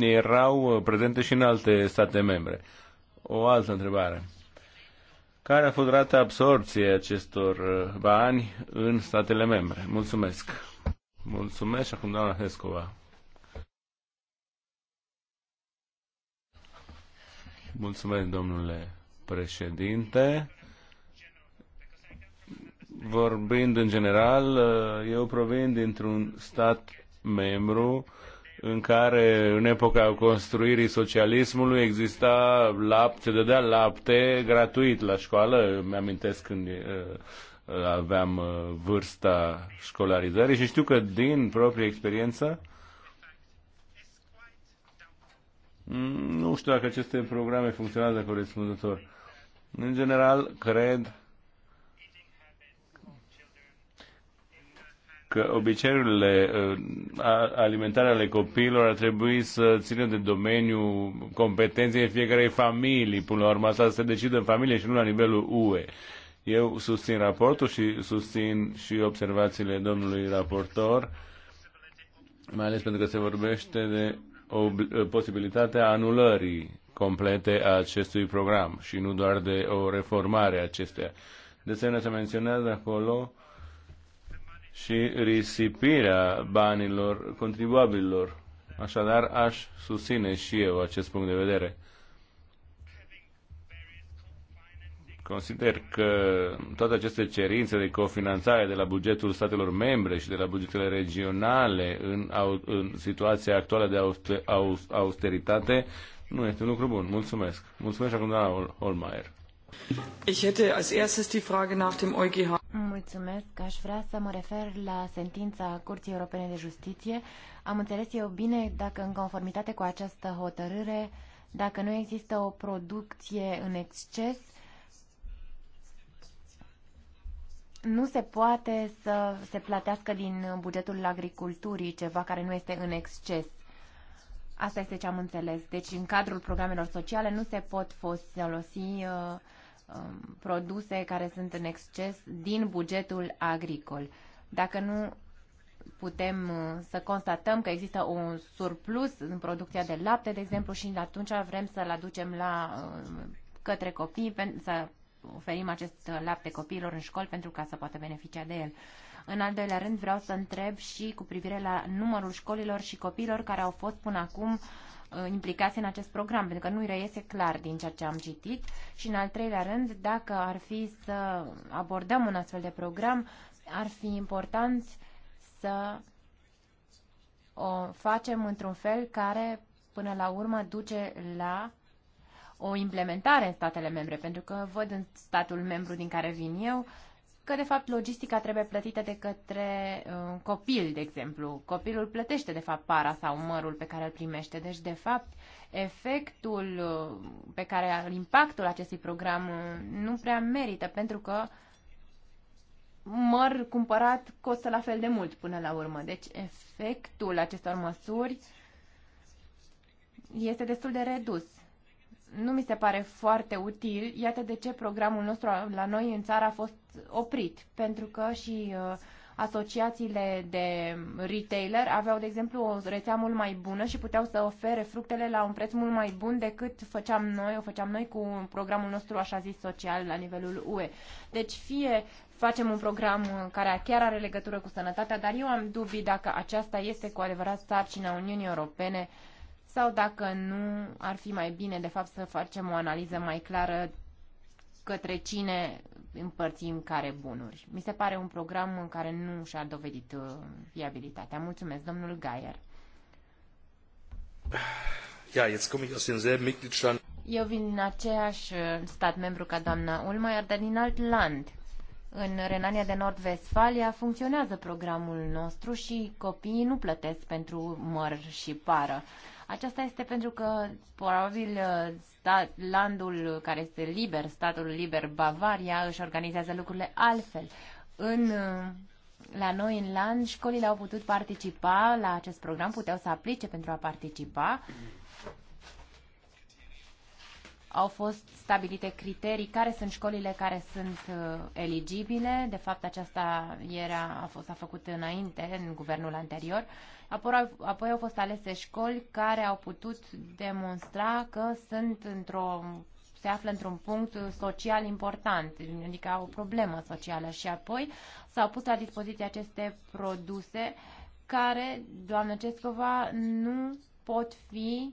Speaker 4: erau uh, prezente și în alte state membre. O altă întrebare. Care a fost rata absorției acestor uh, bani în statele membre? Mulțumesc. Mulțumesc și acum doamna Hescova. Mulțumesc, domnule președinte vorbind în general, uh, eu provin dintr-un stat membru în care în epoca construirii socialismului exista lapte, dădea lapte gratuit la școală, mi-amintesc când uh, aveam uh, vârsta școlarizării și știu că din proprie experiență mm, nu știu dacă aceste programe funcționează corespunzător. În general, cred că obiceiurile uh, alimentare ale copiilor ar trebui să țină de domeniul competenței fiecarei familii. Până la urmă, asta se decide în familie și nu la nivelul UE. Eu susțin raportul și susțin și observațiile domnului raportor, mai ales pentru că se vorbește de uh, posibilitatea anulării complete a acestui program și nu doar de o reformare a acesteia. De asemenea, se menționează acolo uh, și risipirea banilor contribuabililor. Așadar, aș susține și eu acest punct de vedere. Consider că toate aceste cerințe de cofinanțare de la bugetul statelor membre și de la bugetele regionale în, au, în situația actuală de austeritate nu este un lucru bun. Mulțumesc. Mulțumesc acum doamna Holmeier.
Speaker 3: Ich hätte als erstes die Frage nach dem EuGH.
Speaker 1: Mulțumesc. Aș vrea să mă refer la sentința Curții Europene de Justiție. Am înțeles eu bine dacă în conformitate cu această hotărâre, dacă nu există o producție în exces, nu se poate să se plătească din bugetul agriculturii ceva care nu este în exces. Asta este ce am înțeles. Deci în cadrul programelor sociale nu se pot folosi uh, um, produse care sunt în exces din bugetul agricol. Dacă nu putem uh, să constatăm că există un surplus în producția de lapte, de exemplu, și atunci vrem să-l aducem la, uh, către copii, să oferim acest lapte copiilor în școli pentru ca să poată beneficia de el. În al doilea rând vreau să întreb și cu privire la numărul școlilor și copiilor care au fost până acum uh, implicați în acest program, pentru că nu îi reiese clar din ceea ce am citit. Și în al treilea rând, dacă ar fi să abordăm un astfel de program, ar fi important să o facem într-un fel care, până la urmă, duce la o implementare în statele membre, pentru că văd în statul membru din care vin eu că, de fapt, logistica trebuie plătită de către uh, copil, de exemplu. Copilul plătește, de fapt, para sau mărul pe care îl primește. Deci, de fapt, efectul uh, pe care, impactul acestui program uh, nu prea merită, pentru că măr cumpărat costă la fel de mult până la urmă. Deci, efectul acestor măsuri este destul de redus nu mi se pare foarte util. Iată de ce programul nostru la noi în țară a fost oprit, pentru că și uh, asociațiile de retailer aveau, de exemplu, o rețea mult mai bună și puteau să ofere fructele la un preț mult mai bun decât făceam noi, o făceam noi cu programul nostru, așa zis, social la nivelul UE. Deci fie facem un program care chiar are legătură cu sănătatea, dar eu am dubii dacă aceasta este cu adevărat sarcina Uniunii Europene uh, sau dacă nu, ar fi mai bine, de fapt, să facem o analiză mai clară către cine împărțim care bunuri. Mi se pare un program în care nu și-a dovedit viabilitatea. Uh, Mulțumesc, domnul Gaier.
Speaker 2: Ja, jetzt komme ich aus demselben Mitgliedstaat.
Speaker 1: Eu vin din aceeași uh, stat membru ca doamna Ulmaier, dar din alt land. În Renania de Nord-Vestfalia funcționează programul nostru și copiii nu plătesc pentru măr și pară. Aceasta este pentru că probabil stat, landul care este liber, statul liber Bavaria, își organizează lucrurile altfel. În la noi în land, școlile au putut participa la acest program, puteau să aplice pentru a participa au fost stabilite criterii care sunt școlile care sunt uh, eligibile. De fapt, aceasta era, a fost a făcut înainte, în guvernul anterior. Apoi, apoi au fost alese școli care au putut demonstra că sunt într-o se află într-un punct social important, adică au o problemă socială și apoi s-au pus la dispoziție aceste produse care, doamnă Cescova, nu pot fi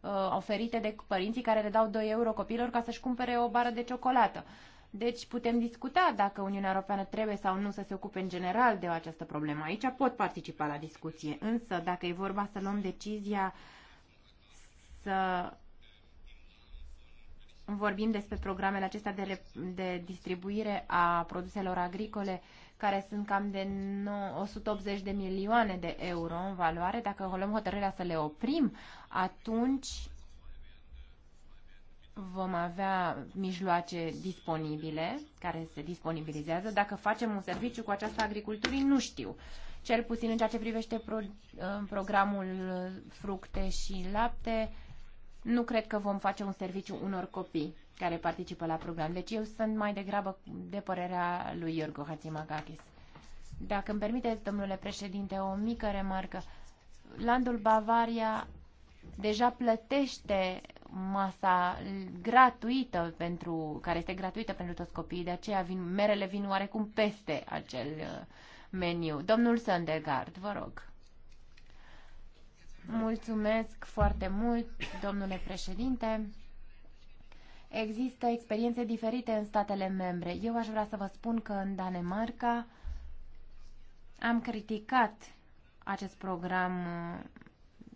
Speaker 1: uh, oferite de părinții care le dau 2 euro copilor ca să-și cumpere o bară de ciocolată. Deci putem discuta dacă Uniunea Europeană trebuie sau nu să se ocupe în general de această problemă. Aici pot participa la discuție, însă dacă e vorba să luăm decizia să vorbim despre programele acestea de, de distribuire a produselor agricole care sunt cam de 180 de milioane de euro în valoare, dacă luăm hotărârea să le oprim, atunci vom avea mijloace disponibile, care se disponibilizează. Dacă facem un serviciu cu această agriculturii, nu știu. Cel puțin în ceea ce privește pro, uh, programul fructe și lapte, nu cred că vom face un serviciu unor copii care participă la program. Deci eu sunt mai degrabă de părerea lui Iorgo Hatimagakis. Dacă îmi permiteți, domnule președinte, o mică remarcă. Landul Bavaria deja plătește masa gratuită pentru, care este gratuită pentru toți copiii, de aceea vin, merele vin oarecum peste acel uh, meniu. Domnul Söndergaard, vă rog. Mulțumesc foarte mult, domnule președinte. Există experiențe diferite în statele membre. Eu aș vrea să vă spun că în Danemarca am criticat acest program uh,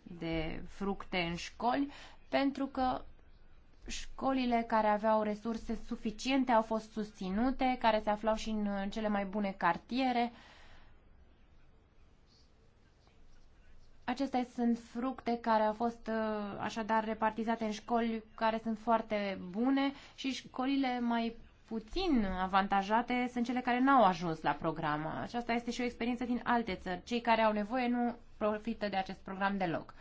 Speaker 1: de fructe în școli pentru că școlile care aveau resurse suficiente au fost susținute, care se aflau și în uh, cele mai bune cartiere Acestea sunt fructe care au fost uh, așadar repartizate în școli care sunt foarte bune și școlile mai puțin avantajate sunt cele care n-au ajuns la program. Aceasta este și o experiență din alte țări. Cei care au nevoie nu profită de acest program deloc.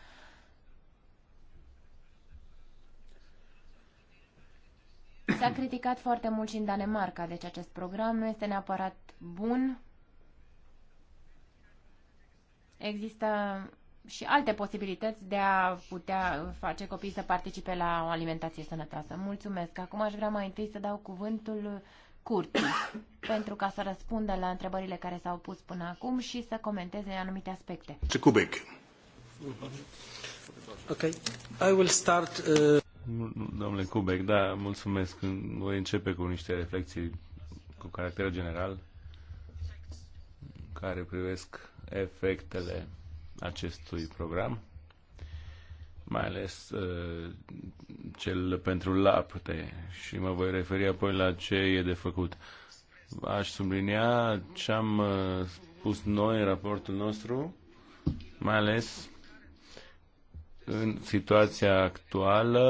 Speaker 1: S-a criticat foarte mult și în Danemarca, deci acest program nu este neapărat bun. Există și alte posibilități de a putea face copiii să participe la o alimentație sănătoasă. Mulțumesc. Acum aș vrea mai întâi să dau cuvântul Curții pentru ca să răspundă la întrebările care s-au pus până acum și să comenteze anumite aspecte.
Speaker 2: Cicubic. Ok.
Speaker 4: I will start... Uh... Domnule Cubec, da, mulțumesc. Voi începe cu niște reflexii cu caracter general care privesc efectele acestui program, mai ales uh, cel pentru lapte și mă voi referi apoi la ce e de făcut. Aș sublinia ce am uh, spus noi în raportul nostru, mai ales în situația actuală,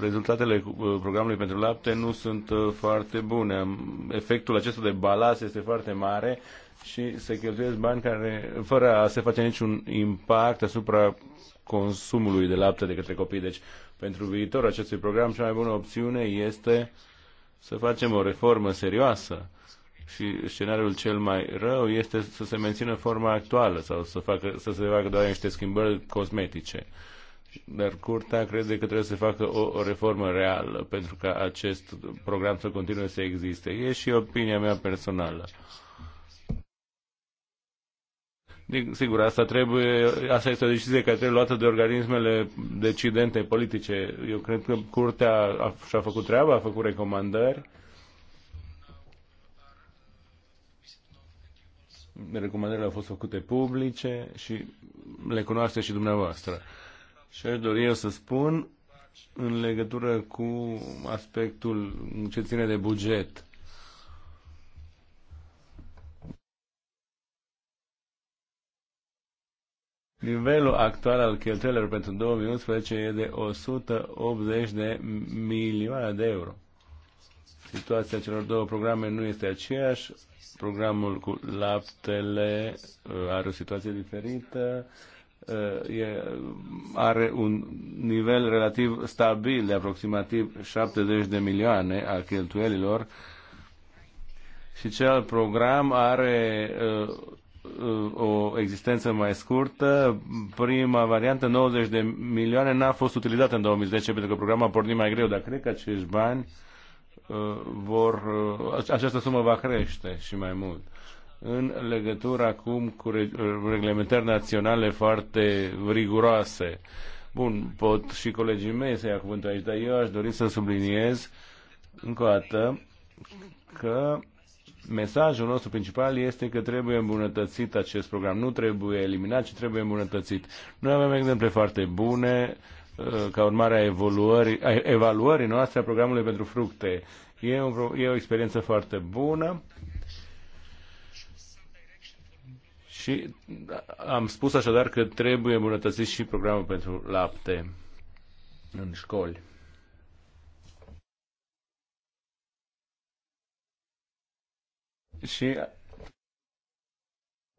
Speaker 4: rezultatele uh, programului pentru lapte nu sunt uh, foarte bune. Efectul acesta de balas este foarte mare și se cheltuiesc bani care, fără a se face niciun impact asupra consumului de lapte de către copii. Deci, pentru viitor acestui program, cea mai bună opțiune este să facem o reformă serioasă. Și scenariul cel mai rău este să se mențină forma actuală sau să, facă, să se facă doar niște schimbări cosmetice. Dar curtea crede că trebuie să facă o, o reformă reală pentru ca acest program să continue să existe. E și opinia mea personală. Sigur, asta trebuie, asta este o decizie care trebuie luată de organismele decidente politice. Eu cred că curtea a, și-a făcut treaba, a făcut recomandări. Recomandările au fost făcute publice și le cunoaște și dumneavoastră. Și aș dori eu să spun în legătură cu aspectul ce ține de buget Nivelul actual al cheltuielor pentru 2011 e de 180 de milioane de euro. Situația celor două programe nu este aceeași. Programul cu laptele uh, are o situație diferită, uh, e, are un nivel relativ stabil de aproximativ 70 de milioane a cheltuielilor și cel program are uh, o existență mai scurtă. Prima variantă, 90 de milioane, n-a fost utilizată în 2010 pentru că programul a pornit mai greu, dar cred că acești bani uh, vor, uh, această sumă va crește și mai mult. În legătură acum cu uh, reglementări naționale foarte riguroase. Bun, pot și colegii mei să ia cuvântul aici, dar eu aș dori să subliniez încă o dată că mesajul nostru principal este că trebuie îmbunătățit acest program. Nu trebuie eliminat, ci trebuie îmbunătățit. Noi avem exemple foarte bune uh, ca urmare a, evoluării, a evaluării noastre a programului pentru fructe. E, un, e o experiență foarte bună. Și am spus așadar că trebuie îmbunătățit și programul pentru lapte în școli. Și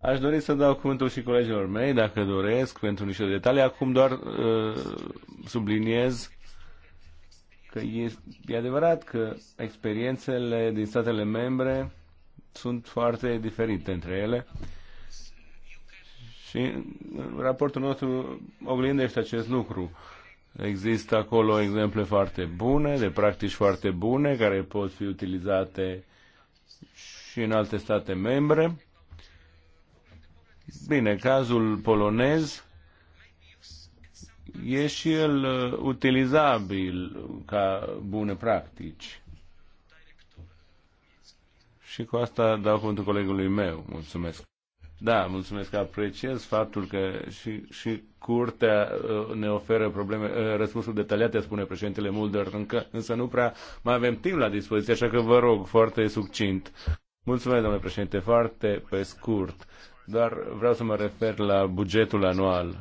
Speaker 4: aș dori să dau cuvântul și colegilor mei, dacă doresc, pentru niște detalii. Acum doar uh, subliniez că e, e adevărat că experiențele din statele membre sunt foarte diferite între ele și raportul nostru oglindește acest lucru. Există acolo exemple foarte bune, de practici foarte bune, care pot fi utilizate și în alte state membre. Bine, cazul polonez e și el uh, utilizabil ca bune practici. Și cu asta dau cuvântul colegului meu. Mulțumesc. Da, mulțumesc că apreciez faptul că și, și curtea uh, ne oferă probleme, uh, răspunsuri detaliate, spune președintele Mulder, încă, însă nu prea mai avem timp la dispoziție, așa că vă rog foarte succint. Mulțumesc, domnule președinte, foarte pe scurt. Doar vreau să mă refer la bugetul anual.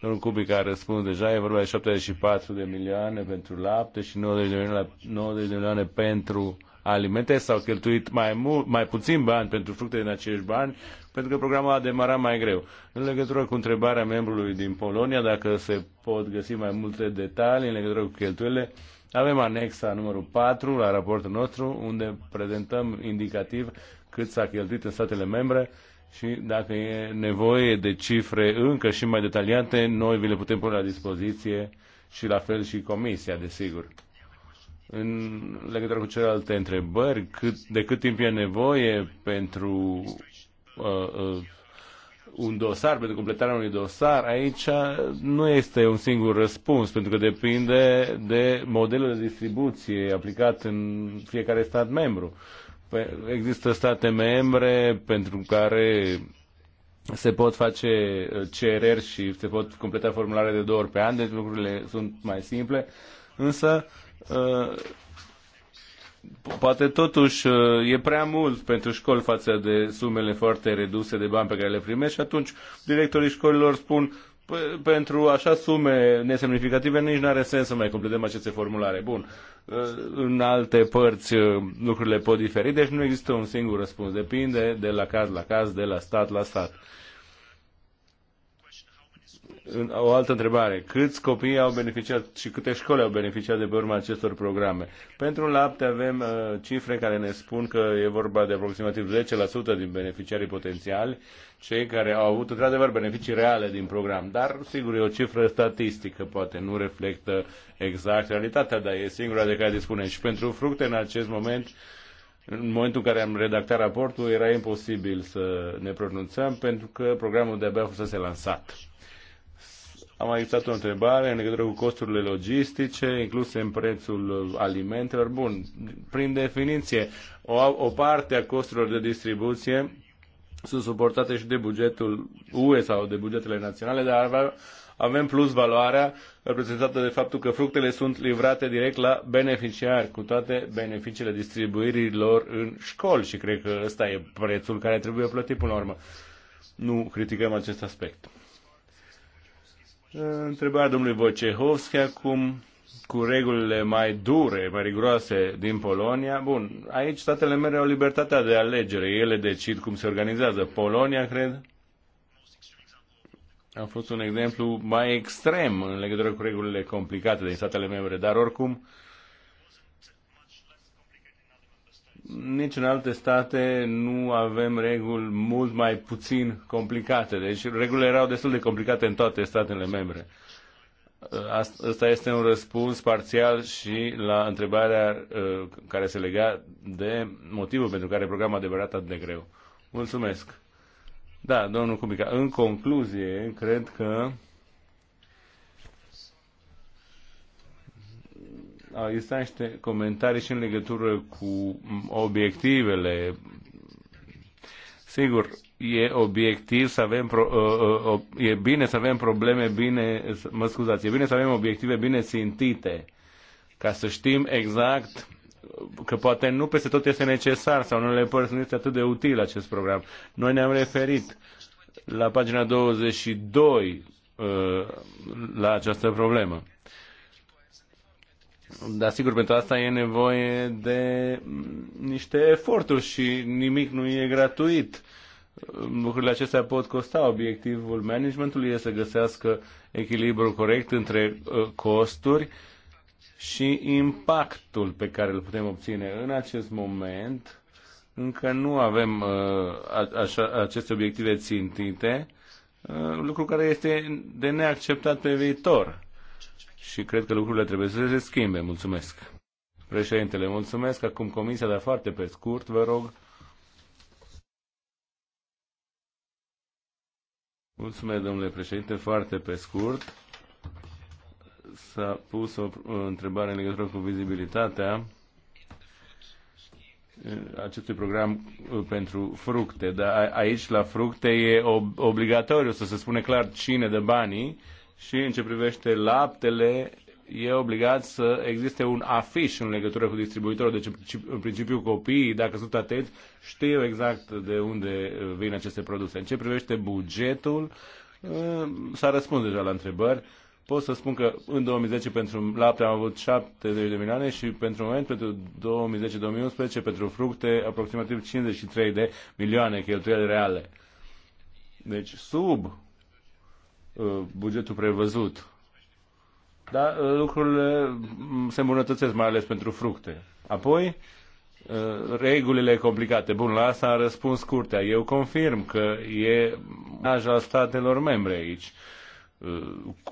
Speaker 4: Domnul Cubic a răspuns deja, e vorba de 74 de milioane pentru lapte și 90 de milioane, 90 de milioane pentru alimente. S-au cheltuit mai, mult, mai puțin bani pentru fructe din acești bani, pentru că programul a demarat mai greu. În legătură cu întrebarea membrului din Polonia, dacă se pot găsi mai multe detalii în legătură cu cheltuielile, avem anexa numărul 4 la raportul nostru, unde prezentăm indicativ cât s-a cheltuit în statele membre și dacă e nevoie de cifre încă și mai detaliate, noi vi le putem pune la dispoziție și la fel și comisia, desigur. În legătură cu celelalte întrebări, cât, de cât timp e nevoie pentru uh, uh, un dosar, pentru completarea unui dosar, aici nu este un singur răspuns, pentru că depinde de modelul de distribuție aplicat în fiecare stat membru. Există state membre pentru care se pot face uh, cereri și se pot completa formulare de două ori pe an, deci lucrurile sunt mai simple, însă uh, poate totuși uh, e prea mult pentru școli față de sumele foarte reduse de bani pe care le primești și atunci directorii școlilor spun pentru așa sume nesemnificative nici nu are sens să mai completăm aceste formulare. Bun, uh, în alte părți uh, lucrurile pot diferi, deci nu există un singur răspuns. Depinde de la caz la caz, de la stat la stat o altă întrebare. Câți copii au beneficiat și câte școli au beneficiat de pe urma acestor programe? Pentru lapte avem uh, cifre care ne spun că e vorba de aproximativ 10% din beneficiarii potențiali, cei care au avut într-adevăr beneficii reale din program. Dar, sigur, e o cifră statistică, poate nu reflectă exact realitatea, dar e singura de care dispunem. Și pentru fructe, în acest moment, în momentul în care am redactat raportul, era imposibil să ne pronunțăm pentru că programul de-abia fusese lansat. A mai existat o întrebare în legătură cu costurile logistice incluse în prețul alimentelor. Bun, prin definiție, o, o parte a costurilor de distribuție sunt suportate și de bugetul UE sau de bugetele naționale, dar avem plus valoarea reprezentată de faptul că fructele sunt livrate direct la beneficiari, cu toate beneficiile distribuirii lor în școli și cred că ăsta e prețul care trebuie plătit până la urmă. Nu criticăm acest aspect. Uh, întrebarea domnului Wojciechowski acum cu regulile mai dure, mai riguroase din Polonia. Bun, aici statele membre au libertatea de alegere. Ele decid cum se organizează. Polonia, cred, a fost un exemplu mai extrem în legătură cu regulile complicate din statele membre, dar oricum nici în alte state nu avem reguli mult mai puțin complicate. Deci regulile erau destul de complicate în toate statele membre. Asta este un răspuns parțial și la întrebarea ă, care se lega de motivul pentru care programul a adevărat atât de greu. Mulțumesc. Da, domnul Cubica, în concluzie, cred că Au existat niște comentarii și în legătură cu obiectivele. Sigur, e obiectiv să avem pro, uh, uh, uh, e bine să avem probleme bine, mă scuzați, e bine să avem obiective bine țintite ca să știm exact că poate nu peste tot este necesar sau nu le părți nu este atât de util acest program. Noi ne-am referit la pagina 22 ă, la această problemă. Dar sigur, pentru asta e nevoie de niște eforturi și nimic nu e gratuit. Lucrurile acestea pot costa. Obiectivul managementului este să găsească echilibru corect între uh, costuri și impactul pe care îl putem obține. În acest moment încă nu avem uh, așa, aceste obiective țintite, uh, lucru care este de neacceptat pe viitor și cred că lucrurile trebuie să se schimbe. Mulțumesc. Președintele, mulțumesc. Acum comisia, dar foarte pe scurt, vă rog. Mulțumesc, domnule președinte, foarte pe scurt. S-a pus o întrebare în legătură cu vizibilitatea acestui program pentru fructe. Dar aici, la fructe, e obligatoriu să se spune clar cine dă banii și în ce privește laptele, e obligat să existe un afiș în legătură cu distribuitorul. Deci, în principiu, copiii, dacă sunt atenți, știu exact de unde vin aceste produse. În ce privește bugetul, uh, s-a răspuns deja la întrebări. Pot să spun că în 2010 pentru lapte am avut 70 de milioane și pentru moment, pentru 2010-2011, pentru fructe, aproximativ 53 de milioane cheltuieli reale. Deci sub Uh, bugetul prevăzut. Dar uh, lucrurile mm, se îmbunătățesc, mai ales pentru fructe. Apoi, uh, regulile complicate. Bun, la asta a răspuns curtea. Eu confirm că e aja statelor membre aici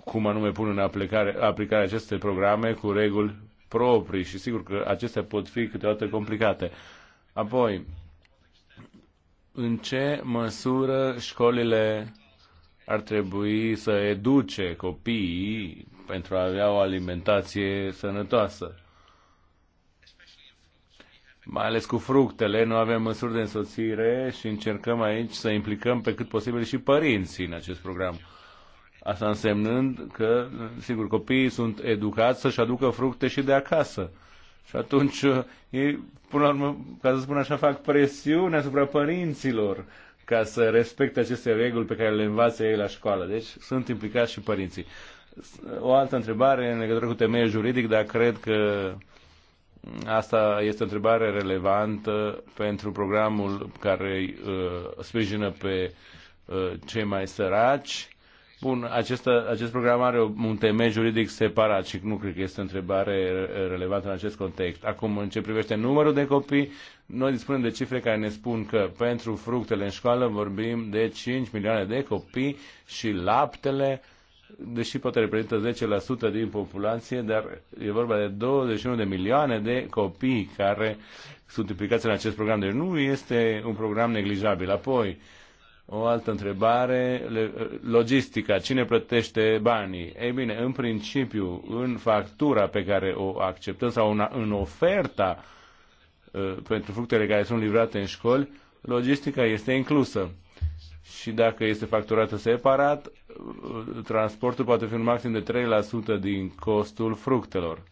Speaker 4: cum anume pun în aplicare, aplicare aceste programe cu reguli proprii și sigur că acestea pot fi câteodată complicate. Apoi, în ce măsură școlile ar trebui să educe copiii pentru a avea o alimentație sănătoasă. Mai ales cu fructele, nu avem măsuri de însoțire și încercăm aici să implicăm pe cât posibil și părinții în acest program. Asta însemnând că, sigur, copiii sunt educați să-și aducă fructe și de acasă. Și atunci ei, până la urmă, ca să spun așa, fac presiune asupra părinților ca să respecte aceste reguli pe care le învață ei la școală. Deci sunt implicați și părinții. O altă întrebare în legătură cu temeiul juridic, dar cred că asta este o întrebare relevantă pentru programul care uh, sprijină pe uh, cei mai săraci spun, acest, acest program are un temei juridic separat și nu cred că este o întrebare relevantă în acest context. Acum, în ce privește numărul de copii, noi dispunem de cifre care ne spun că pentru fructele în școală vorbim de 5 milioane de copii și laptele, deși poate reprezintă 10% din populație, dar e vorba de 21 de milioane de copii care sunt implicați în acest program. Deci nu este un program neglijabil. Apoi, o altă întrebare, logistica, cine plătește banii? Ei bine, în principiu, în factura pe care o acceptăm sau în, în oferta uh, pentru fructele care sunt livrate în școli, logistica este inclusă. Și dacă este facturată separat, uh, transportul poate fi un maxim de 3% din costul fructelor.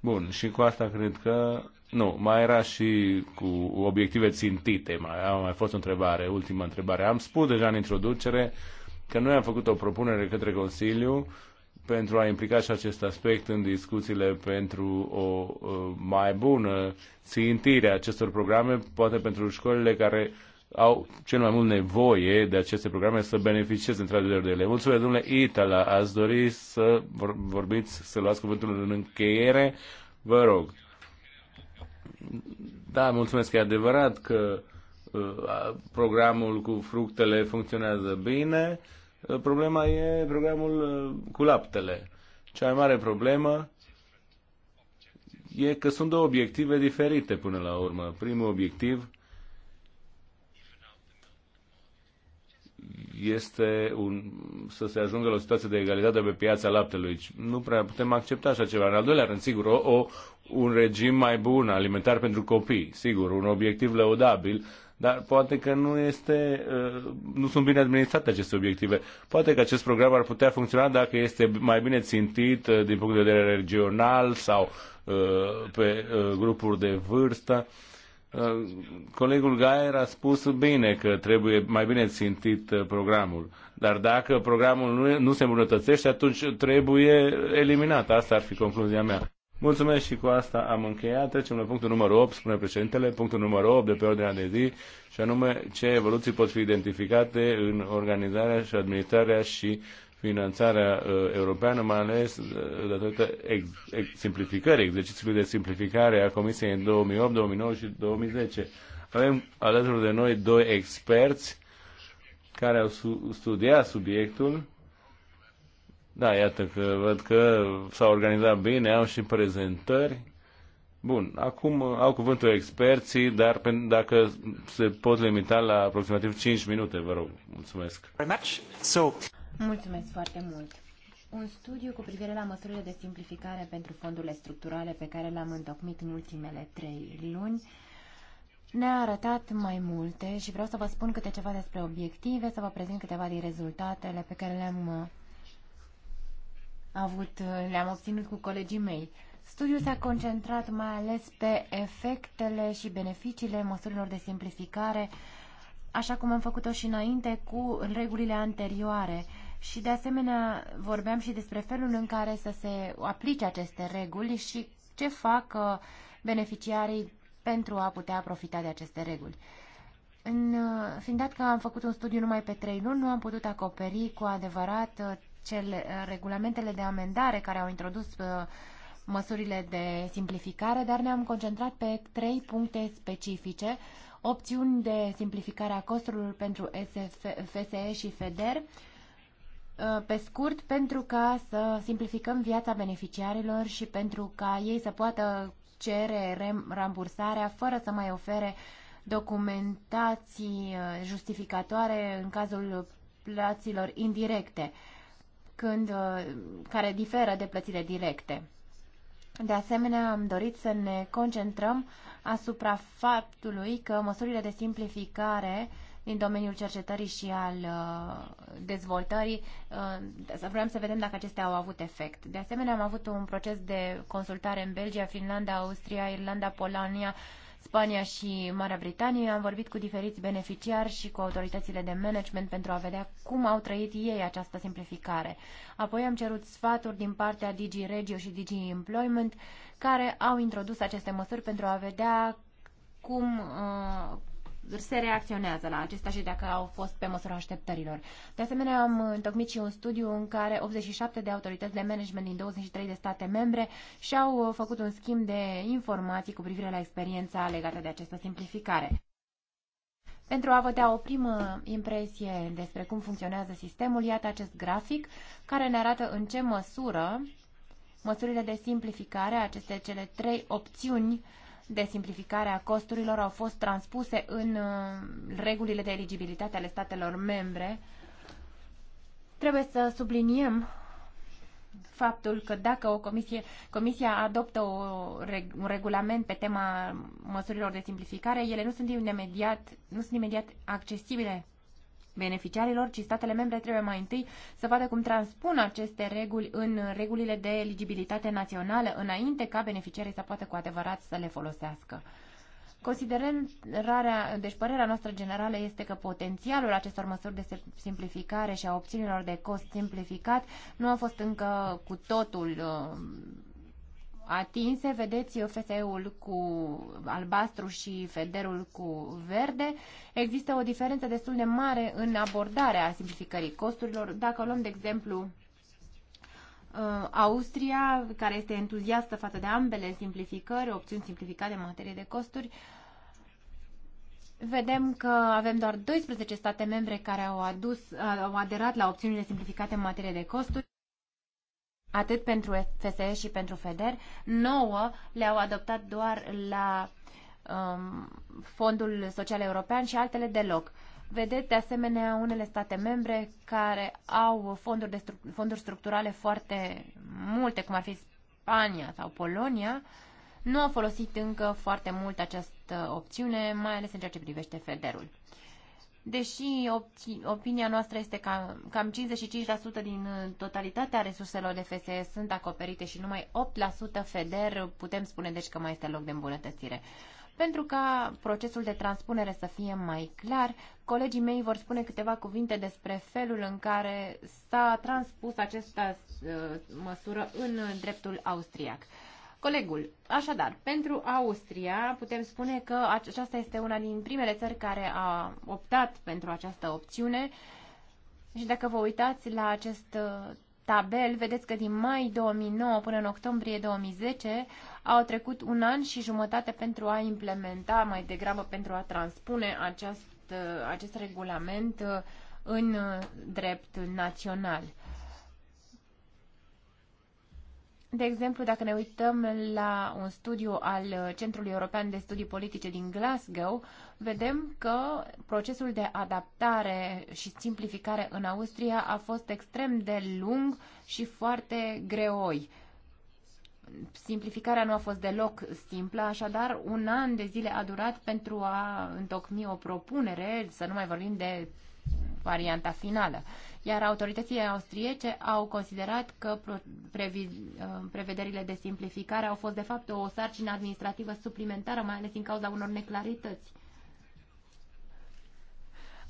Speaker 4: Bun, și cu asta cred că nu, mai era și cu obiective țintite. Mai, a mai fost o întrebare, ultima întrebare. Am spus deja în introducere că noi am făcut o propunere către Consiliu pentru a implica și acest aspect în discuțiile pentru o mai bună țintire a acestor programe, poate pentru școlile care au cel mai mult nevoie de aceste programe să beneficieze într-adevăr de ele. Mulțumesc, domnule Itala, ați dori să vorbiți, să luați cuvântul în încheiere? Vă rog da, mulțumesc că e adevărat că uh, programul cu fructele funcționează bine. Uh, problema e programul uh, cu laptele. Cea mai mare problemă e că sunt două obiective diferite până la urmă. Primul obiectiv este un, să se ajungă la o situație de egalitate pe piața laptelui. Nu prea putem accepta așa ceva. În al doilea rând, sigur, o, o un regim mai bun alimentar pentru copii. Sigur, un obiectiv lăudabil, dar poate că nu este, uh, nu sunt bine administrate aceste obiective. Poate că acest program ar putea funcționa dacă este mai bine țintit uh, din punct de vedere regional sau uh, pe grupuri de vârstă. Colegul Gaier a spus bine că trebuie mai bine țintit programul, dar dacă programul nu, se îmbunătățește, atunci trebuie eliminat. Asta ar fi concluzia mea. Mulțumesc și cu asta am încheiat. Trecem la punctul numărul 8, spune președintele, punctul numărul 8 de pe ordinea de zi, și anume ce evoluții pot fi identificate în organizarea și administrarea și finanțarea uh, europeană, mai ales uh, datorită ex, ex, simplificării, exercițiului de simplificare a Comisiei în 2008, 2009 și 2010. Avem alături de noi doi experți care au studiat subiectul da, iată că văd că s-au organizat bine, au și prezentări. Bun, acum au cuvântul experții, dar dacă se pot limita la aproximativ 5 minute, vă rog. Mulțumesc.
Speaker 1: Mulțumesc foarte mult. Un studiu cu privire la măsurile de simplificare pentru fondurile structurale pe care l-am întocmit în ultimele trei luni ne-a arătat mai multe și vreau să vă spun câte ceva despre obiective, să vă prezint câteva din rezultatele pe care le-am uh, avut, le-am obținut cu colegii mei. Studiul s-a concentrat mai ales pe efectele și beneficiile măsurilor de simplificare, așa cum am făcut-o și înainte cu regulile anterioare. Și de asemenea vorbeam și despre felul în care să se aplice aceste reguli și ce fac uh, beneficiarii pentru a putea profita de aceste reguli. În, uh, fiind dat că am făcut un studiu numai pe trei luni, nu am putut acoperi cu adevărat uh, cele, uh, regulamentele de amendare care au introdus uh, măsurile de simplificare, dar ne-am concentrat pe trei puncte specifice, opțiuni de simplificare a costurilor pentru SF, FSE și FEDER, uh, pe scurt, pentru ca să simplificăm viața beneficiarilor și pentru ca ei să poată cere rambursarea fără să mai ofere documentații justificatoare în cazul plăților indirecte când, uh, care diferă de plățile directe. De asemenea, am dorit să ne concentrăm asupra faptului că măsurile de simplificare din domeniul cercetării și al uh, dezvoltării, uh, vrem să vedem dacă acestea au avut efect. De asemenea, am avut un proces de consultare în Belgia, Finlanda, Austria, Irlanda, Polonia, Spania și Marea Britanie, am vorbit cu diferiți beneficiari și cu autoritățile de management pentru a vedea cum au trăit ei această simplificare. Apoi am cerut sfaturi din partea Digi Regio și Digi Employment care au introdus aceste măsuri pentru a vedea cum, uh, se reacționează la acesta și dacă au fost pe măsura așteptărilor. De asemenea, am întocmit și un studiu în care 87 de autorități de management din 23 de state membre și-au uh, făcut un schimb de informații cu privire la experiența legată de această simplificare. Pentru a vă da o primă impresie despre cum funcționează sistemul, iată acest grafic care ne arată în ce măsură măsurile de simplificare, aceste cele trei opțiuni de simplificare a costurilor au fost transpuse în uh, regulile de eligibilitate ale statelor membre. Trebuie să subliniem faptul că dacă o comisie, comisia adoptă o, un regulament pe tema măsurilor de simplificare, ele nu sunt imediat, nu sunt imediat accesibile beneficiarilor, ci statele membre trebuie mai întâi să vadă cum transpun aceste reguli în regulile de eligibilitate națională, înainte ca beneficiarii să poată cu adevărat să le folosească. Considerând rarea, deci părerea noastră generală este că potențialul acestor măsuri de simplificare și a opțiunilor de cost simplificat nu a fost încă cu totul uh, atinse. Vedeți FSE-ul cu albastru și federul cu verde. Există o diferență destul de mare în abordarea simplificării costurilor. Dacă luăm, de exemplu, uh, Austria, care este entuziastă față de ambele simplificări, opțiuni simplificate în materie de costuri, vedem că avem doar 12 state membre care au, adus, au aderat la opțiunile simplificate în materie de costuri atât pentru FSE și pentru FEDER, nouă le-au adoptat doar la um, Fondul Social European și altele deloc. Vedeți, de asemenea, unele state membre care au fonduri, de stru- fonduri structurale foarte multe, cum ar fi Spania sau Polonia, nu au folosit încă foarte mult această opțiune, mai ales în ceea ce privește federul deși opinia noastră este că cam 55% din uh, totalitatea resurselor de FSE sunt acoperite și numai 8% FEDER, putem spune deci că mai este loc de îmbunătățire. Pentru ca procesul de transpunere să fie mai clar, colegii mei vor spune câteva cuvinte despre felul în care s-a transpus această uh, măsură în uh, dreptul austriac. Colegul, așadar, pentru Austria putem spune că aceasta este una din primele țări care a optat pentru această opțiune și dacă vă uitați la acest uh, tabel, vedeți că din mai 2009 până în octombrie 2010 au trecut un an și jumătate pentru a implementa, mai degrabă pentru a transpune acest, uh, acest regulament uh, în drept național. De exemplu, dacă ne uităm la un studiu al uh, Centrului European de Studii Politice din Glasgow, vedem că procesul de adaptare și simplificare în Austria a fost extrem de lung și foarte greoi. Simplificarea nu a fost deloc simplă, așadar un an de zile a durat pentru a întocmi o propunere, să nu mai vorbim de varianta finală. Iar autoritățile austriece au considerat că uh, prevederile de simplificare au fost de fapt o sarcină administrativă suplimentară, mai ales din cauza unor neclarități.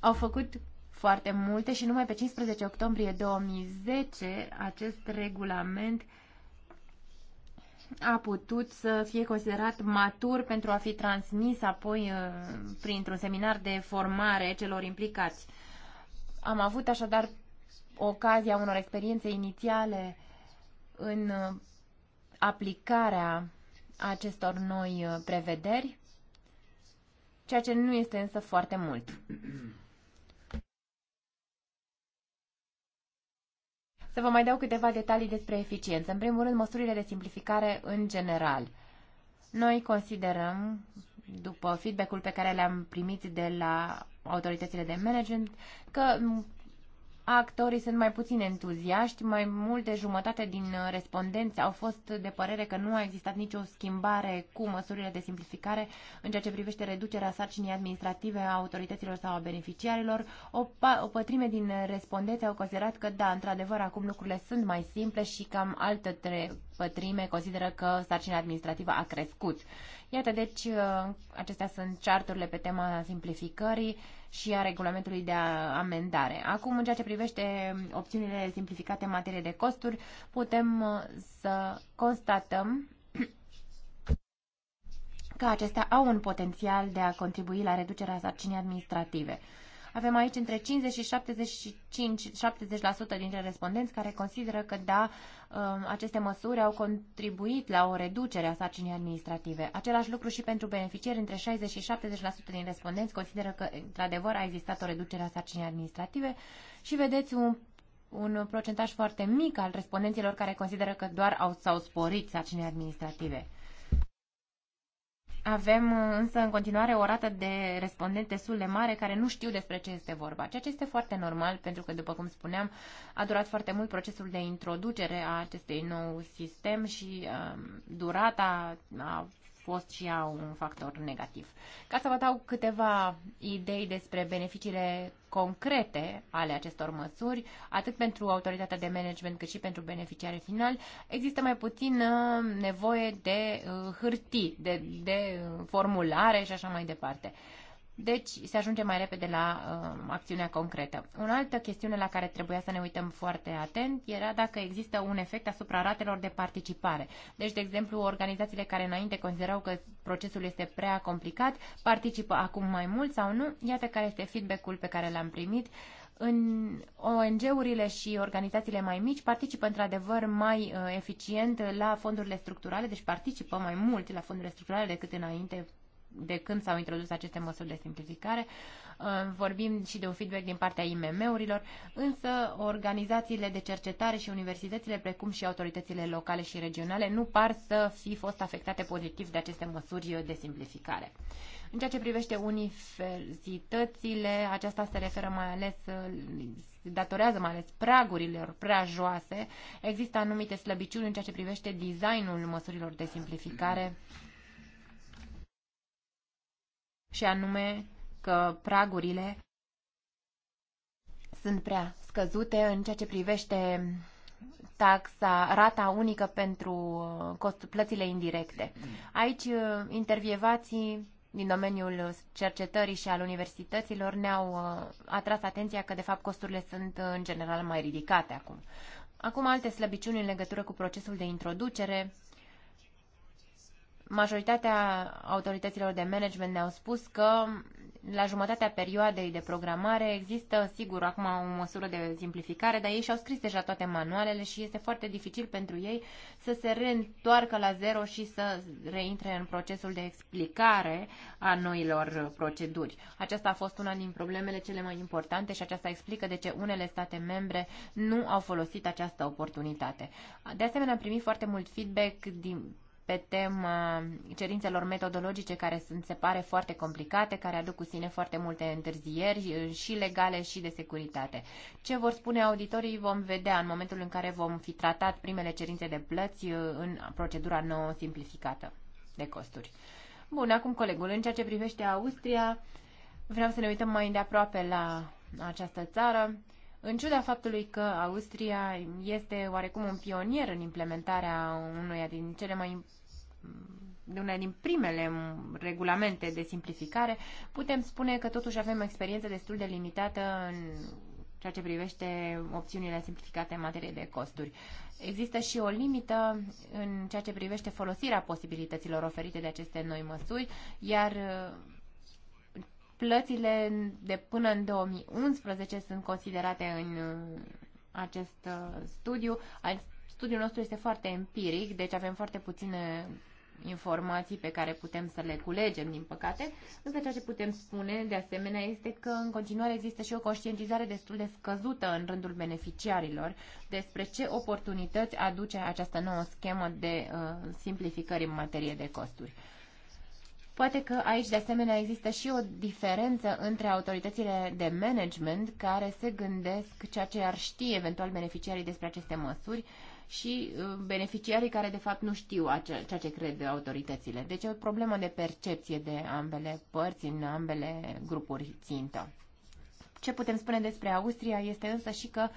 Speaker 1: Au făcut foarte multe și numai pe 15 octombrie 2010 acest regulament uh, a putut să fie considerat matur pentru a fi transmis apoi uh, printr-un seminar de formare celor implicați. Am avut așadar ocazia unor experiențe inițiale în uh, aplicarea acestor noi uh, prevederi, ceea ce nu este însă foarte mult. Să vă mai dau câteva detalii despre eficiență. În primul rând, măsurile de simplificare în general. Noi considerăm, după feedback-ul pe care l-am primit de la autoritățile de management, că actorii sunt mai puțin entuziaști, mai multe jumătate din uh, respondenți au fost de părere că nu a existat nicio schimbare cu măsurile de simplificare în ceea ce privește reducerea sarcinii administrative a autorităților sau a beneficiarilor. O, o pătrime din respondenți au considerat că da, într-adevăr, acum lucrurile sunt mai simple și cam altă tre pătrime consideră că sarcina administrativă a crescut. Iată, deci, uh, acestea sunt charturile pe tema simplificării și a regulamentului de amendare. Acum, în ceea ce privește opțiunile simplificate în materie de costuri, putem uh, să constatăm că acestea au un potențial de a contribui la reducerea sarcinii administrative. Avem aici între 50 și 75, 70% dintre respondenți care consideră că da, um, aceste măsuri au contribuit la o reducere a sarcinii administrative. Același lucru și pentru beneficiari, între 60 și 70% din respondenți consideră că într-adevăr a existat o reducere a sarcinii administrative și vedeți un un procentaj foarte mic al respondenților care consideră că doar au, s-au sporit sarcinile administrative. Avem uh, însă în continuare o rată de respondenți destul de mare care nu știu despre ce este vorba, ceea ce este foarte normal pentru că, după cum spuneam, a durat foarte mult procesul de introducere a acestui nou sistem și uh, durata a fost și ea un factor negativ. Ca să vă dau câteva idei despre beneficiile concrete ale acestor măsuri, atât pentru autoritatea de management cât și pentru beneficiare final, există mai puțin uh, nevoie de uh, hârtii, de, de uh, formulare și așa mai departe. Deci se ajunge mai repede la uh, acțiunea concretă. O altă chestiune la care trebuia să ne uităm foarte atent era dacă există un efect asupra ratelor de participare. Deci, de exemplu, organizațiile care înainte considerau că procesul este prea complicat participă acum mai mult sau nu. Iată care este feedback-ul pe care l-am primit. În ONG-urile și organizațiile mai mici participă într-adevăr mai uh, eficient la fondurile structurale, deci participă mai mult la fondurile structurale decât înainte de când s-au introdus aceste măsuri de simplificare. Uh, vorbim și de un feedback din partea IMM-urilor, însă organizațiile de cercetare și universitățile, precum și autoritățile locale și regionale, nu par să fi fost afectate pozitiv de aceste măsuri de simplificare. În ceea ce privește universitățile, aceasta se referă mai ales, uh, datorează mai ales pragurilor prea joase. Există anumite slăbiciuni în ceea ce privește designul măsurilor de simplificare și anume că pragurile sunt prea scăzute în ceea ce privește taxa, rata unică pentru uh, cost, plățile indirecte. Aici uh, intervievații din domeniul cercetării și al universităților ne-au uh, atras atenția că, de fapt, costurile sunt în general mai ridicate acum. Acum alte slăbiciuni în legătură cu procesul de introducere Majoritatea autorităților de management ne-au spus că la jumătatea perioadei de programare există, sigur, acum o măsură de simplificare, dar ei și-au scris deja toate manualele și este foarte dificil pentru ei să se reîntoarcă la zero și să reintre în procesul de explicare a noilor proceduri. Aceasta a fost una din problemele cele mai importante și aceasta explică de ce unele state membre nu au folosit această oportunitate. De asemenea, am primit foarte mult feedback din pe tema cerințelor metodologice care sunt, se pare, foarte complicate, care aduc cu sine foarte multe întârzieri uh, și legale și de securitate. Ce vor spune auditorii vom vedea în momentul în care vom fi tratat primele cerințe de plăți uh, în procedura nouă simplificată de costuri. Bun, acum colegul, în ceea ce privește Austria, vreau să ne uităm mai îndeaproape la această țară. În ciuda faptului că Austria este oarecum un pionier în implementarea unuia din cele mai de una din primele regulamente de simplificare, putem spune că totuși avem o experiență destul de limitată în ceea ce privește opțiunile simplificate în materie de costuri. Există și o limită în ceea ce privește folosirea posibilităților oferite de aceste noi măsuri, iar
Speaker 2: uh,
Speaker 1: plățile de până în 2011 sunt considerate în uh, acest uh, studiu. Studiul nostru este foarte empiric, deci avem foarte puține informații pe care putem să le culegem, din păcate, însă ceea ce putem spune, de asemenea, este că în continuare există și o conștientizare destul de scăzută în rândul beneficiarilor despre ce oportunități aduce această nouă schemă de uh, simplificări în materie de costuri. Poate că aici, de asemenea, există și o diferență între autoritățile de management care se gândesc ceea ce ar ști eventual beneficiarii despre aceste măsuri și uh, beneficiarii care de fapt nu știu ceea ce cred autoritățile. Deci e o problemă de percepție de ambele părți, în ambele grupuri țintă. Ce putem spune despre Austria este însă și că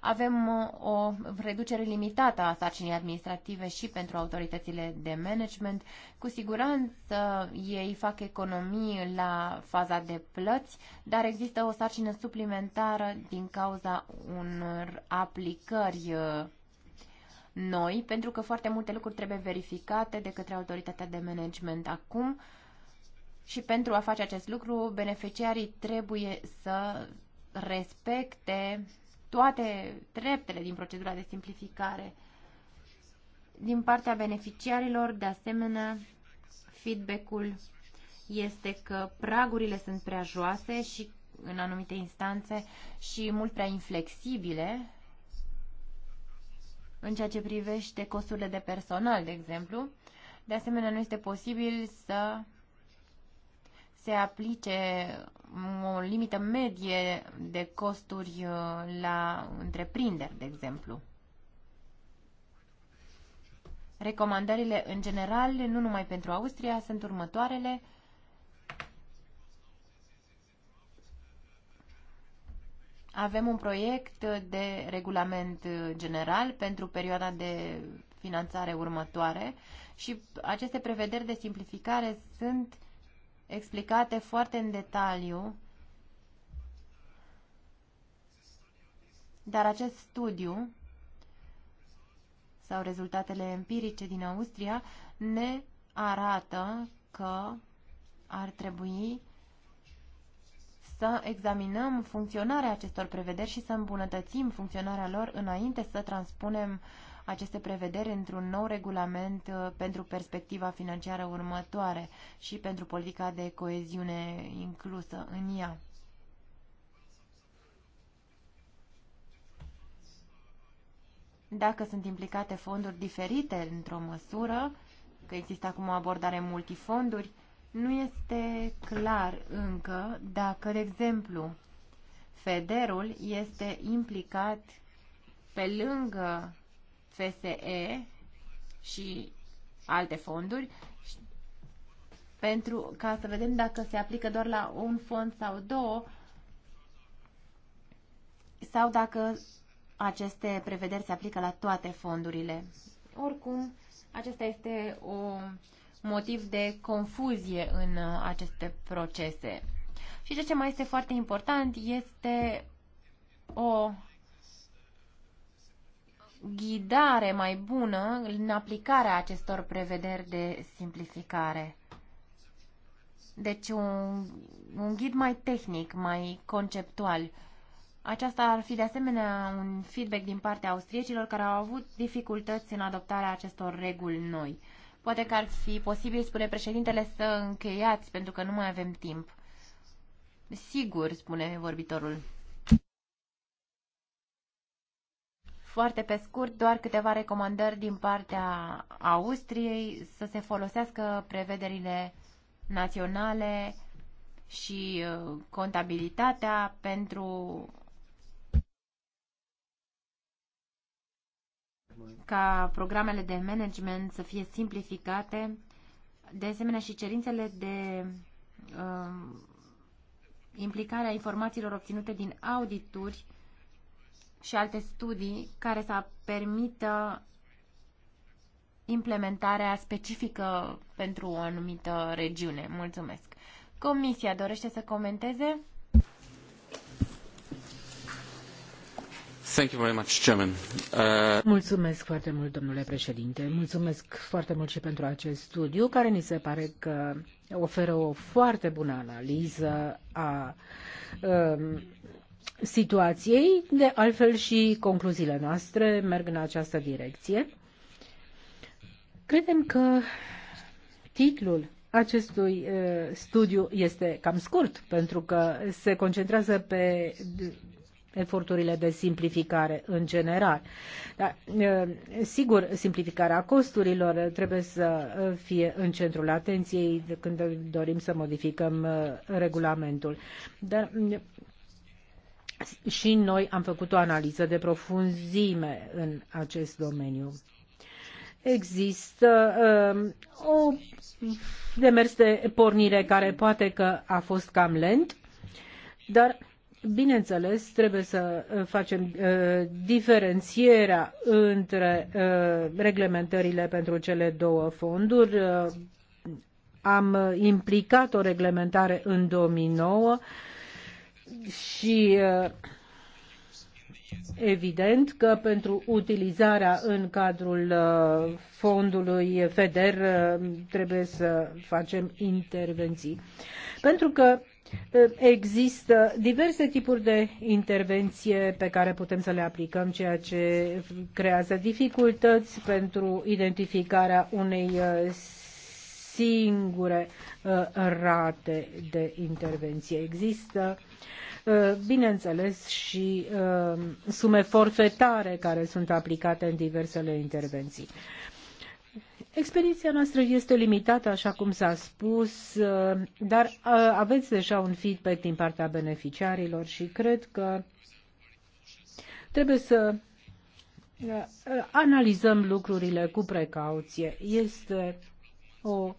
Speaker 1: avem uh, o reducere limitată a sarcinii administrative și pentru autoritățile de management. Cu siguranță ei fac economii la faza de plăți, dar există o sarcină suplimentară din cauza unor aplicări uh, noi, pentru că foarte multe lucruri trebuie verificate de către autoritatea de management acum și pentru a face acest lucru, beneficiarii trebuie să respecte toate treptele din procedura de simplificare. Din partea beneficiarilor, de asemenea, feedback-ul este că pragurile sunt prea joase și în anumite instanțe și mult prea inflexibile în ceea ce privește costurile de personal, de exemplu. De asemenea, nu este posibil să se aplice o limită medie de costuri uh, la întreprinderi, de exemplu. Recomandările în general, nu numai pentru Austria, sunt următoarele. Avem un proiect de regulament general pentru perioada de finanțare următoare și aceste prevederi de simplificare sunt explicate foarte în detaliu, dar acest studiu sau rezultatele empirice din Austria ne arată că ar trebui să examinăm funcționarea acestor prevederi și să îmbunătățim funcționarea lor înainte să transpunem aceste prevederi într-un nou regulament uh, pentru perspectiva financiară următoare și pentru politica de coeziune inclusă în ea. Dacă sunt implicate fonduri diferite într-o măsură, că există acum o abordare multifonduri, nu este clar încă dacă, de exemplu, Federul este implicat pe lângă FSE și alte fonduri pentru ca să vedem dacă se aplică doar la un fond sau două sau dacă aceste prevederi se aplică la toate fondurile. Oricum, aceasta este o motiv de confuzie în uh, aceste procese. Și de ce mai este foarte important este o ghidare mai bună în aplicarea acestor prevederi de simplificare. Deci un, un ghid mai tehnic, mai conceptual. Aceasta ar fi de asemenea un feedback din partea austriecilor care au avut dificultăți în adoptarea acestor reguli noi. Poate că ar fi posibil, spune președintele, să încheiați, pentru că nu mai avem timp. Sigur, spune vorbitorul. Foarte pe scurt, doar câteva recomandări din partea Austriei să se folosească prevederile naționale și uh, contabilitatea pentru ca programele de management să fie simplificate, de asemenea și cerințele de uh, um, implicarea informațiilor obținute din audituri și alte studii care să permită implementarea specifică pentru o anumită regiune. Mulțumesc. Comisia dorește să comenteze?
Speaker 2: Uh,
Speaker 3: Mulțumesc foarte mult, domnule președinte. Mulțumesc foarte mult și pentru acest studiu, care ni se pare că oferă o foarte bună analiză a um, situației. De altfel și concluziile noastre merg în această direcție. Credem că titlul acestui uh, studiu este cam scurt, pentru că se concentrează pe eforturile de simplificare în general. Dar, sigur, simplificarea costurilor trebuie să fie în centrul atenției când dorim să modificăm regulamentul. Dar și noi am făcut o analiză de profunzime în acest domeniu. Există uh, o demers de pornire care poate că a fost cam lent, dar Bineînțeles, trebuie să uh, facem uh, diferențierea între uh, reglementările pentru cele două fonduri. Uh, am implicat o reglementare în 2009 și uh, Evident că pentru utilizarea în cadrul uh, fondului FEDER uh, trebuie să facem intervenții. Pentru că Eh, există diverse tipuri de intervenție pe care putem să le aplicăm, ceea ce creează dificultăți pentru identificarea unei eh, singure eh, rate de intervenție. Există, bineînțeles, și sume forfetare care sunt aplicate în diversele intervenții. Expediția noastră este limitată, așa cum s-a spus, uh, dar uh, aveți deja un feedback din partea beneficiarilor și cred că trebuie să uh, analizăm lucrurile cu precauție. Este o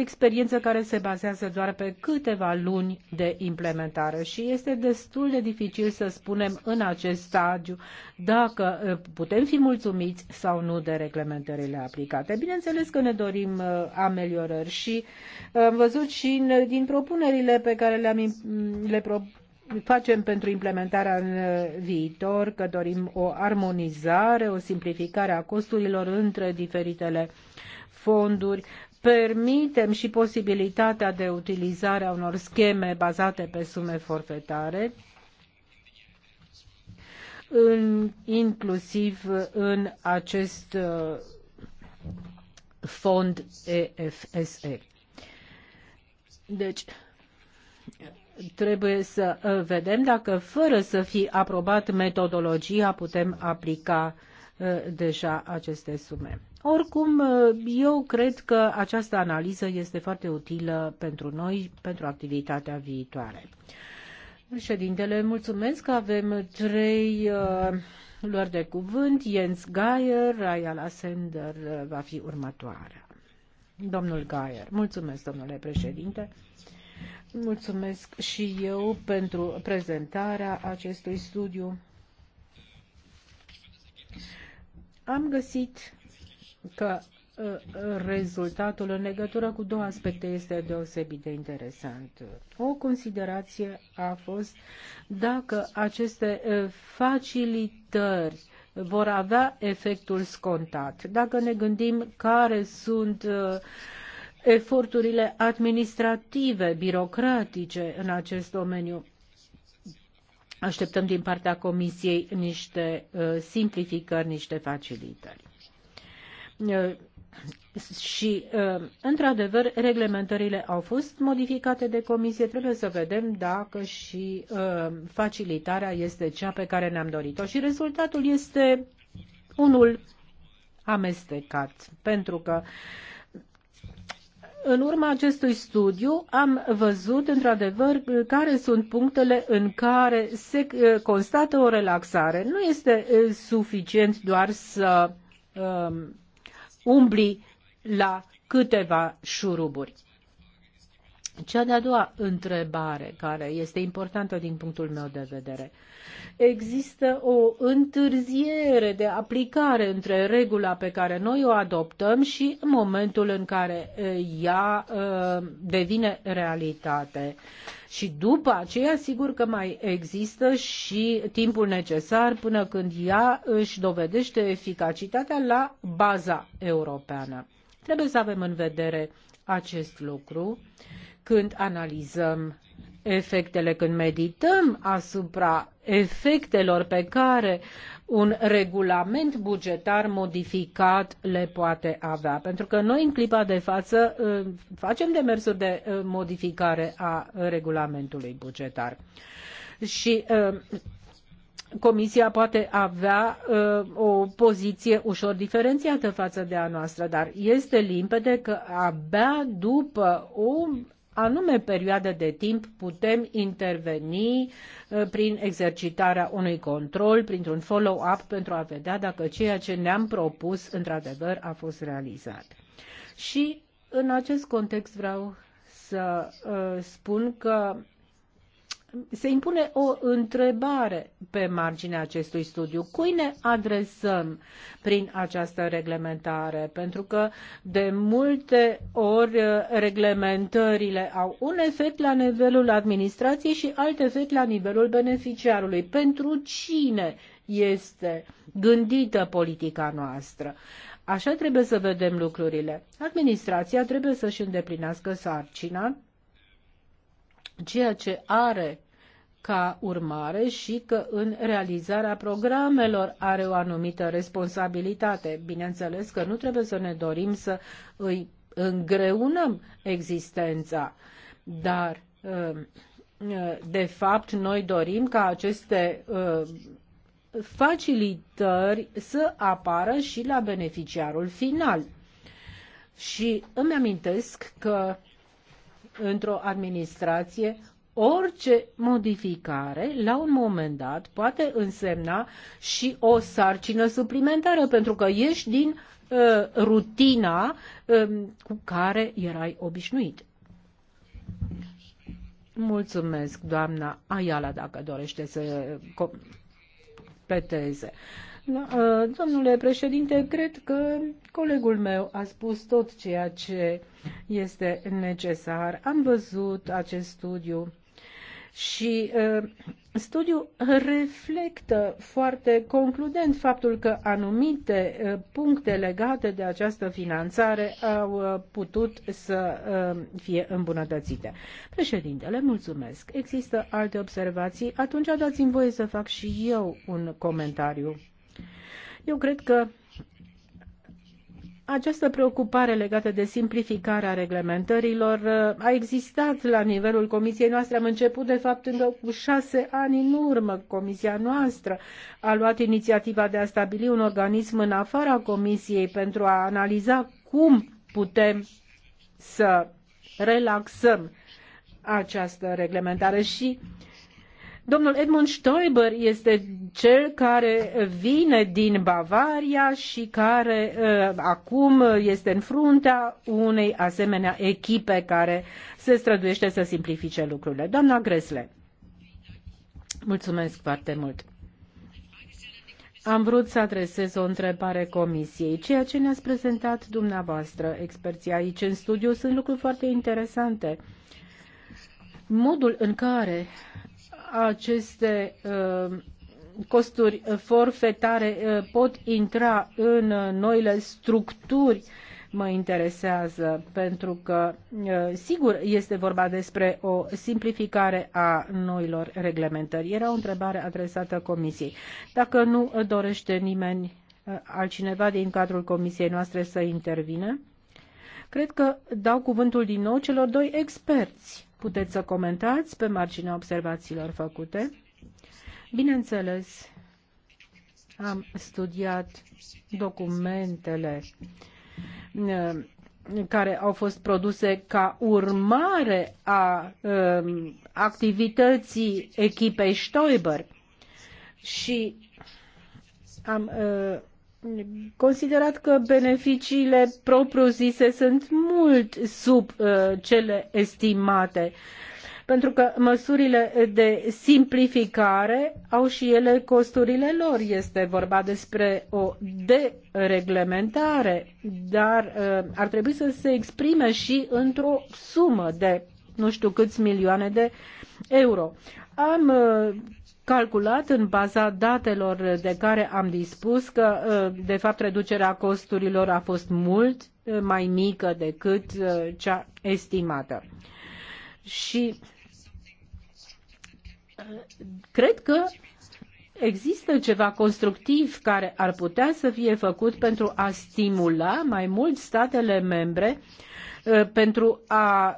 Speaker 3: experiență care se bazează doar pe câteva luni de implementare și este destul de dificil să spunem în acest stadiu dacă uh, putem fi mulțumiți sau nu de reglementările aplicate. Bineînțeles că ne dorim uh, ameliorări și am văzut și din propunerile pe care le-am le pro- facem pentru implementarea în uh, viitor, că dorim o armonizare, o simplificare a costurilor între diferitele fonduri, permitem și posibilitatea de utilizare a unor scheme bazate pe sume forfetare, în, inclusiv în acest uh, fond EFSE. Deci, trebuie să uh, vedem dacă, fără să fi aprobat metodologia, putem aplica uh, deja aceste sume. Oricum, eu cred că această analiză este foarte utilă pentru noi, pentru activitatea viitoare. Președintele, mulțumesc că avem trei uh, luări de cuvânt. Jens Geier, Ayala Sender uh, va fi următoarea. Domnul Gaier, mulțumesc, domnule președinte. Mulțumesc și eu pentru prezentarea acestui studiu. Am găsit că uh, uh, rezultatul în legătură cu două aspecte este deosebit de interesant. O considerație a fost dacă aceste uh, facilitări vor avea efectul scontat. Dacă ne gândim care sunt eforturile administrative, birocratice în acest domeniu, așteptăm din partea Comisiei niște simplificări, niște facilitări. Uh, și, uh, într-adevăr, reglementările au fost modificate de comisie. Trebuie să vedem dacă și uh, facilitarea este cea pe care ne-am dorit-o. Și rezultatul este unul amestecat, pentru că în urma acestui studiu am văzut într-adevăr care sunt punctele în care se constată o relaxare. Nu este suficient doar să um, umbli la câteva șuruburi. Cea de-a doua întrebare, care este importantă din punctul meu de vedere, există o întârziere de aplicare între regula pe care noi o adoptăm și momentul în care ea devine realitate. Și după aceea, sigur că mai există și timpul necesar până când ea își dovedește eficacitatea la baza europeană. Trebuie să avem în vedere acest lucru. Uh, când analizăm efectele, când medităm asupra efectelor pe care un regulament bugetar modificat le poate avea. Pentru că noi în clipa de față ă, facem demersuri de ă, modificare a regulamentului bugetar. Și ă, Comisia poate avea uh, o poziție ușor diferențiată față de a noastră, dar este limpede că abia după o anume perioadă de timp putem interveni uh, prin exercitarea unui control, printr-un follow-up pentru a vedea dacă ceea ce ne-am propus într-adevăr a fost realizat. Și în acest context vreau să uh, spun că se impune o întrebare pe marginea acestui studiu. Cui ne adresăm prin această reglementare? Pentru că de multe ori uh, reglementările au un efect la nivelul administrației și alt efect la nivelul beneficiarului. Pentru cine este gândită politica noastră? Așa trebuie să vedem lucrurile. Administrația trebuie să-și îndeplinească sarcina ceea ce are ca urmare și că în realizarea programelor are o anumită responsabilitate. Bineînțeles că nu trebuie să ne dorim să îi îngreunăm existența, dar uh, uh, de fapt noi dorim ca aceste uh, facilitări să apară și la beneficiarul final. Și îmi amintesc că într-o administrație, orice modificare, la un moment dat, poate însemna și o sarcină suplimentară, pentru că ieși din uh, rutina uh, cu care erai obișnuit. Mulțumesc, doamna Ayala, dacă dorește să peteze. Da, uh, domnule președinte, cred că colegul meu a spus tot ceea ce este necesar. Am văzut acest studiu și uh, studiul reflectă foarte concludent faptul că anumite uh, puncte legate de această finanțare au putut să fie îmbunătățite. Președintele, mulțumesc. Există alte observații? Atunci dați-mi voie să fac și eu un comentariu. Eu cred că această preocupare legată de simplificarea reglementărilor uh, a existat la nivelul comisiei noastre. Am început, de fapt, încă cu șase ani în urmă. Comisia noastră a luat inițiativa de a stabili un organism în afara comisiei pentru a analiza cum putem să relaxăm această reglementare și uh, Domnul Edmund Stoiber este cel care vine din Bavaria și care uh, acum este în fruntea unei asemenea echipe care se străduiește să simplifice lucrurile. Doamna Gresle, mulțumesc foarte mult. Am vrut să adresez o întrebare comisiei. Ceea ce ne-ați prezentat dumneavoastră, experții aici în studiu, sunt lucruri foarte interesante. Modul în care aceste uh, costuri forfetare uh, pot intra în uh, noile structuri mă interesează pentru că sigur este vorba despre o simplificare a noilor reglementări. Era o întrebare adresată comisiei. Dacă nu dorește nimeni altcineva din cadrul comisiei noastre să intervine, cred că dau cuvântul din nou celor doi experți Puteți să comentați pe marginea observațiilor făcute? Bineînțeles, am studiat documentele uh, care au fost produse ca urmare a um, activității echipei Stoiber și am uh, considerat că beneficiile propriu-zise sunt mult sub uh, cele estimate pentru că măsurile de simplificare au și ele costurile lor. Este vorba despre o dereglementare, dar uh, ar trebui să se exprime și într-o sumă de nu știu câți milioane de euro. Am uh, calculat în baza datelor de care am dispus că, ă, de fapt, reducerea costurilor a fost mult ă, mai mică decât ă, cea estimată. Și cred că Există ceva constructiv care ar putea să fie făcut pentru a stimula mai mult statele membre pentru a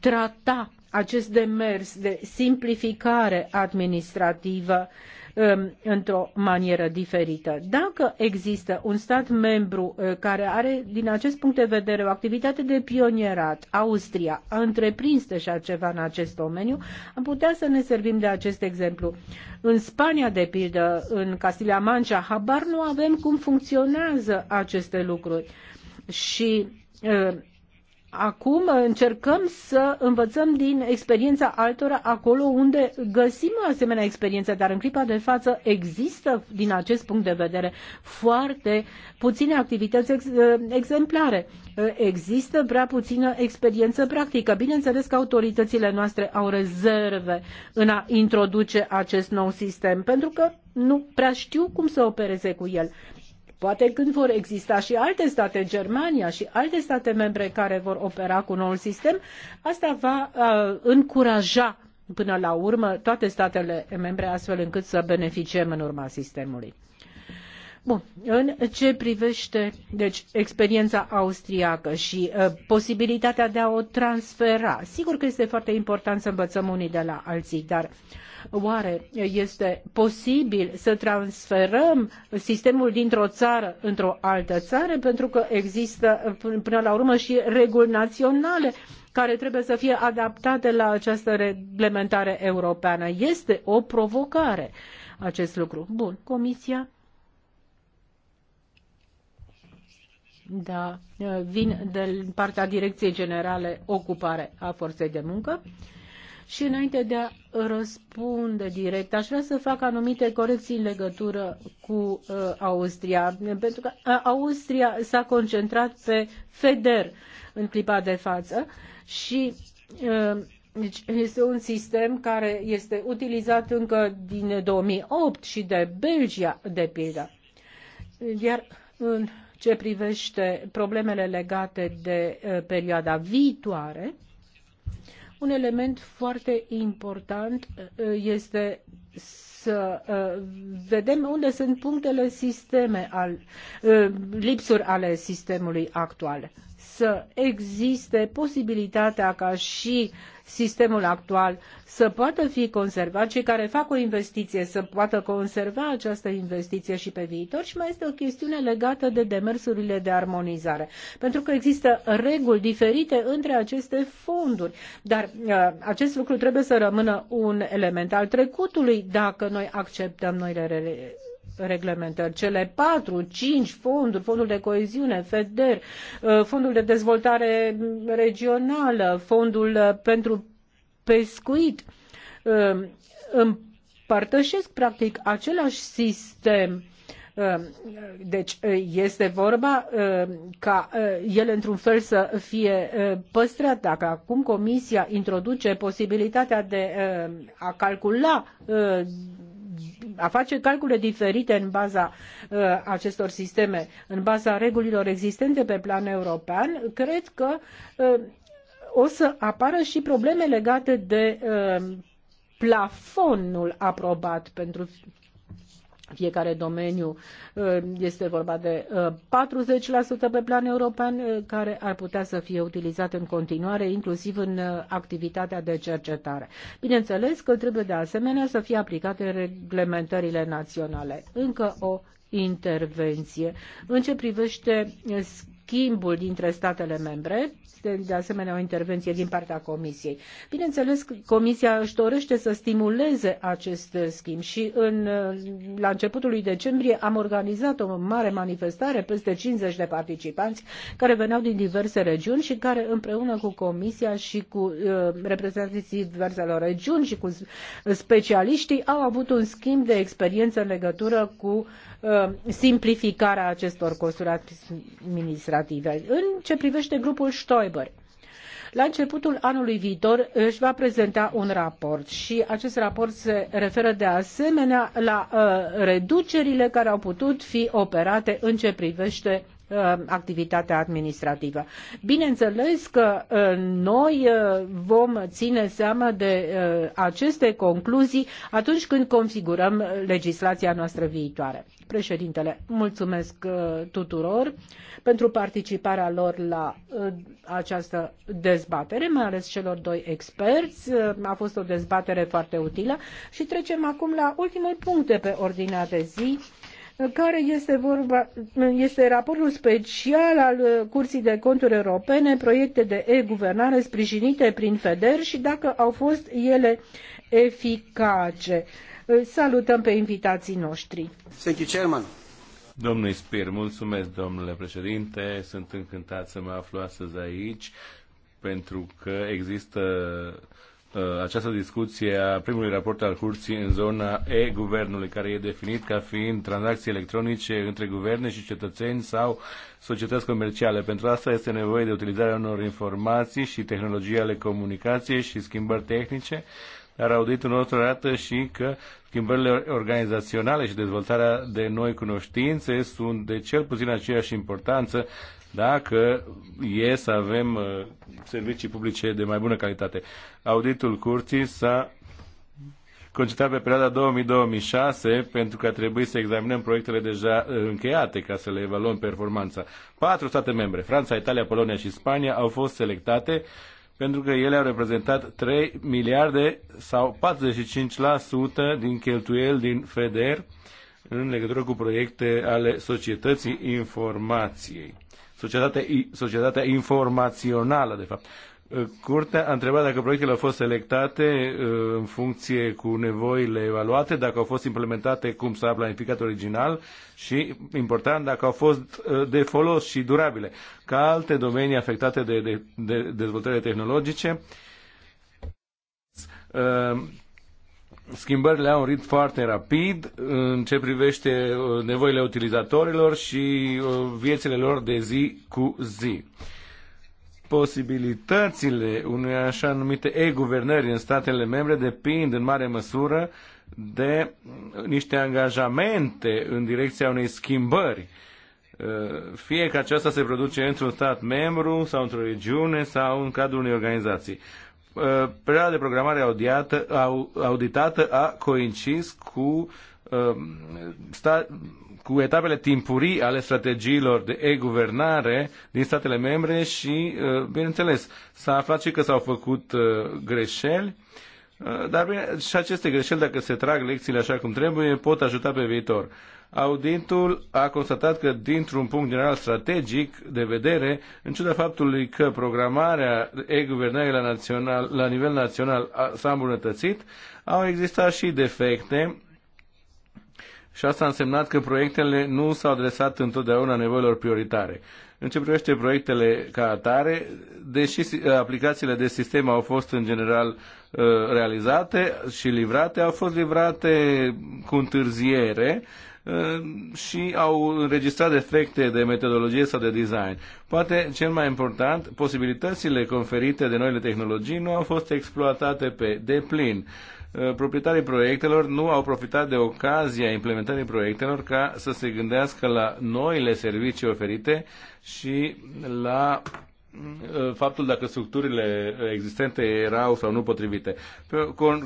Speaker 3: trata acest demers de simplificare administrativă um, într-o manieră diferită. Dacă există un stat membru uh, care are, din acest punct de vedere, o activitate de pionierat, Austria a întreprins deja ceva în acest domeniu, am putea să ne servim de acest exemplu. În Spania, de pildă, în Castilia Mancha, habar nu avem cum funcționează aceste lucruri. Și uh, acum încercăm să învățăm din experiența altora acolo unde găsim o asemenea experiență, dar în clipa de față există, din acest punct de vedere, foarte puține activități ex- uh, exemplare. Uh, există prea puțină experiență practică. Bineînțeles că autoritățile noastre au rezerve în a introduce acest nou sistem, pentru că nu prea știu cum să opereze cu el. Poate când vor exista și alte state, în Germania și alte state membre care vor opera cu noul sistem, asta va uh, încuraja până la urmă toate statele membre astfel încât să beneficiem în urma sistemului. Bun, în ce privește deci, experiența austriacă și uh, posibilitatea de a o transfera, sigur că este foarte important să învățăm unii de la alții, dar oare este posibil să transferăm sistemul dintr-o țară într-o altă țară, pentru că există până la urmă și reguli naționale care trebuie să fie adaptate la această reglementare europeană. Este o provocare acest lucru. Bun, Comisia Da, vin din partea Direcției Generale Ocupare a Forței de Muncă. Și înainte de a răspunde direct, aș vrea să fac anumite corecții în legătură cu uh, Austria, pentru că uh, Austria s-a concentrat pe FEDER în clipa de față și uh, deci este un sistem care este utilizat încă din 2008 și de Belgia, de pildă. Iar în uh, ce privește problemele legate de eh, perioada viitoare, un element foarte important eh, este să eh, vedem unde sunt punctele sisteme al, lipsuri ale sistemului actual să existe posibilitatea ca și sistemul actual să poată fi conservat, cei care fac o investiție să poată conserva această investiție și pe viitor și mai este o chestiune legată de demersurile de armonizare. Pentru că există reguli diferite între aceste fonduri, dar uh, acest lucru trebuie să rămână un element al trecutului dacă noi acceptăm noile reglementări. Cele patru, cinci fonduri, fondul de coeziune, FEDER, uh, fondul de dezvoltare regională, fondul uh, pentru pescuit, uh, împărtășesc practic același sistem deci este vorba ca el într-un fel să fie păstrat. Dacă acum Comisia introduce posibilitatea de a calcula a face calcule diferite în baza uh, acestor sisteme, în baza regulilor existente pe plan european, cred că uh, o să apară și probleme legate de uh, plafonul aprobat pentru fiecare domeniu uh, este vorba de 40% uh, pe plan european uh, care ar putea să fie utilizat în continuare, inclusiv în activitatea de cercetare. Bineînțeles că trebuie de asemenea să fie aplicate reglementările naționale. Încă o intervenție. În ce privește schimbul dintre statele membre, este de asemenea o intervenție din partea Comisiei. Bineînțeles, Comisia își dorește să stimuleze acest schimb și în, la începutul lui decembrie am organizat o mare manifestare, peste 50 de participanți care veneau din diverse regiuni și care împreună cu Comisia și cu uh, reprezentanții diverselor regiuni și cu specialiștii au avut un schimb de experiență în legătură cu uh, Uh, simplificarea acestor costuri administrative. În ce privește grupul Stoiber, la începutul anului viitor își va prezenta un raport și acest raport se referă de asemenea la uh, reducerile care au putut fi operate în ce privește Uh, activitatea administrativă. Bineînțeles că uh, noi uh, vom ține seama de aceste concluzii atunci când configurăm legislația noastră viitoare. Președintele, mulțumesc tuturor pentru participarea lor la această dezbatere, mai ales celor doi experți. A fost o dezbatere foarte utilă și trecem acum la ultimul punct de pe ordinea de zi, care este, vorba, este raportul special al uh, Curții de Conturi Europene, proiecte de e-guvernare sprijinite prin FEDER și dacă au fost ele eficace. Uh, salutăm pe invitații noștri.
Speaker 4: Thank you, Chairman. Domnul Spir, mulțumesc, domnule președinte. Sunt încântat să mă aflu astăzi aici pentru că există Uh, această discuție a primului raport al Curții în zona e-guvernului, care e definit ca fiind tranzacții electronice între guverne și cetățeni sau societăți comerciale. Pentru asta este nevoie de utilizarea unor informații și tehnologii ale comunicației și schimbări tehnice, dar auditul nostru arată și că schimbările organizaționale și dezvoltarea de noi cunoștințe sunt de cel puțin aceeași importanță dacă e să avem uh, servicii publice de mai bună calitate. Auditul curții s-a concentrat pe perioada 2000-2006 pentru că a trebuit să examinăm proiectele deja uh, încheiate ca să le evaluăm performanța. Patru state membre, Franța, Italia, Polonia și Spania, au fost selectate pentru că ele au reprezentat 3 miliarde sau 45% din cheltuieli din FEDER în legătură cu proiecte ale societății informației societatea, societatea informațională, de fapt. Uh, curtea a întrebat dacă proiectele au fost selectate uh, în funcție cu nevoile evaluate, dacă au fost implementate cum s-a planificat original și, important, dacă au fost uh, de folos și durabile. Ca alte domenii afectate de, de, de dezvoltările tehnologice, schimbările au un ritm foarte rapid uh, în ce privește uh, nevoile utilizatorilor și uh, viețile lor de zi cu zi. Posibilitățile unei așa numite e-guvernări în statele membre depind în mare măsură de niște angajamente în direcția unei schimbări. Fie că aceasta se produce într-un stat membru sau într-o regiune sau în cadrul unei organizații. Uh, perioada de programare audiată, auditată a coincis cu, um, sta, cu etapele timpurii ale strategiilor de e-guvernare din statele membre și, uh, bineînțeles, s-a aflat și că s-au făcut uh, greșeli, dar bine, și aceste greșeli, dacă se trag lecțiile așa cum trebuie, pot ajuta pe viitor. Auditul a constatat că, dintr-un punct general strategic de vedere, în ciuda faptului că programarea e-guvernării la, național, la nivel național s-a îmbunătățit, au existat și defecte și asta a însemnat că proiectele nu s-au adresat întotdeauna nevoilor prioritare. În ce privește proiectele ca atare, deși aplicațiile de sistem au fost în general uh, realizate și livrate, au fost livrate cu întârziere Ehm, și au înregistrat efecte de metodologie sau de design. Poate cel mai important, posibilitățile conferite de noile tehnologii nu au fost exploatate pe deplin ehm, proprietarii proiectelor nu au profitat de ocazia implementării proiectelor ca să se gândească la noile servicii oferite și la Mm-hmm. faptul dacă structurile existente erau sau nu potrivite.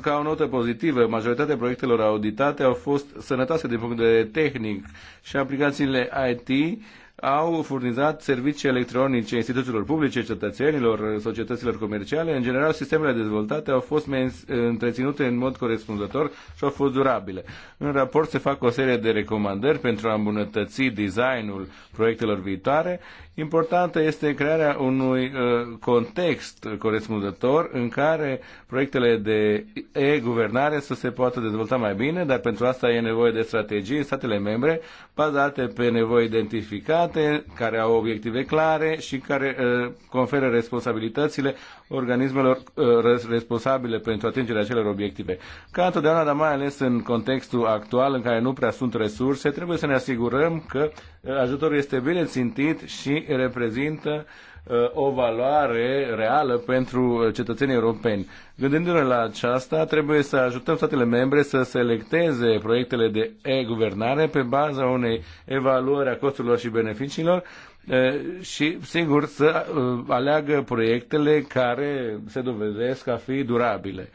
Speaker 4: Ca o notă pozitivă, majoritatea proiectelor auditate au fost sănătoase din punct de vedere tehnic și aplicațiile IT au furnizat servicii electronice instituțiilor publice, cetățenilor, societăților comerciale. În general, sistemele dezvoltate au fost întreținute în mod corespunzător și au fost durabile. În raport se fac o serie de recomandări pentru a îmbunătăți designul proiectelor viitoare Importantă este crearea unui uh, context corespunzător în care proiectele de e-guvernare să se poată dezvolta mai bine, dar pentru asta e nevoie de strategii în statele membre bazate pe nevoi identificate, care au obiective clare și care uh, conferă responsabilitățile organismelor uh, responsabile pentru atingerea acelor obiective. Ca întotdeauna, dar mai ales în contextul actual în care nu prea sunt resurse, trebuie să ne asigurăm că ajutorul este bine țintit și reprezintă uh, o valoare reală pentru cetățenii europeni. Gândindu-ne la aceasta, trebuie să ajutăm statele membre să selecteze proiectele de e-guvernare pe baza unei evaluări a costurilor și beneficiilor uh, și, sigur, să uh, aleagă proiectele care se dovedesc a fi durabile.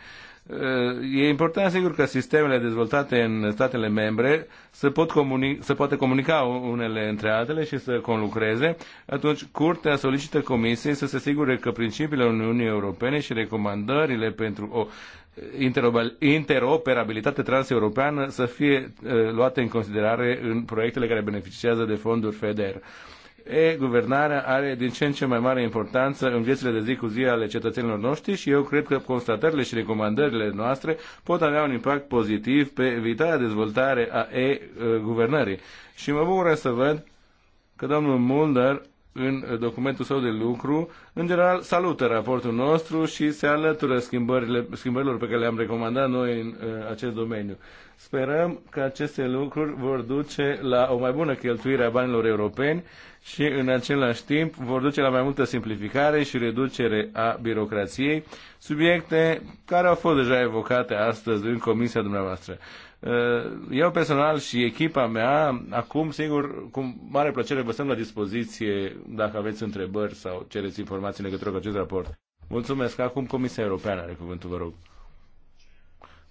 Speaker 4: Eh, e important, sigur, că sistemele dezvoltate în statele membre să, pot comuni- să poate comunica unele între altele și să conlucreze. Atunci, Curtea solicită Comisiei să se asigure că principiile Uniunii Europene și recomandările pentru o eh, interoperabilitate transeuropeană să fie eh, luate în considerare în proiectele care beneficiază de fonduri FEDER e, guvernarea are din ce în ce mai mare importanță în viețile de zi cu zi ale cetățenilor noștri și eu cred că constatările și recomandările noastre pot avea un impact pozitiv pe viitoarea dezvoltare a e-guvernării. Și mă bucură să văd că domnul Mulder în documentul său de lucru, în general salută raportul nostru și se alătură schimbările, schimbărilor pe care le-am recomandat noi în uh, acest domeniu. Sperăm că aceste lucruri vor duce la o mai bună cheltuire a banilor europeni și în același timp vor duce la mai multă simplificare și reducere a birocrației, subiecte care au fost deja evocate astăzi în comisia dumneavoastră. Eh, eu personal și echipa mea, acum, sigur, cu mare plăcere vă stăm la dispoziție dacă aveți întrebări sau cereți informații în legătură cu acest raport. Mulțumesc. Acum Comisia Europeană are cuvântul, vă rog.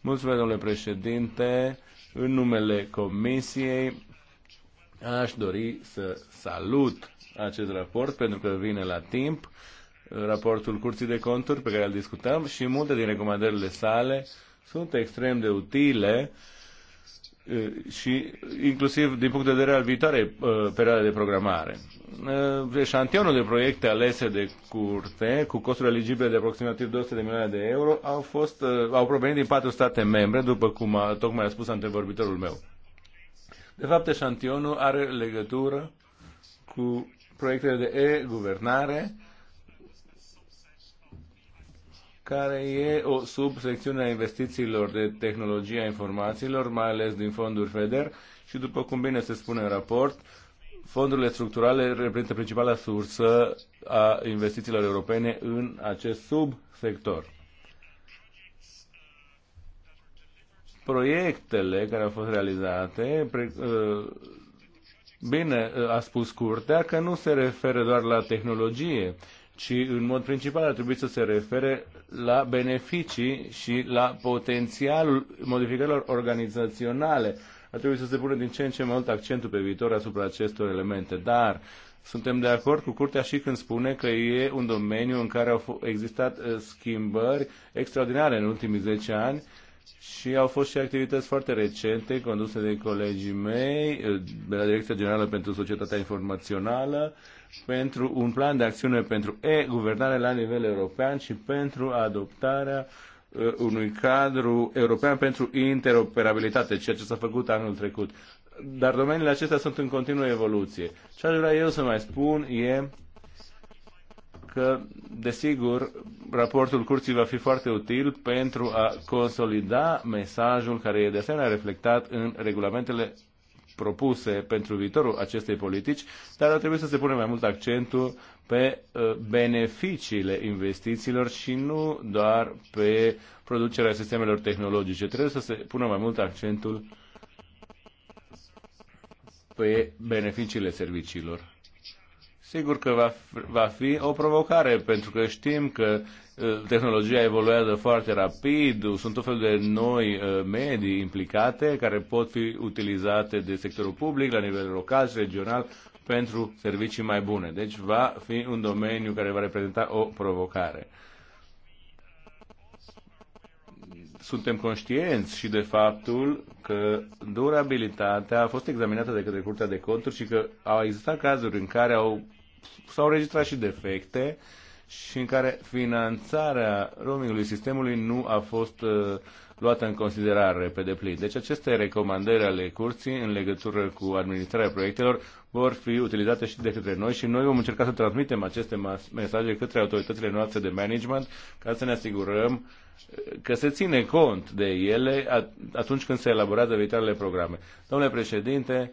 Speaker 4: Mulțumesc, domnule președinte. În numele Comisiei aș dori să salut acest raport pentru că vine la timp raportul Curții de Conturi pe care îl discutăm și multe din recomandările sale sunt extrem de utile Eh, și inclusiv din punct de vedere al viitoarei eh, perioade de programare. Eșantionul eh, de proiecte alese de curte, cu costuri eligibile de aproximativ 200 de milioane de euro, au, fost, au provenit din patru state membre, după cum a, tocmai a spus antevorbitorul meu. De fapt, eșantionul are legătură cu proiectele de e-guvernare, care e o subsecțiune a investițiilor de tehnologia informațiilor, mai ales din fonduri FEDER și, după cum bine se spune în raport, fondurile structurale reprezintă principala sursă a investițiilor europene în acest subsector. Proiectele care au fost realizate, pre, uh, bine uh, a spus curtea că nu se referă doar la tehnologie, ci în mod principal ar trebui să se refere la beneficii și la potențialul modificărilor organizaționale. Ar trebui să se pună din ce în ce mai mult accentul pe viitor asupra acestor elemente, dar suntem de acord cu Curtea și când spune că e un domeniu în care au existat uh, schimbări extraordinare în ultimii 10 ani și au fost și activități foarte recente conduse de colegii mei uh, de la Direcția Generală pentru Societatea Informațională, pentru un plan de acțiune pentru e-guvernare la nivel european și pentru adoptarea uh, unui cadru european pentru interoperabilitate, ceea ce s-a făcut anul trecut. Dar domeniile acestea sunt în continuă evoluție. Ce aș vrea eu să mai spun e că, desigur, raportul curții va fi foarte util pentru a consolida mesajul care e de asemenea reflectat în regulamentele propuse pentru viitorul acestei politici, dar ar trebui să se pune mai mult accentul pe uh, beneficiile investițiilor și nu doar pe producerea sistemelor tehnologice. Trebuie să se pună mai mult accentul pe beneficiile serviciilor. Sigur că va, va fi o provocare, pentru că știm că Eh, tehnologia evoluează foarte rapid, sunt tot felul de noi eh, medii implicate care pot fi utilizate de sectorul public la nivel local și regional pentru servicii mai bune. Deci va fi un domeniu care va reprezenta o provocare. Suntem conștienți și de faptul că durabilitatea a fost examinată de către Curtea de Conturi și că au existat cazuri în care au, s-au registrat și defecte uh, și în care finanțarea roamingului sistemului nu a fost uh, luată în considerare pe deplin. Deci aceste recomandări ale curții în legătură cu administrarea proiectelor vor fi utilizate și de către noi și noi vom încerca să transmitem aceste mesaje către autoritățile noastre de management ca să ne asigurăm uh, că se ține cont de ele atunci când se elaborează viitoarele programe. Domnule președinte,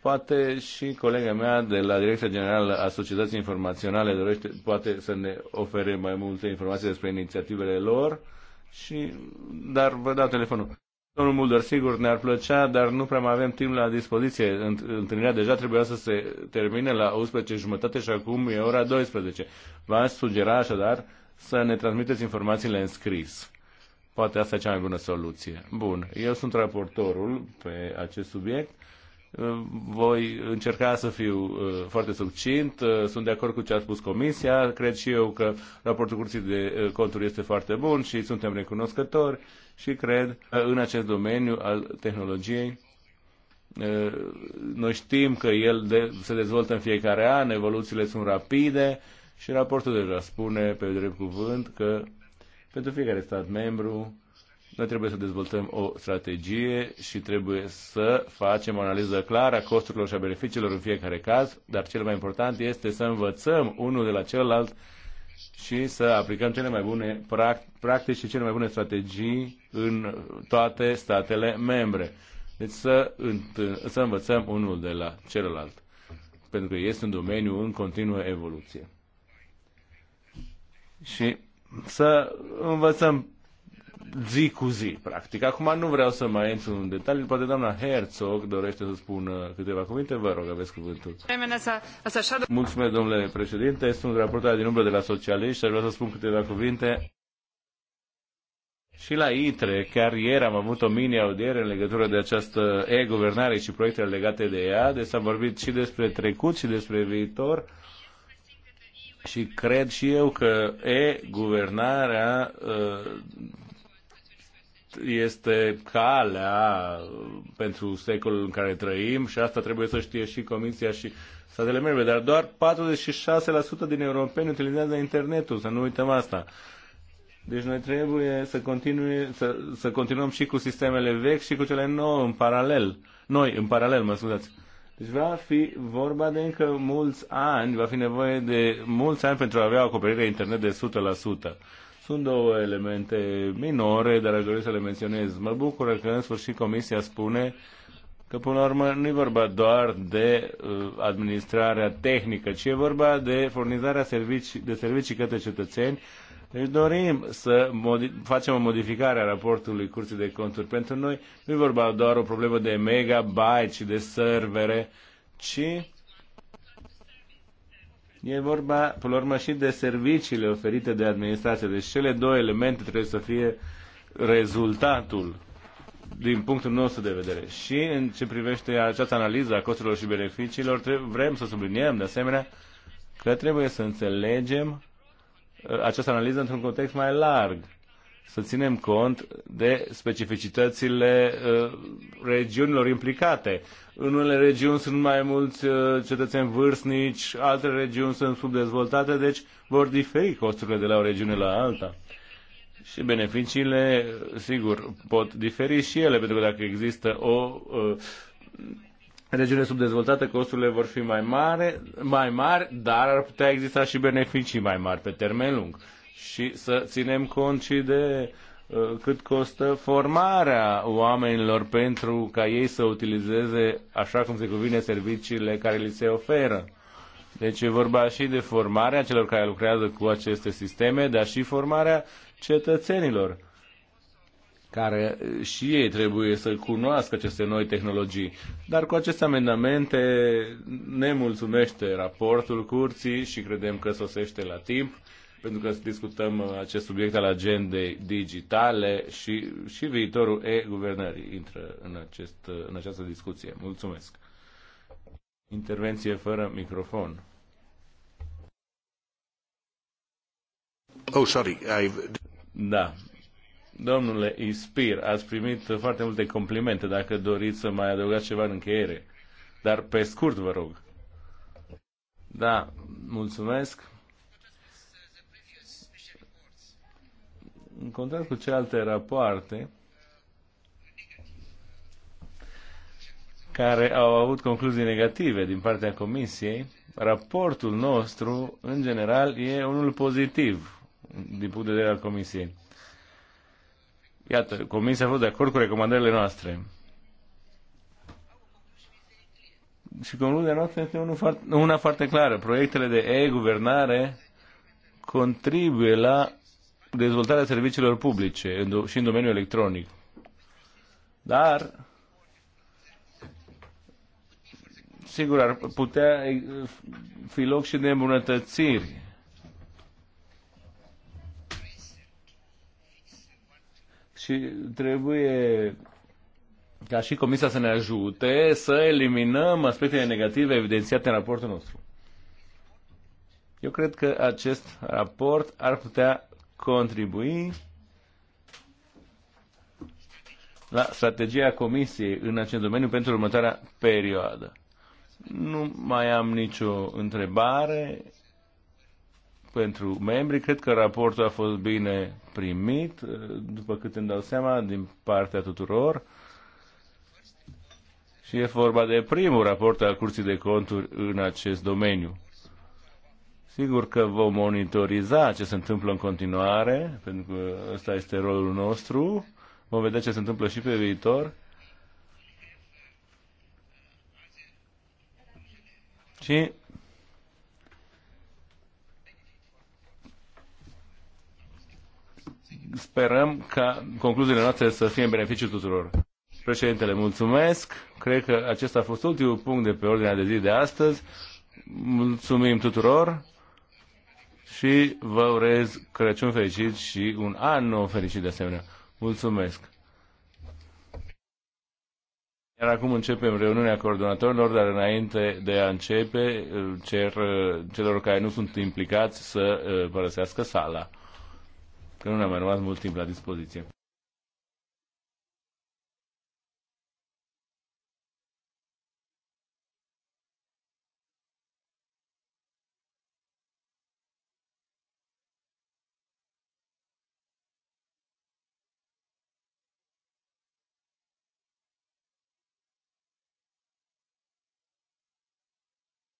Speaker 4: Poate și colega mea de la Direcția Generală a Societății Informaționale dorește, poate să ne ofere mai multe informații despre inițiativele lor, și, dar vă dau telefonul. Domnul Mulder, sigur, ne-ar plăcea, dar nu prea mai avem timp la dispoziție. Întâlnirea deja trebuia să se termine la 11 jumătate și acum e ora 12. V-aș sugera așadar să ne transmiteți informațiile în scris. Poate asta e cea mai bună soluție. Bun, eu sunt raportorul pe acest subiect voi încerca să fiu uh, foarte succint, uh, sunt de acord cu ce a spus Comisia, cred și eu că raportul Curții de uh, Conturi este foarte bun și suntem recunoscători și cred că în acest domeniu al tehnologiei noi știm că el de, se dezvoltă în fiecare an, evoluțiile sunt rapide și raportul deja spune pe drept cuvânt că pentru fiecare stat membru noi trebuie să dezvoltăm o strategie și trebuie să facem o analiză clară a costurilor și a beneficiilor în fiecare caz, dar cel mai important este să învățăm unul de la celălalt și să aplicăm cele mai bune practici și cele mai bune strategii în toate statele membre. Deci să, să învățăm unul de la celălalt, pentru că este un domeniu în continuă evoluție. Și să învățăm zi cu zi, practic. Acum nu vreau să mai intru în detalii, poate doamna Herzog dorește să spună câteva cuvinte, vă rog, aveți cuvântul. Mulțumesc, domnule președinte, sunt raportat din umbră de la socialiști aș vrea să spun câteva cuvinte. Și la ITRE, chiar ieri am avut o mini-audiere în legătură de această e-guvernare și proiectele legate de ea, deci am vorbit și despre trecut și despre viitor. Și cred și eu că e-guvernarea uh, este calea pentru secolul în care trăim și asta trebuie să știe și Comisia și statele membre, dar doar 46% din europeni utilizează internetul, să nu uităm asta. Deci noi trebuie să, continui, să, să continuăm și cu sistemele vechi și cu cele noi în paralel. Noi, în paralel, mă scuzați. Deci va fi vorba de încă mulți ani, va fi nevoie de mulți ani pentru a avea o acoperire internet de 100%. Sunt două elemente minore, dar aș dori să le menționez. Mă bucură că în sfârșit Comisia spune că până la urmă nu e vorba doar de uh, administrarea tehnică, ci e vorba de furnizarea servicii, de servicii către cetățeni. Deci dorim să facem o modificare a raportului Curții de Conturi. Pentru noi nu e vorba doar o problemă de megabyte și de servere, ci E vorba, până la urmă, și de serviciile oferite de administrație. Deci cele două elemente trebuie să fie rezultatul din punctul nostru de vedere. Și în ce privește această analiză a costurilor și beneficiilor, vrem să subliniem, de asemenea, că trebuie să înțelegem uh, această analiză într-un context mai larg să ținem cont de specificitățile uh, regiunilor implicate. În unele regiuni sunt mai mulți uh, cetățeni vârstnici, alte regiuni sunt subdezvoltate, deci vor diferi costurile de la o regiune la alta. Și beneficiile, sigur, pot diferi și ele, pentru că dacă există o uh, regiune subdezvoltată, costurile vor fi mai, mare, mai mari, dar ar putea exista și beneficii mai mari pe termen lung. Uh, și să ținem cont și de uh, cât costă formarea oamenilor pentru ca ei să utilizeze așa cum se cuvine serviciile care li se oferă. Deci e vorba și de formarea celor care lucrează cu aceste sisteme, dar și formarea cetățenilor, care și ei trebuie să cunoască aceste noi tehnologii. Dar cu aceste amendamente ne mulțumește raportul curții și credem că sosește la timp pentru că discutăm uh, acest subiect al agendei digitale și, și viitorul e-guvernării intră în, acest, uh, în această discuție. Mulțumesc. Intervenție fără microfon. Oh, sorry, I've... Da. Domnule Ispir, ați primit foarte multe complimente. Dacă doriți să mai adăugați ceva în încheiere. Dar pe scurt, vă rog. Da, mulțumesc. în contrast cu celelalte rapoarte, care au avut concluzii negative din partea Comisiei, raportul nostru, în general, e unul pozitiv din punct de vedere al Comisiei. Iată, Comisia a fost de acord cu recomandările noastre. Și concluzia noastră este una foarte, una foarte clară. Proiectele de e-guvernare contribuie la dezvoltarea serviciilor publice și în domeniul electronic. Dar, sigur, ar putea fi loc și de îmbunătățiri. Și trebuie ca și Comisia să ne ajute să eliminăm aspectele negative evidențiate în raportul nostru. Eu cred că acest raport ar putea contribui la strategia Comisiei în acest domeniu pentru următoarea perioadă. Nu mai am nicio întrebare pentru membri. Cred că raportul a fost bine primit, după cât îmi dau seama, din partea tuturor. Și e vorba de primul raport al Curții de Conturi în acest domeniu. Sigur că vom monitoriza ce se întâmplă în continuare, pentru că ăsta este rolul nostru. Vom vedea ce se întâmplă și pe viitor. Și sperăm ca concluziile noastre să fie în beneficiu tuturor. Președintele, mulțumesc. Cred că acesta a fost ultimul punct de pe ordinea de zi de astăzi. Mulțumim tuturor și vă urez Crăciun fericit și un an nou fericit de asemenea. Mulțumesc! Iar acum începem reuniunea coordonatorilor, dar înainte de a începe, cer uh, celor care nu sunt implicați să uh, părăsească sala, că nu ne am mai rămas mult timp la dispoziție.